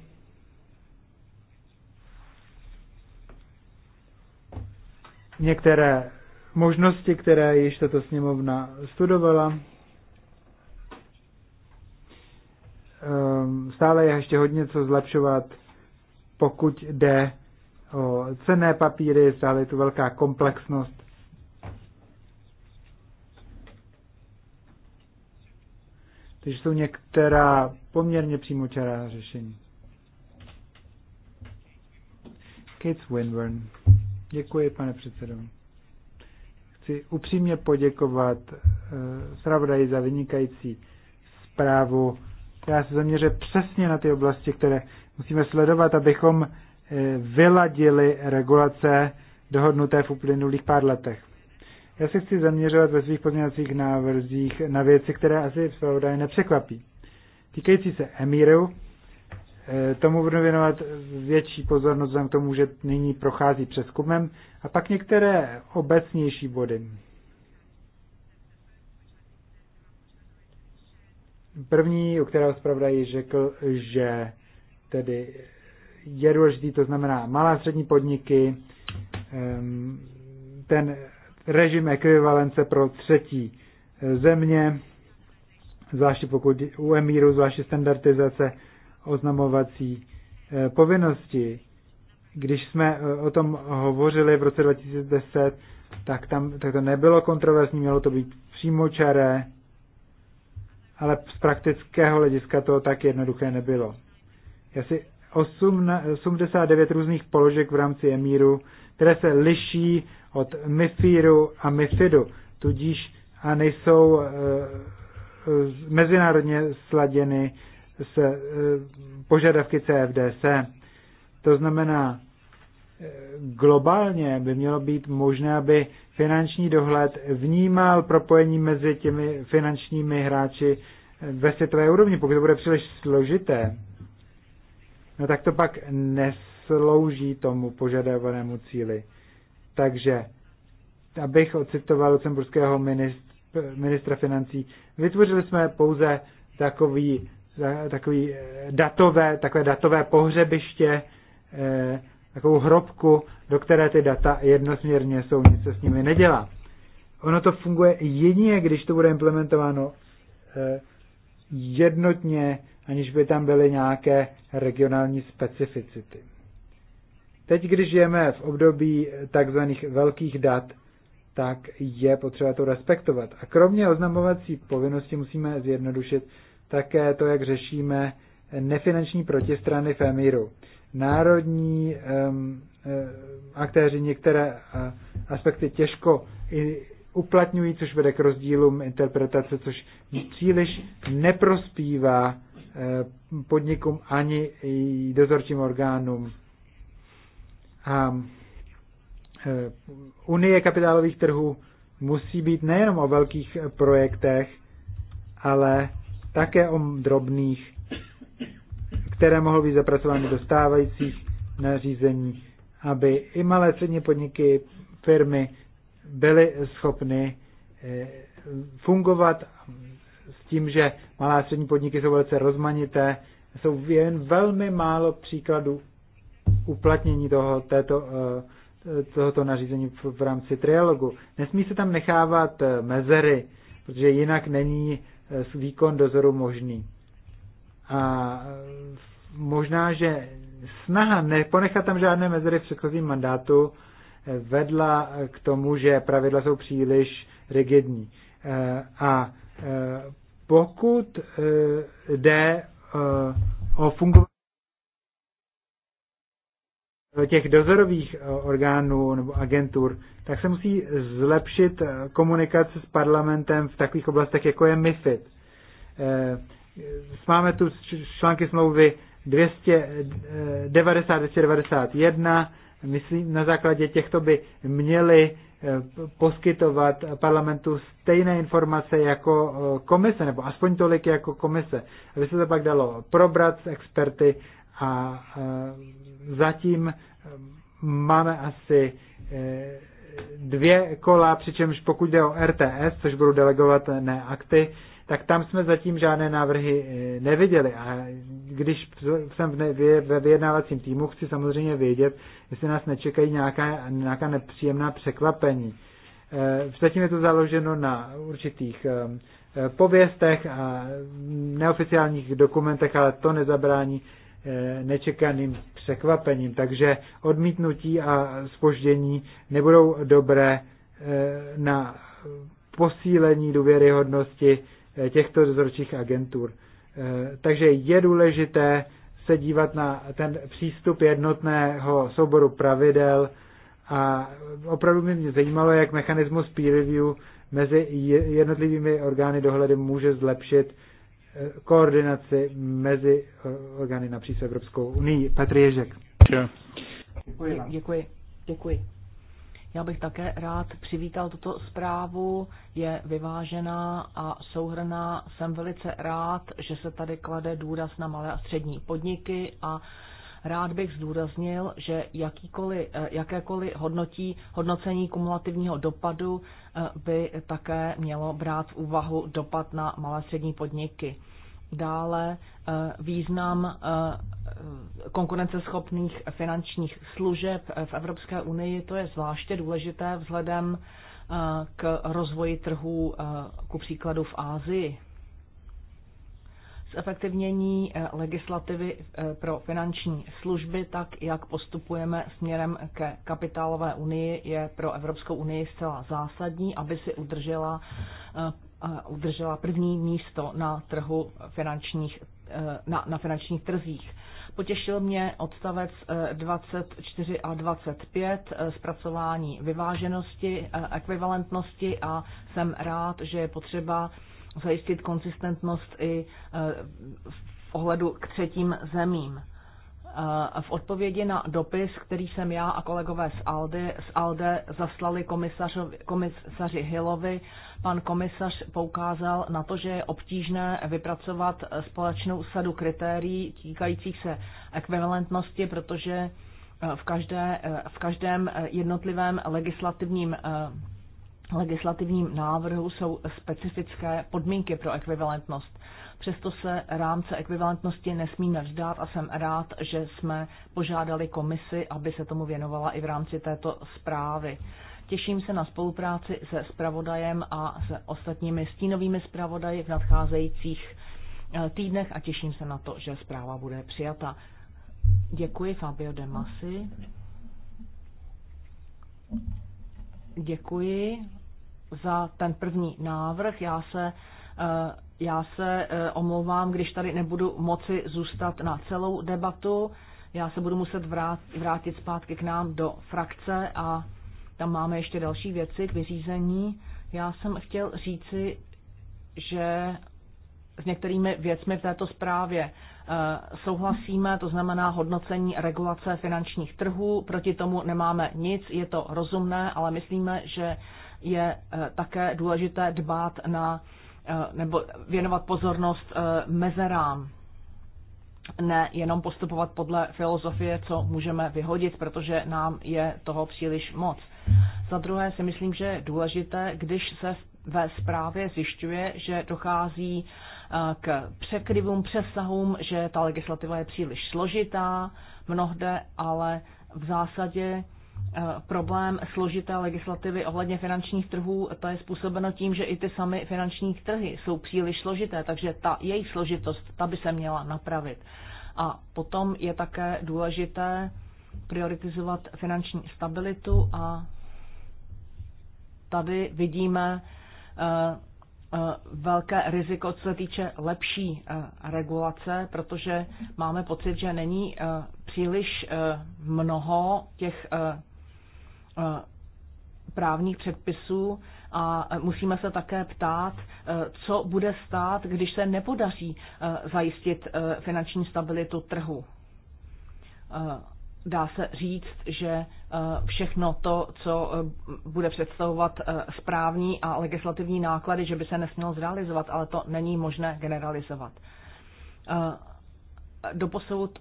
některé možnosti, které již tato sněmovna studovala. Ehm, stále je ještě hodně co zlepšovat, pokud jde o cené papíry, stále je tu velká komplexnost. Takže jsou některá poměrně přímočará řešení. Kate Winburn. Děkuji, pane předsedo. Chci upřímně poděkovat eh, zpravodaji za vynikající zprávu, která se zaměřuje přesně na ty oblasti, které musíme sledovat, abychom eh, vyladili regulace dohodnuté v uplynulých pár letech. Já se chci zaměřovat ve svých pozměňovacích návrzích na věci, které asi zpravodaj nepřekvapí. Týkající se emíru, eh, tomu budeme věnovat větší pozornost k tomu, že nyní prochází přeskumem a pak některé obecnější body. První, o kterého zpravdaji řekl, že tedy je důležitý, to znamená malá a střední podniky, ehm, ten režim ekvivalence pro třetí eh, země, zvláště pokud u emíru, zvláště standardizace oznamovací eh, povinnosti. Když jsme eh, o tom hovořili v roce 2010, tak, tam, tak to nebylo kontroverzní, mělo to být přímočaré, ale z praktického hlediska to tak jednoduché nebylo. Já si 89 různých položek v rámci Emíru, které se liší od mifíru a MIFIDu, tudíž a nejsou eh, Eh, mezinárodně sladěny s eh, požadavky CFDC. To znamená, eh, globálně by mělo být možné, aby finanční dohled vnímal propojení mezi těmi finančními hráči ve světové úrovni. Pokud to bude příliš složité, no tak to pak neslouží tomu požadovanému cíli. Takže, abych ocitoval lucemburského ministra, ministra financí. Vytvořili jsme pouze takový, takový eh, datové, takové datové pohřebiště, eh, takovou hrobku, do které ty data jednosměrně jsou, nic se s nimi nedělá. Ono to funguje jedině, když to bude implementováno eh, jednotně, aniž by tam byly nějaké regionální specificity. Teď, když žijeme v období takzvaných velkých dat, tak je potřeba to respektovat. A kromě oznamovací povinnosti musíme zjednodušit také to, jak řešíme nefinanční protistrany v Emiru. Národní um, aktéři některé eh, aspekty těžko uplatňují, což vede k rozdílům interpretace, což příliš neprospívá eh, podnikům ani dozorčím orgánům. A Eh, Unie kapitálových trhů musí být nejenom o velkých eh, projektech, ale také o drobných, které mohou být zapracovány do stávajících nařízení, aby i malé střední podniky, firmy byly schopny eh, fungovat s tím, že malé střední podniky jsou velice rozmanité. Jsou jen velmi málo příkladů uplatnění toho, této tohoto nařízení v, v rámci trialogu. Nesmí se tam nechávat eh, mezery, protože jinak není eh, výkon dozoru možný. A eh, možná, že snaha neponechat tam žádné mezery v předchozím mandátu vedla k tomu, že pravidla jsou příliš rigidní. A pokud jde o fungování těch dozorových eh, orgánů nebo agentur, tak se musí zlepšit eh, komunikace s parlamentem v takových oblastech, jako je MIFID. Eh, máme tu články smlouvy 290-291, myslím, na základě těchto by měli poskytovat parlamentu stejné informace jako komise, nebo aspoň tolik jako komise, aby se to pak dalo probrat s experty a zatím eh, máme asi eh, dvě kola, přičemž pokud jde o RTS, což budou delegovat eh, ne akty, tak tam jsme zatím žádné návrhy neviděli. A když jsem ve vyjednávacím týmu, chci samozřejmě vědět, jestli nás nečekají nějaká, nějaká nepříjemná překvapení. Zatím je to založeno na určitých pověstech a neoficiálních dokumentech, ale to nezabrání Eh, nečekaným překvapením. Takže odmítnutí a spoždění nebudou dobré eh, na posílení důvěryhodnosti eh, těchto dozorčích agentur. Takže je důležité se dívat na ten přístup jednotného souboru pravidel a opravdu mě zajímalo, jak mechanismus peer review mezi jednotlivými orgány dohledu může zlepšit Eh, koordinaci mezi eh, orgány napříč Evropskou unii. Petr Ježek. Děkuji. Děkuji. Děkuji. Já bych také rád přivítal tuto zprávu, je vyvážená a souhrná. Jsem velice rád, že se tady klade důraz na malé a střední podniky a Rád bych zdůraznil, že jakýkoliv, eh, jakékoliv hodnotí, hodnocení kumulativního dopadu eh, by také mělo brát v úvahu dopad na malé střední podniky. Dále eh, význam konkurenceschopných finančních služeb v Evropské unii, to je zvláště důležité vzhledem k rozvoji trhů, ku příkladu v Ázii zefektivnění eh, legislativy eh, pro finanční služby, tak jak postupujeme směrem ke kapitálové unii, je pro Evropskou unii zcela zásadní, aby si udržela, eh, udržela první místo na trhu finančních, na, na finančních trzích. Potěšil mě odstavec 24 a 25, zpracování vyváženosti, ekvivalentnosti a jsem rád, že je potřeba zajistit konsistentnost i e, v ohledu k třetím zemím. E, v odpovědi na dopis, který jsem já a kolegové z ALDE, z ALDE zaslali komisaři Hillovi, pan komisař poukázal na to, že je obtížné vypracovat společnou sadu kritérií týkajících se ekvivalentnosti, protože e, v, každé, v každém jednotlivém legislativním legislativním návrhu jsou specifické podmínky pro ekvivalentnost. Přesto se rámce ekvivalentnosti nesmíme vzdát a jsem rád, že jsme požádali komisi, aby se tomu věnovala i v rámci této zprávy. Těším se na spolupráci se spravodajem a se ostatními stínovými zpravodaji v nadcházejících eh, týdnech a těším se na to, že zpráva bude přijata. Děkuji Fabio De Masi. Děkuji za ten první návrh. Já se, eh, já se eh, omlouvám, když tady nebudu moci zůstat na celou debatu. Já se budu muset vrátit zpátky k nám do frakce a tam máme ještě další věci k vyřízení. Já jsem chtěl říci, že s některými věcmi v této zprávě Eh, souhlasíme, to znamená hodnocení regulace finančních trhů. Proti tomu nemáme nic, je to rozumné, ale myslíme, že je eh, také důležité dbát na eh, nebo věnovat pozornost mezerám. Ne jenom postupovat podle filozofie, co můžeme vyhodit, protože nám je toho příliš moc. Za druhé si myslím, že je důležité, když se ve zprávě zjišťuje, že dochází k překryvům, přesahům, že ta legislativa je příliš složitá mnohde, ale v zásadě e, problém složité legislativy ohledně finančních trhů, to je způsobeno tím, že i ty samy finanční trhy jsou příliš složité, takže ta jejich složitost, ta by se měla napravit. A potom je také důležité prioritizovat finanční stabilitu a tady vidíme e, Eh, velké riziko, co se týče lepší eh, regulace, protože máme pocit, že není eh, příliš mnoho těch právních předpisů a musíme se také ptát, co bude stát, když se nepodaří zajistit finanční stabilitu trhu dá se říct, že eh, všechno to, co eh, bude představovat eh, správní a legislativní náklady, že by se nesmělo zrealizovat, ale to není možné generalizovat. Doposud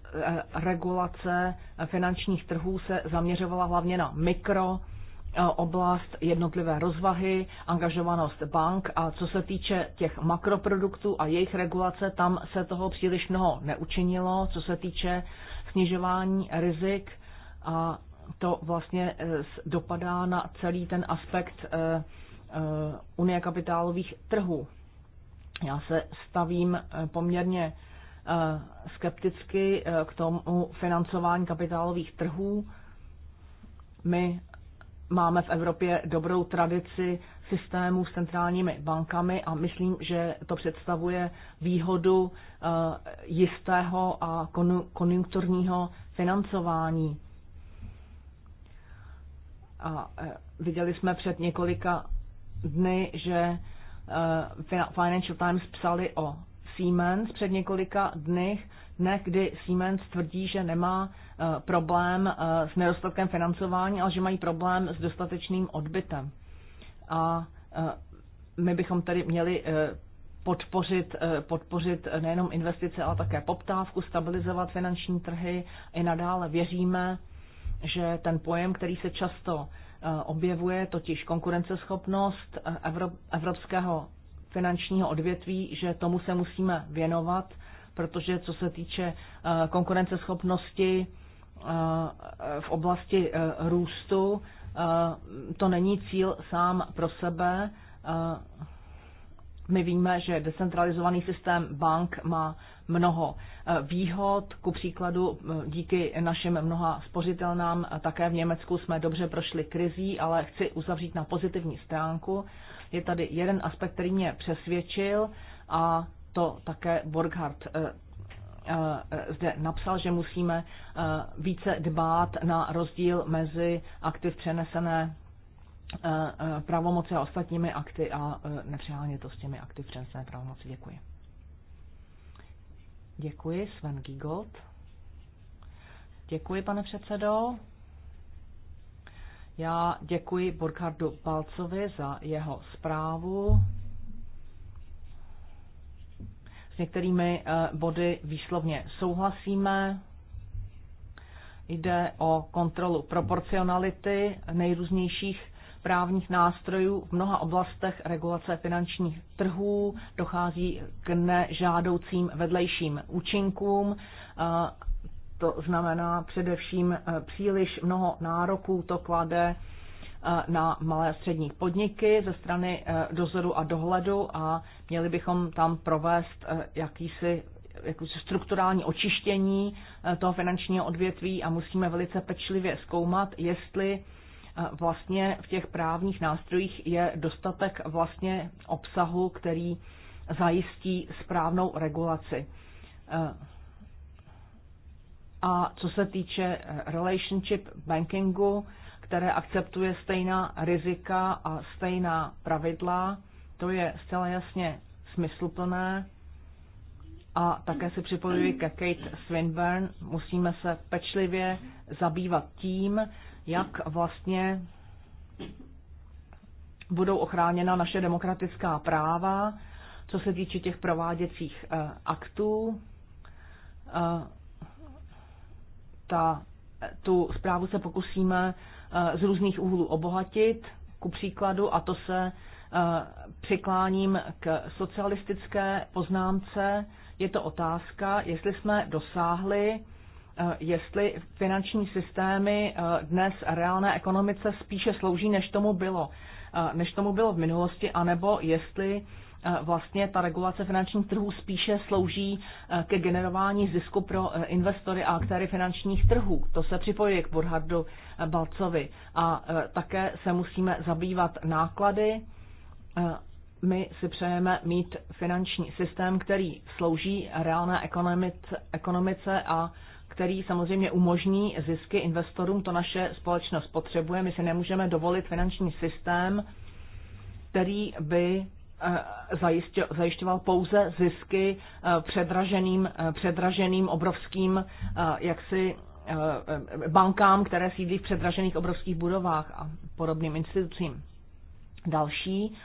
regulace finančních trhů se zaměřovala hlavně na mikro oblast jednotlivé rozvahy, angažovanost bank a co se týče těch makroproduktů a jejich regulace, tam se toho příliš mnoho neučinilo. Co se týče snižování rizik a to vlastně eh, dopadá na celý ten aspekt eh, eh, Unie kapitálových trhů. Já se stavím poměrně skepticky k tomu financování kapitálových trhů. My máme v Evropě dobrou tradici systémů s centrálními bankami a myslím, že to představuje výhodu eh, jistého a konjunkturního financování. A eh, viděli jsme před několika dny, že eh, Financial Times psali o Siemens před několika dnech, dnech, kdy Siemens tvrdí, že nemá eh, problém eh, s nedostatkem financování, ale že mají problém s dostatečným odbytem. A eh, my bychom tedy měli podpořit, podpořit nejenom investice, ale také poptávku, stabilizovat finanční trhy. I nadále věříme, že ten pojem, který se často objevuje, totiž konkurenceschopnost evropského finančního odvětví, že tomu se musíme věnovat protože co se týče eh, konkurenceschopnosti eh, v oblasti eh, růstu, to není cíl sám pro sebe. My víme, že decentralizovaný systém bank má mnoho výhod. Ku příkladu díky našim mnoha spořitelnám také v Německu jsme dobře prošli krizí, ale chci uzavřít na pozitivní stránku. Je tady jeden aspekt, který mě přesvědčil a to také Borghardt eh, eh, zde napsal, že musíme eh, více dbát na rozdíl mezi aktiv přenesené pravomoci a ostatními akty a nepřehánět to s těmi akty přenesené pravomoci. Děkuji. Děkuji, Sven Gigold. Děkuji, pane předsedo. Já děkuji Burkhardu Palcovi za jeho zprávu. S některými eh, body výslovně souhlasíme. Jde o kontrolu proporcionality nejrůznějších právních nástrojů. V mnoha oblastech regulace finančních trhů dochází k nežádoucím vedlejším účinkům. Eh, to znamená především eh, příliš mnoho nároků to klade na malé a střední podniky ze strany e, dozoru a dohledu a měli bychom tam provést e, jakýsi jakousi strukturální očištění e, toho finančního odvětví a musíme velice pečlivě zkoumat, jestli vlastně v těch právních nástrojích je dostatek vlastně obsahu, který zajistí správnou regulaci. A co se týče relationship bankingu, které akceptuje stejná rizika a stejná pravidla. To je zcela jasně smysluplné. A také se připojuji ke Kate Swinburne. Musíme se pečlivě zabývat tím, jak vlastně budou ochráněna naše demokratická práva, co se týče těch prováděcích eh, aktů. Eh, ta, tu zprávu se pokusíme z různých úhlů obohatit, ku příkladu, a to se eh, přikláním k socialistické poznámce, je to otázka, jestli jsme dosáhli, eh, jestli finanční systémy eh, dnes reálné ekonomice spíše slouží, než tomu bylo, než tomu bylo v minulosti, anebo jestli Eh, vlastně ta regulace finančních trhů spíše slouží eh, ke generování zisku pro eh, investory a aktéry finančních trhů. To se připojuje k Burhardu Balcovi. A také se musíme zabývat náklady. My si přejeme mít finanční systém, který slouží reálné ekonomice a který samozřejmě umožní zisky investorům. To naše společnost potřebuje. My si nemůžeme dovolit finanční systém, který by Eh, zajišťoval pouze zisky eh, předraženým, eh, předraženým obrovským jaksi bankám, které sídlí v předražených obrovských budovách a podobným institucím. Další,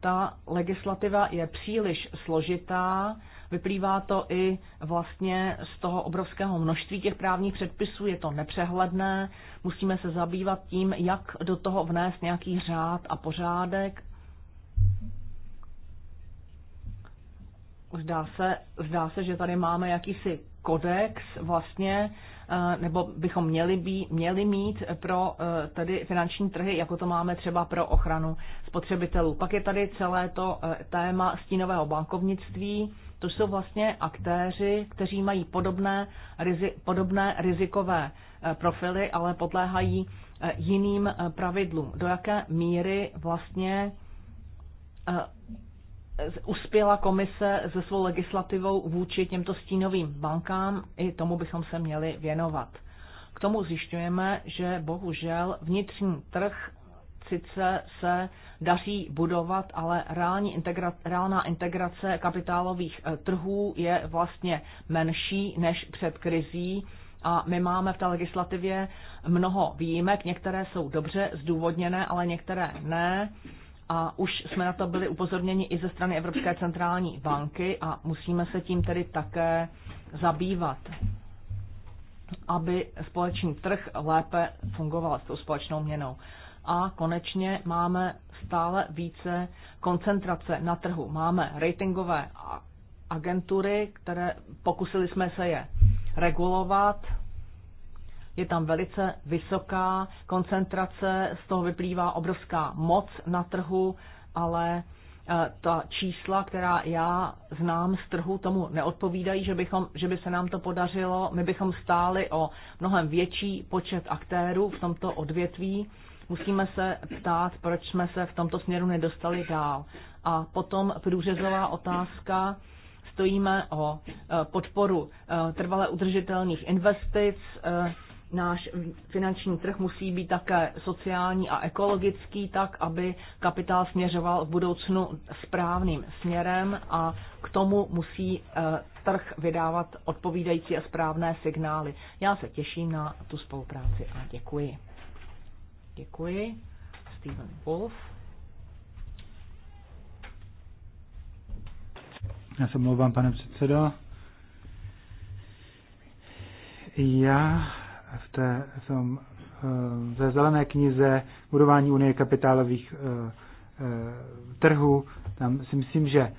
ta legislativa je příliš složitá, vyplývá to i vlastně z toho obrovského množství těch právních předpisů, je to nepřehledné, musíme se zabývat tím, jak do toho vnést nějaký řád a pořádek Zdá se, zdá se, že tady máme jakýsi kodex vlastně, eh, nebo bychom měli, bý, měli mít pro eh, tady finanční trhy, jako to máme třeba pro ochranu spotřebitelů. Pak je tady celé to eh, téma stínového bankovnictví. To jsou vlastně aktéři, kteří mají podobné, rizi, podobné rizikové profily, ale podléhají jiným pravidlům. Do jaké míry vlastně uspěla komise se svou legislativou vůči těmto stínovým bankám, i tomu bychom se měli věnovat. K tomu zjišťujeme, že bohužel vnitřní trh sice se daří budovat, ale reální integra- reálná integrace kapitálových eh, trhů je vlastně menší než před krizí. A my máme v té legislativě mnoho výjimek, některé jsou dobře zdůvodněné, ale některé ne a už jsme na to byli upozorněni i ze strany Evropské centrální banky a musíme se tím tedy také zabývat, aby společný trh lépe fungoval s tou společnou měnou. A konečně máme stále více koncentrace na trhu. Máme ratingové agentury, které pokusili jsme se je regulovat, je tam velice vysoká koncentrace, z toho vyplývá obrovská moc na trhu, ale eh, ta čísla, která já znám z trhu, tomu neodpovídají, že, bychom, že by se nám to podařilo. My bychom stáli o mnohem větší počet aktérů v tomto odvětví. Musíme se ptát, proč jsme se v tomto směru nedostali dál. A potom průřezová otázka. Stojíme o eh, podporu eh, trvale udržitelných investic, náš finanční trh musí být také sociální a ekologický, tak aby kapitál směřoval v budoucnu správným směrem a k tomu musí eh, trh vydávat odpovídající a správné signály. Já se těším na tu spolupráci a děkuji. Děkuji. Steven Wolf. Já se mluvám, pane předsedo. Já v, té, v tom, ve eh, zelené knize budování unie kapitálových eh, eh, trhů. Tam si myslím, že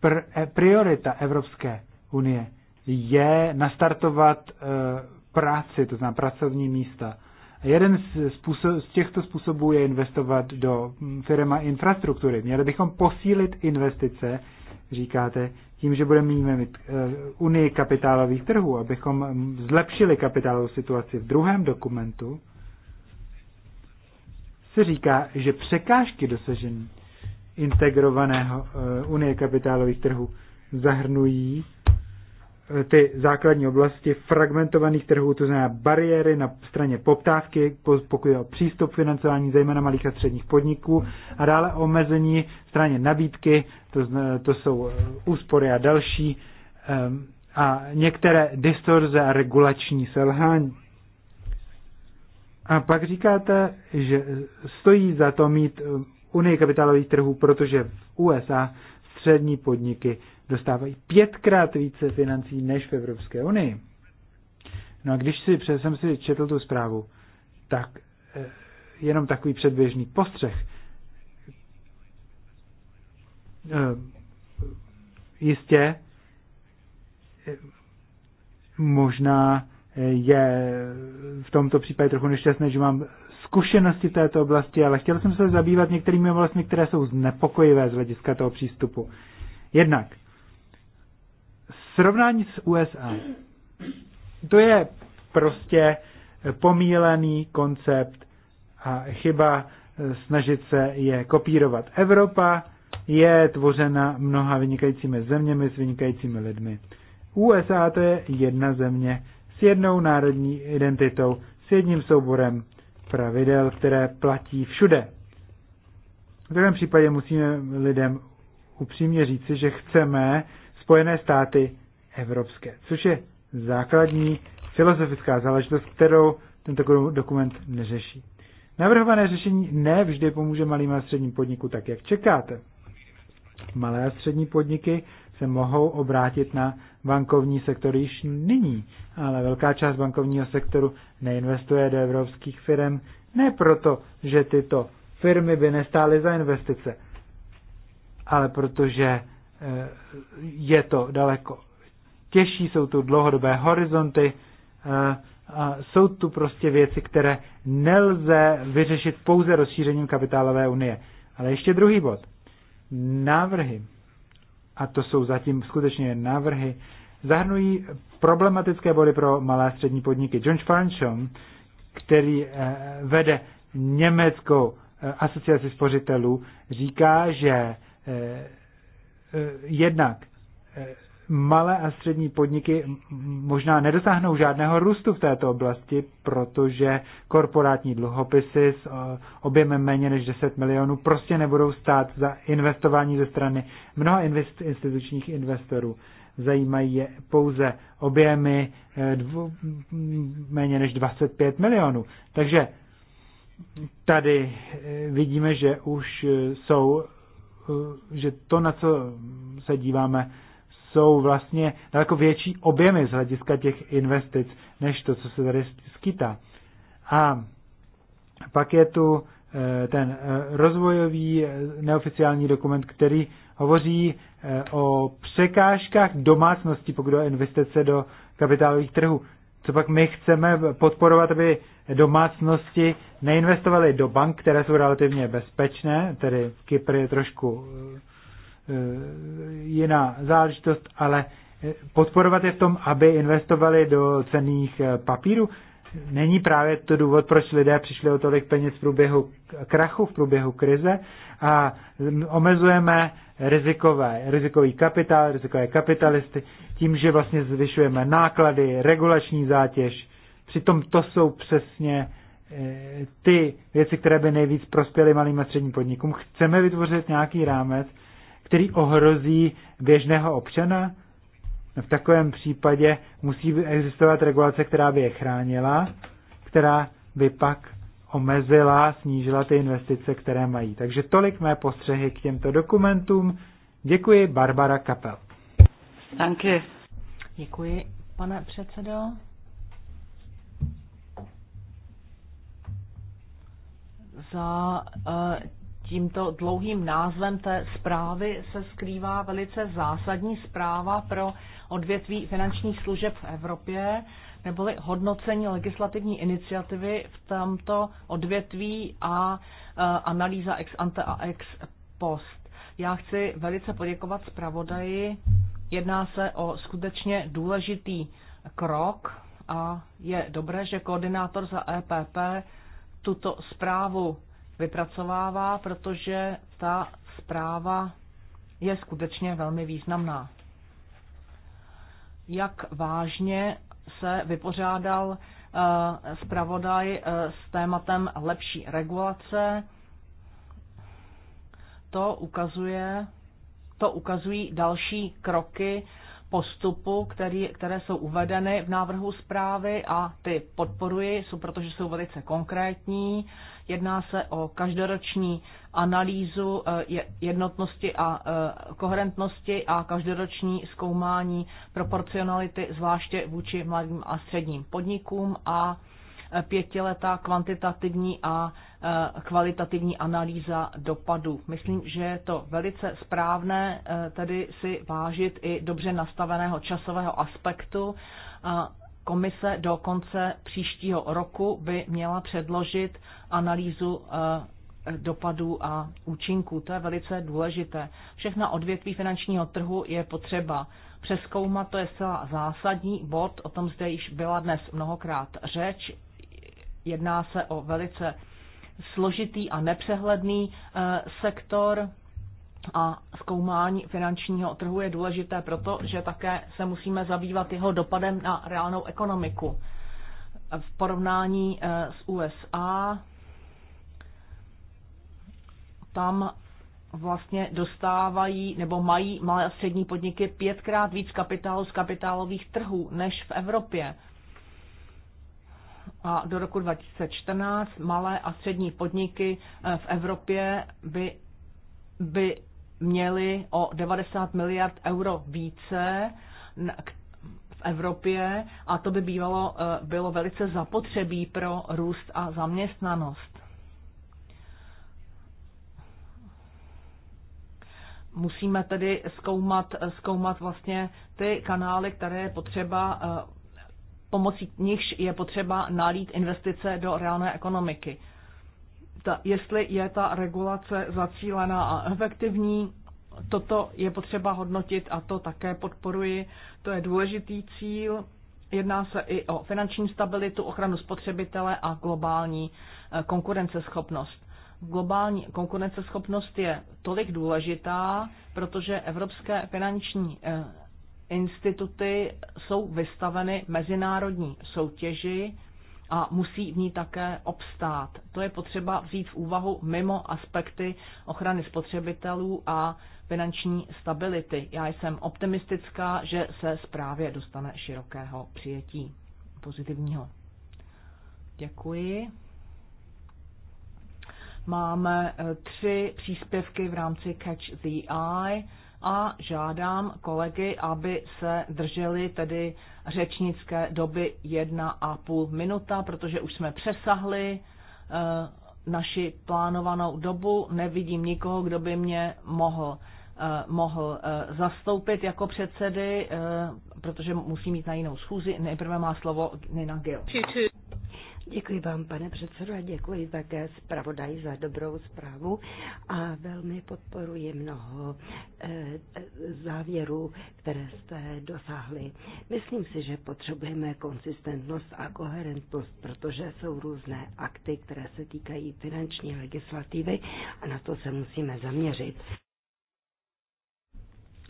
pr, priorita Evropské unie je nastartovat práci, to znamená pracovní místa. Jeden z, způsob, z těchto způsobů je investovat do mm, firma infrastruktury. Měli bychom posílit investice říkáte, tím, že budeme mít eh, unii kapitálových trhů, abychom zlepšili kapitálovou situaci v druhém dokumentu, se říká, že překážky dosažení integrovaného eh, unie kapitálových trhů zahrnují Eh, ty základní oblasti fragmentovaných trhů, to znamená bariéry na straně poptávky, pokud je o přístup financování zejména malých a středních podniků a dále omezení straně nabídky, to, to jsou eh, úspory a další eh, a některé distorze a regulační selhání. A pak říkáte, že stojí za to mít unii kapitálových trhů, protože v USA střední podniky dostávají pětkrát více financí než v Evropské unii. No a když si, jsem si četl tu zprávu, tak eh, jenom takový předběžný postřeh. Eh, jistě eh, možná je v tomto případě trochu nešťastné, že mám zkušenosti této oblasti, ale chtěl jsem se zabývat některými oblastmi, které jsou znepokojivé z hlediska toho přístupu. Jednak srovnání s USA. To je prostě pomílený koncept a chyba eh, snažit se je kopírovat. Evropa je tvořena mnoha vynikajícími zeměmi s vynikajícími lidmi. USA to je jedna země s jednou národní identitou, s jedním souborem pravidel, které platí všude. V takovém případě musíme lidem upřímně říci, že chceme Spojené státy evropské, což je základní filozofická záležitost, kterou tento dokument neřeší. Navrhované řešení ne vždy pomůže malým a středním podniku tak, jak čekáte. Malé a střední podniky se mohou obrátit na bankovní sektor již nyní, ale velká část bankovního sektoru neinvestuje do evropských firm ne proto, že tyto firmy by nestály za investice, ale protože eh, je to daleko těžší, jsou tu dlouhodobé horizonty, eh, a jsou tu prostě věci, které nelze vyřešit pouze rozšířením kapitálové unie. Ale ještě druhý bod. Návrhy, a to jsou zatím skutečně návrhy, zahrnují problematické body pro malé a střední podniky. John Farnsham, který eh, vede německou eh, asociaci spořitelů, říká, že jednak malé a střední podniky možná nedosáhnou žádného růstu v této oblasti, protože korporátní dluhopisy s eh, objemem méně než 10 milionů prostě nebudou stát za investování ze strany mnoha invest, institučních investorů. Zajímají je pouze objemy eh, dvů, méně než 25 milionů. Takže tady eh, vidíme, že už jsou, že to, na co se díváme, jsou vlastně daleko větší objemy z hlediska těch investic, než to, co se tady skýtá. A pak je tu eh, ten eh, rozvojový eh, neoficiální dokument, který hovoří o překážkách domácnosti, pokud o investice do kapitálových trhů. Co pak my chceme podporovat, aby domácnosti neinvestovaly do bank, které jsou relativně bezpečné, tedy v Kypr je trošku Eh, jiná záležitost, ale eh, podporovat je v tom, aby investovali do cených eh, papírů. Není právě to důvod, proč lidé přišli o tolik peněz v průběhu krachu, v průběhu krize a mm, omezujeme rizikové, rizikový kapitál, rizikové kapitalisty tím, že vlastně zvyšujeme náklady, regulační zátěž. Přitom to jsou přesně ty věci, které by nejvíc prospěly malým a středním podnikům. Chceme vytvořit nějaký rámec, který ohrozí běžného občana? No, v takovém případě musí existovat regulace, která by je chránila, která by pak omezila, snížila ty investice, které mají. Takže tolik mé postřehy k těmto dokumentům. Děkuji, Barbara Kapel. Děkuji. Děkuji, pane předsedo. Za uh, tímto dlouhým názvem té zprávy se skrývá velice zásadní zpráva pro odvětví finančních služeb v Evropě, neboli hodnocení legislativní iniciativy v tomto odvětví a e, analýza ex ante a ex post. Já chci velice poděkovat zpravodaji. Jedná se o skutečně důležitý krok a je dobré, že koordinátor za EPP tuto zprávu vypracovává, protože ta zpráva je skutečně velmi významná. Jak vážně se vypořádal eh, zpravodaj eh, s tématem lepší regulace, to ukazuje, to ukazují další kroky postupu, který, které jsou uvedeny v návrhu zprávy a ty podporuji, jsou, protože jsou velice konkrétní. Jedná se o každoroční analýzu eh, jednotnosti a eh, koherentnosti a každoroční zkoumání proporcionality, zvláště vůči mladým a středním podnikům a pětiletá kvantitativní a e, kvalitativní analýza dopadu. Myslím, že je to velice správné e, tedy si vážit i dobře nastaveného časového aspektu. Komise do konce příštího roku by měla předložit analýzu e, dopadů a účinků. To je velice důležité. Všechna odvětví finančního trhu je potřeba přeskoumat, to je zcela zásadní bod, o tom zde již byla dnes mnohokrát řeč. Jedná se o velice složitý a nepřehledný eh, sektor a zkoumání finančního trhu je důležité proto, že také se musíme zabývat jeho dopadem na reálnou ekonomiku. V porovnání eh, s USA tam vlastně dostávají nebo mají malé a střední podniky pětkrát víc kapitálu z kapitálových trhů než v Evropě a do roku 2014 malé a střední podniky eh, v Evropě by, by měly o 90 miliard euro více v Evropě a to by bývalo, eh, bylo velice zapotřebí pro růst a zaměstnanost. Musíme tedy zkoumat, eh, zkoumat vlastně ty kanály, které je potřeba pomocí nichž je potřeba nalít investice do reálné ekonomiky. Ta, jestli je ta regulace zacílená a efektivní, toto je potřeba hodnotit a to také podporuji. To je důležitý cíl. Jedná se i o finanční stabilitu, ochranu spotřebitele a globální eh, konkurenceschopnost. Globální konkurenceschopnost je tolik důležitá, protože evropské finanční eh, instituty jsou vystaveny mezinárodní soutěži a musí v ní také obstát. To je potřeba vzít v úvahu mimo aspekty ochrany spotřebitelů a finanční stability. Já jsem optimistická, že se zprávě dostane širokého přijetí pozitivního. Děkuji. Máme eh, tři příspěvky v rámci Catch the Eye a žádám kolegy, aby se drželi tedy řečnické doby 1,5 minuta, protože už jsme přesahli eh, naši plánovanou dobu. Nevidím nikoho, kdo by mě mohl, eh, mohl eh, zastoupit jako předsedy, protože musí mít na jinou schůzi. Nejprve má slovo Nina Gil. Děkuji vám, pane předsedo, a děkuji také zpravodaji za dobrou zprávu a velmi podporuji mnoho eh, eh, závěrů, které jste dosáhli. Myslím si, že potřebujeme konsistentnost a koherentnost, protože jsou různé akty, které se týkají finanční legislativy a na to se musíme zaměřit.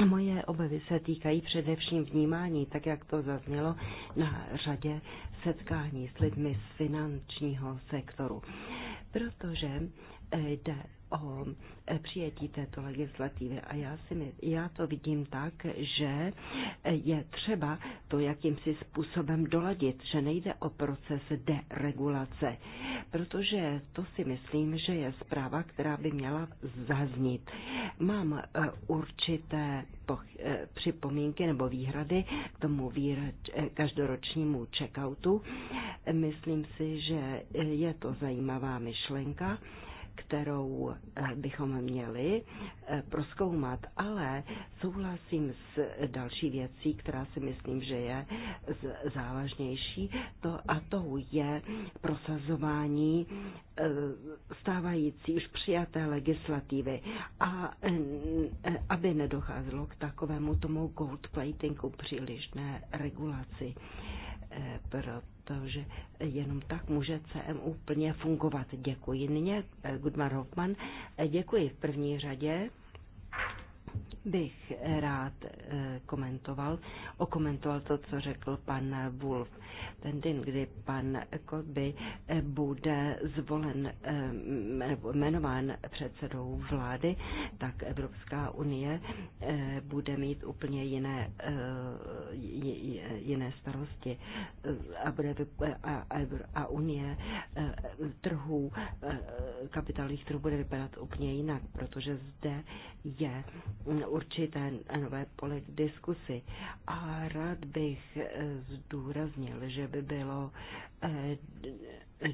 Moje obavy se týkají především vnímání, tak jak to zaznělo na řadě setkání s lidmi z finančního sektoru, protože eh, jde o e, přijetí této legislativy. A já, si, já to vidím tak, že e, je třeba to jakýmsi způsobem doladit, že nejde o proces deregulace, protože to si myslím, že je zpráva, která by měla zaznít. Mám e, určité připomínky nebo výhrady k tomu výrač, každoročnímu checkoutu. Myslím si, že je to zajímavá myšlenka kterou eh, bychom měli eh, proskoumat, ale souhlasím s další věcí, která si myslím, že je závažnější, to, a to je prosazování eh, stávající už přijaté legislativy a aby nedocházelo k takovému tomu gold platingu ne regulaci proto protože jenom tak může CMU plně fungovat. Děkuji. Nyně eh, Gudmar Hoffman. Eh, děkuji v první řadě bych rád eh, komentoval, okomentoval to, co řekl pan Wolf. Ten den, kdy pan Kolby eh, bude zvolen, eh, jmenován předsedou vlády, tak Evropská unie bude mít úplně jiné, jiné starosti a, bude, a, a unie trhů, kapitálních trhů bude vypadat úplně jinak, protože zde je určité nové pole k diskusi. A rád bych eh, zdůraznil, že by bylo eh,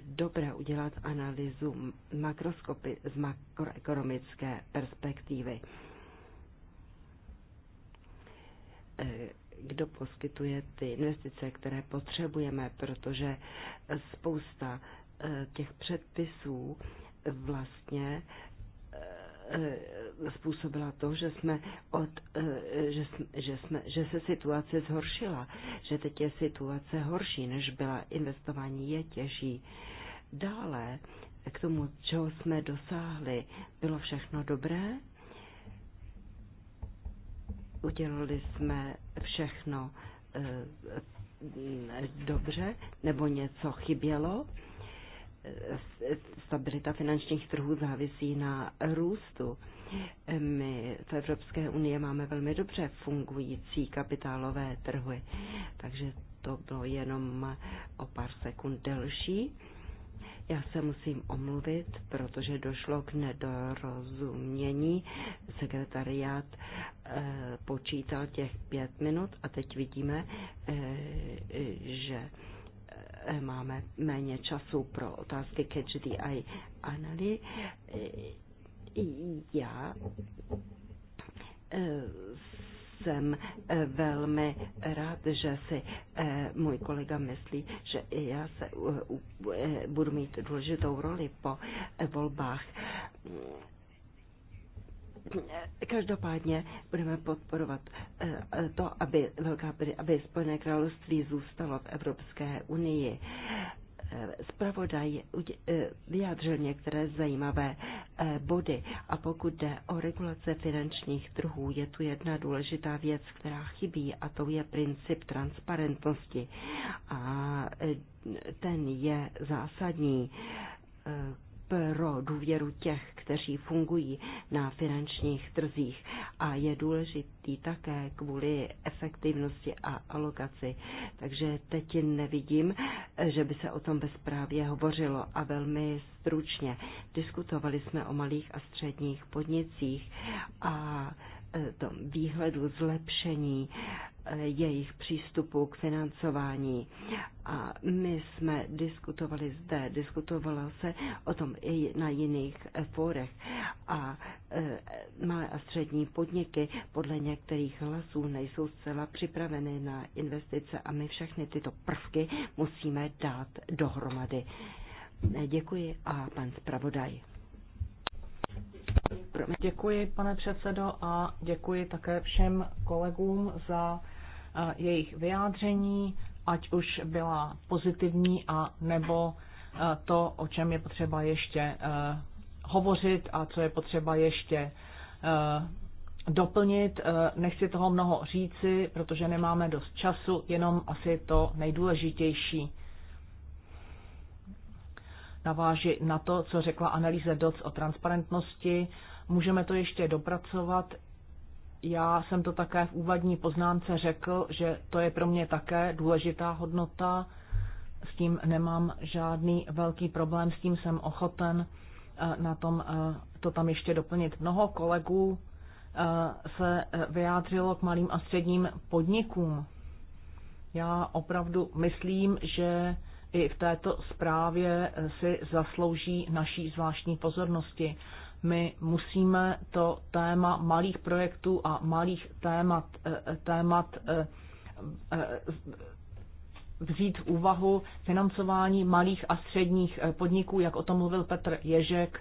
dobré udělat analýzu makroskopy z makroekonomické perspektivy. Eh, kdo poskytuje ty investice, které potřebujeme, protože spousta těch předpisů vlastně Eh, způsobila to, že jsme, od, eh, že, že, jsme, že se situace zhoršila, že teď je situace horší, než byla. Investování je těžší. Dále k tomu, čeho jsme dosáhli, bylo všechno dobré? Udělali jsme všechno eh, dobře, nebo něco chybělo? stabilita finančních trhů závisí na růstu. My v Evropské unii máme velmi dobře fungující kapitálové trhy, takže to bylo jenom o pár sekund delší. Já se musím omluvit, protože došlo k nedorozumění. Sekretariát eh, počítal těch pět minut a teď vidíme, eh, že Eh, máme méně času pro otázky ke GDI Anali. Já eh, jsem eh, velmi rád, že si můj kolega myslí, že i já se budu mít důležitou roli po volbách Každopádně budeme podporovat eh, eh, to, aby, Velká, aby Spojené království zůstalo v Evropské unii. Spravodaj eh, vyjádřil některé zajímavé body a pokud jde o regulace finančních trhů, je tu jedna důležitá věc, která chybí a to je princip transparentnosti a ten je zásadní pro důvěru těch, kteří fungují na finančních trzích a je důležitý také kvůli efektivnosti a alokaci. Takže teď nevidím, že by se o tom bezprávě hovořilo a velmi stručně. Diskutovali jsme o malých a středních podnicích a e, tom výhledu zlepšení jejich přístupu k financování. A my jsme diskutovali zde, diskutovalo se o tom i na jiných fórech. A e, malé a střední podniky podle některých hlasů nejsou zcela připraveny na investice a my všechny tyto prvky musíme dát dohromady. Děkuji a pan zpravodaj. Děkuji, pane předsedo, a děkuji také všem kolegům za jejich vyjádření, ať už byla pozitivní a nebo to, o čem je potřeba ještě hovořit a co je potřeba ještě doplnit. Nechci toho mnoho říci, protože nemáme dost času, jenom asi to nejdůležitější. Naváži na to, co řekla Analýze Doc o transparentnosti. Můžeme to ještě dopracovat já jsem to také v úvodní poznámce řekl, že to je pro mě také důležitá hodnota. S tím nemám žádný velký problém, s tím jsem ochoten eh, na tom eh, to tam ještě doplnit. Mnoho kolegů eh, se vyjádřilo k malým a středním podnikům. Já opravdu myslím, že i v této zprávě si zaslouží naší zvláštní pozornosti. My musíme to téma malých projektů a malých témat, eh, eh, témat eh, vzít v úvahu financování malých a středních podniků, jak o tom mluvil Petr Ježek,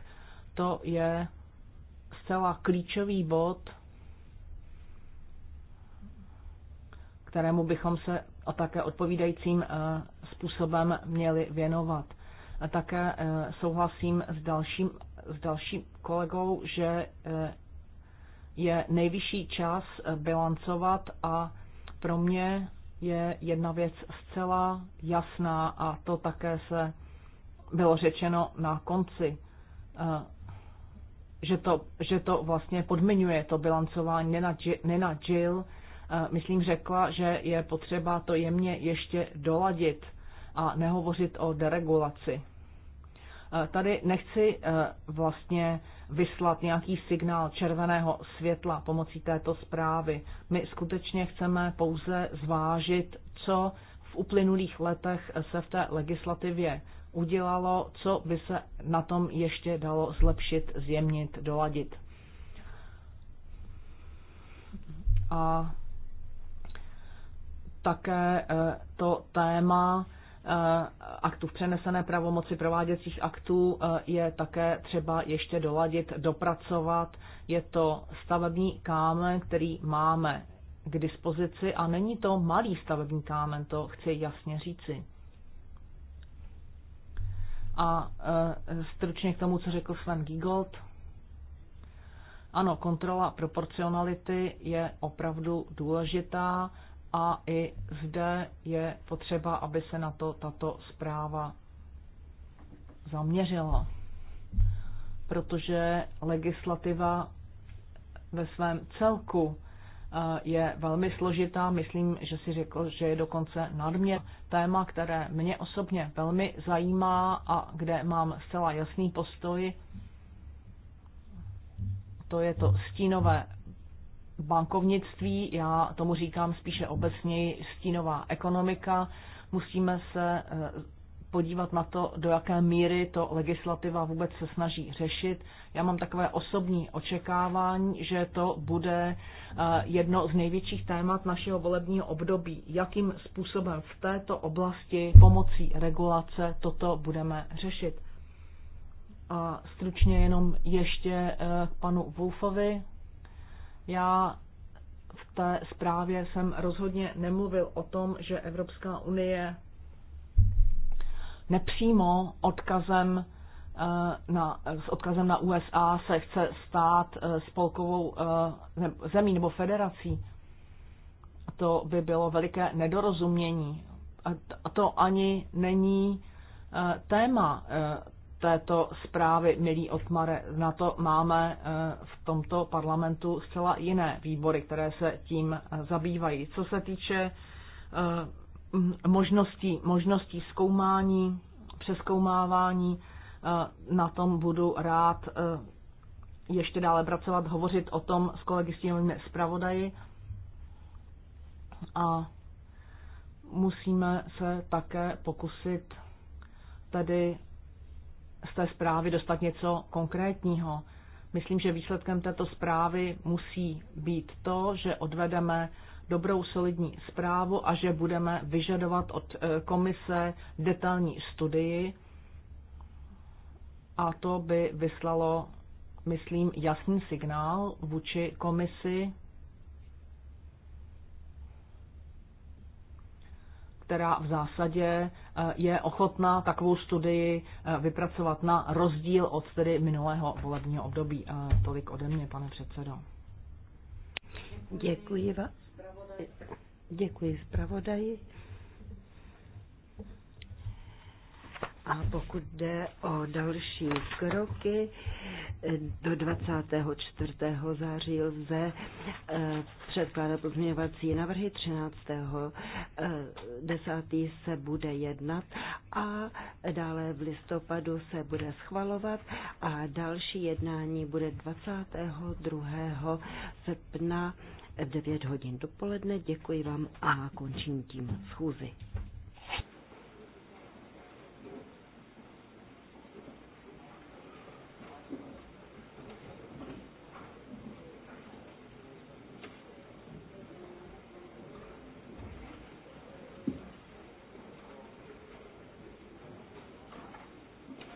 to je zcela klíčový bod, kterému bychom se a také odpovídajícím způsobem měli věnovat. A také souhlasím s dalším s dalším kolegou, že eh, je nejvyšší čas eh, bilancovat a pro mě je jedna věc zcela jasná a to také se bylo řečeno na konci, eh, že to, že to vlastně podmiňuje to bilancování. Nena Jill, myslím, řekla, že je potřeba to jemně ještě doladit a nehovořit o deregulaci. Eh, tady nechci eh, vlastně vyslat nějaký signál červeného světla pomocí této zprávy. My skutečně chceme pouze zvážit, co v uplynulých letech se v té legislativě udělalo, co by se na tom ještě dalo zlepšit, zjemnit, doladit. A také eh, to téma Eh, aktů v přenesené pravomoci prováděcích aktů eh, je také třeba ještě doladit, dopracovat. Je to stavební kámen, který máme k dispozici a není to malý stavební kámen, to chci jasně říci. A eh, stručně k tomu, co řekl Sven Giegold. Ano, kontrola proporcionality je opravdu důležitá a i zde je potřeba, aby se na to tato zpráva zaměřila, protože legislativa ve svém celku eh, je velmi složitá. Myslím, že si řekl, že je dokonce nadměr. Téma, které mě osobně velmi zajímá a kde mám zcela jasný postoj, to je to stínové bankovnictví, já tomu říkám spíše obecněji stínová ekonomika. Musíme se eh, podívat na to, do jaké míry to legislativa vůbec se snaží řešit. Já mám takové osobní očekávání, že to bude eh, jedno z největších témat našeho volebního období. Jakým způsobem v této oblasti pomocí regulace toto budeme řešit. A stručně jenom ještě eh, k panu Wolfovi. Já v té zprávě jsem rozhodně nemluvil o tom, že Evropská unie nepřímo odkazem eh, na, s odkazem na USA se chce stát eh, spolkovou eh, zemí nebo federací. To by bylo veliké nedorozumění. A to ani není téma této zprávy, milí Otmare. Na to máme eh, v tomto parlamentu zcela jiné výbory, které se tím eh, zabývají. Co se týče eh, možností, možností zkoumání, přeskoumávání, na tom budu rád ještě dále pracovat, hovořit o tom s kolegy s tím zpravodaji. A musíme se také pokusit tedy z té zprávy dostat něco konkrétního. Myslím, že výsledkem této zprávy musí být to, že odvedeme dobrou solidní zprávu a že budeme vyžadovat od eh, komise detailní studii. A to by vyslalo, myslím, jasný signál vůči komisi která v zásadě eh, je ochotná takovou studii eh, vypracovat na rozdíl od tedy minulého volebního období. Eh, tolik ode mě, pane předsedo. Děkuji vám. Děkuji zpravodaji. A pokud jde o další kroky, do 24. září lze eh, předkládat pozměňovací návrhy 13. 10. Eh, se bude jednat a dále v listopadu se bude schvalovat a další jednání bude 22. srpna v 9 hodin dopoledne. Děkuji vám a končím tím schůzi.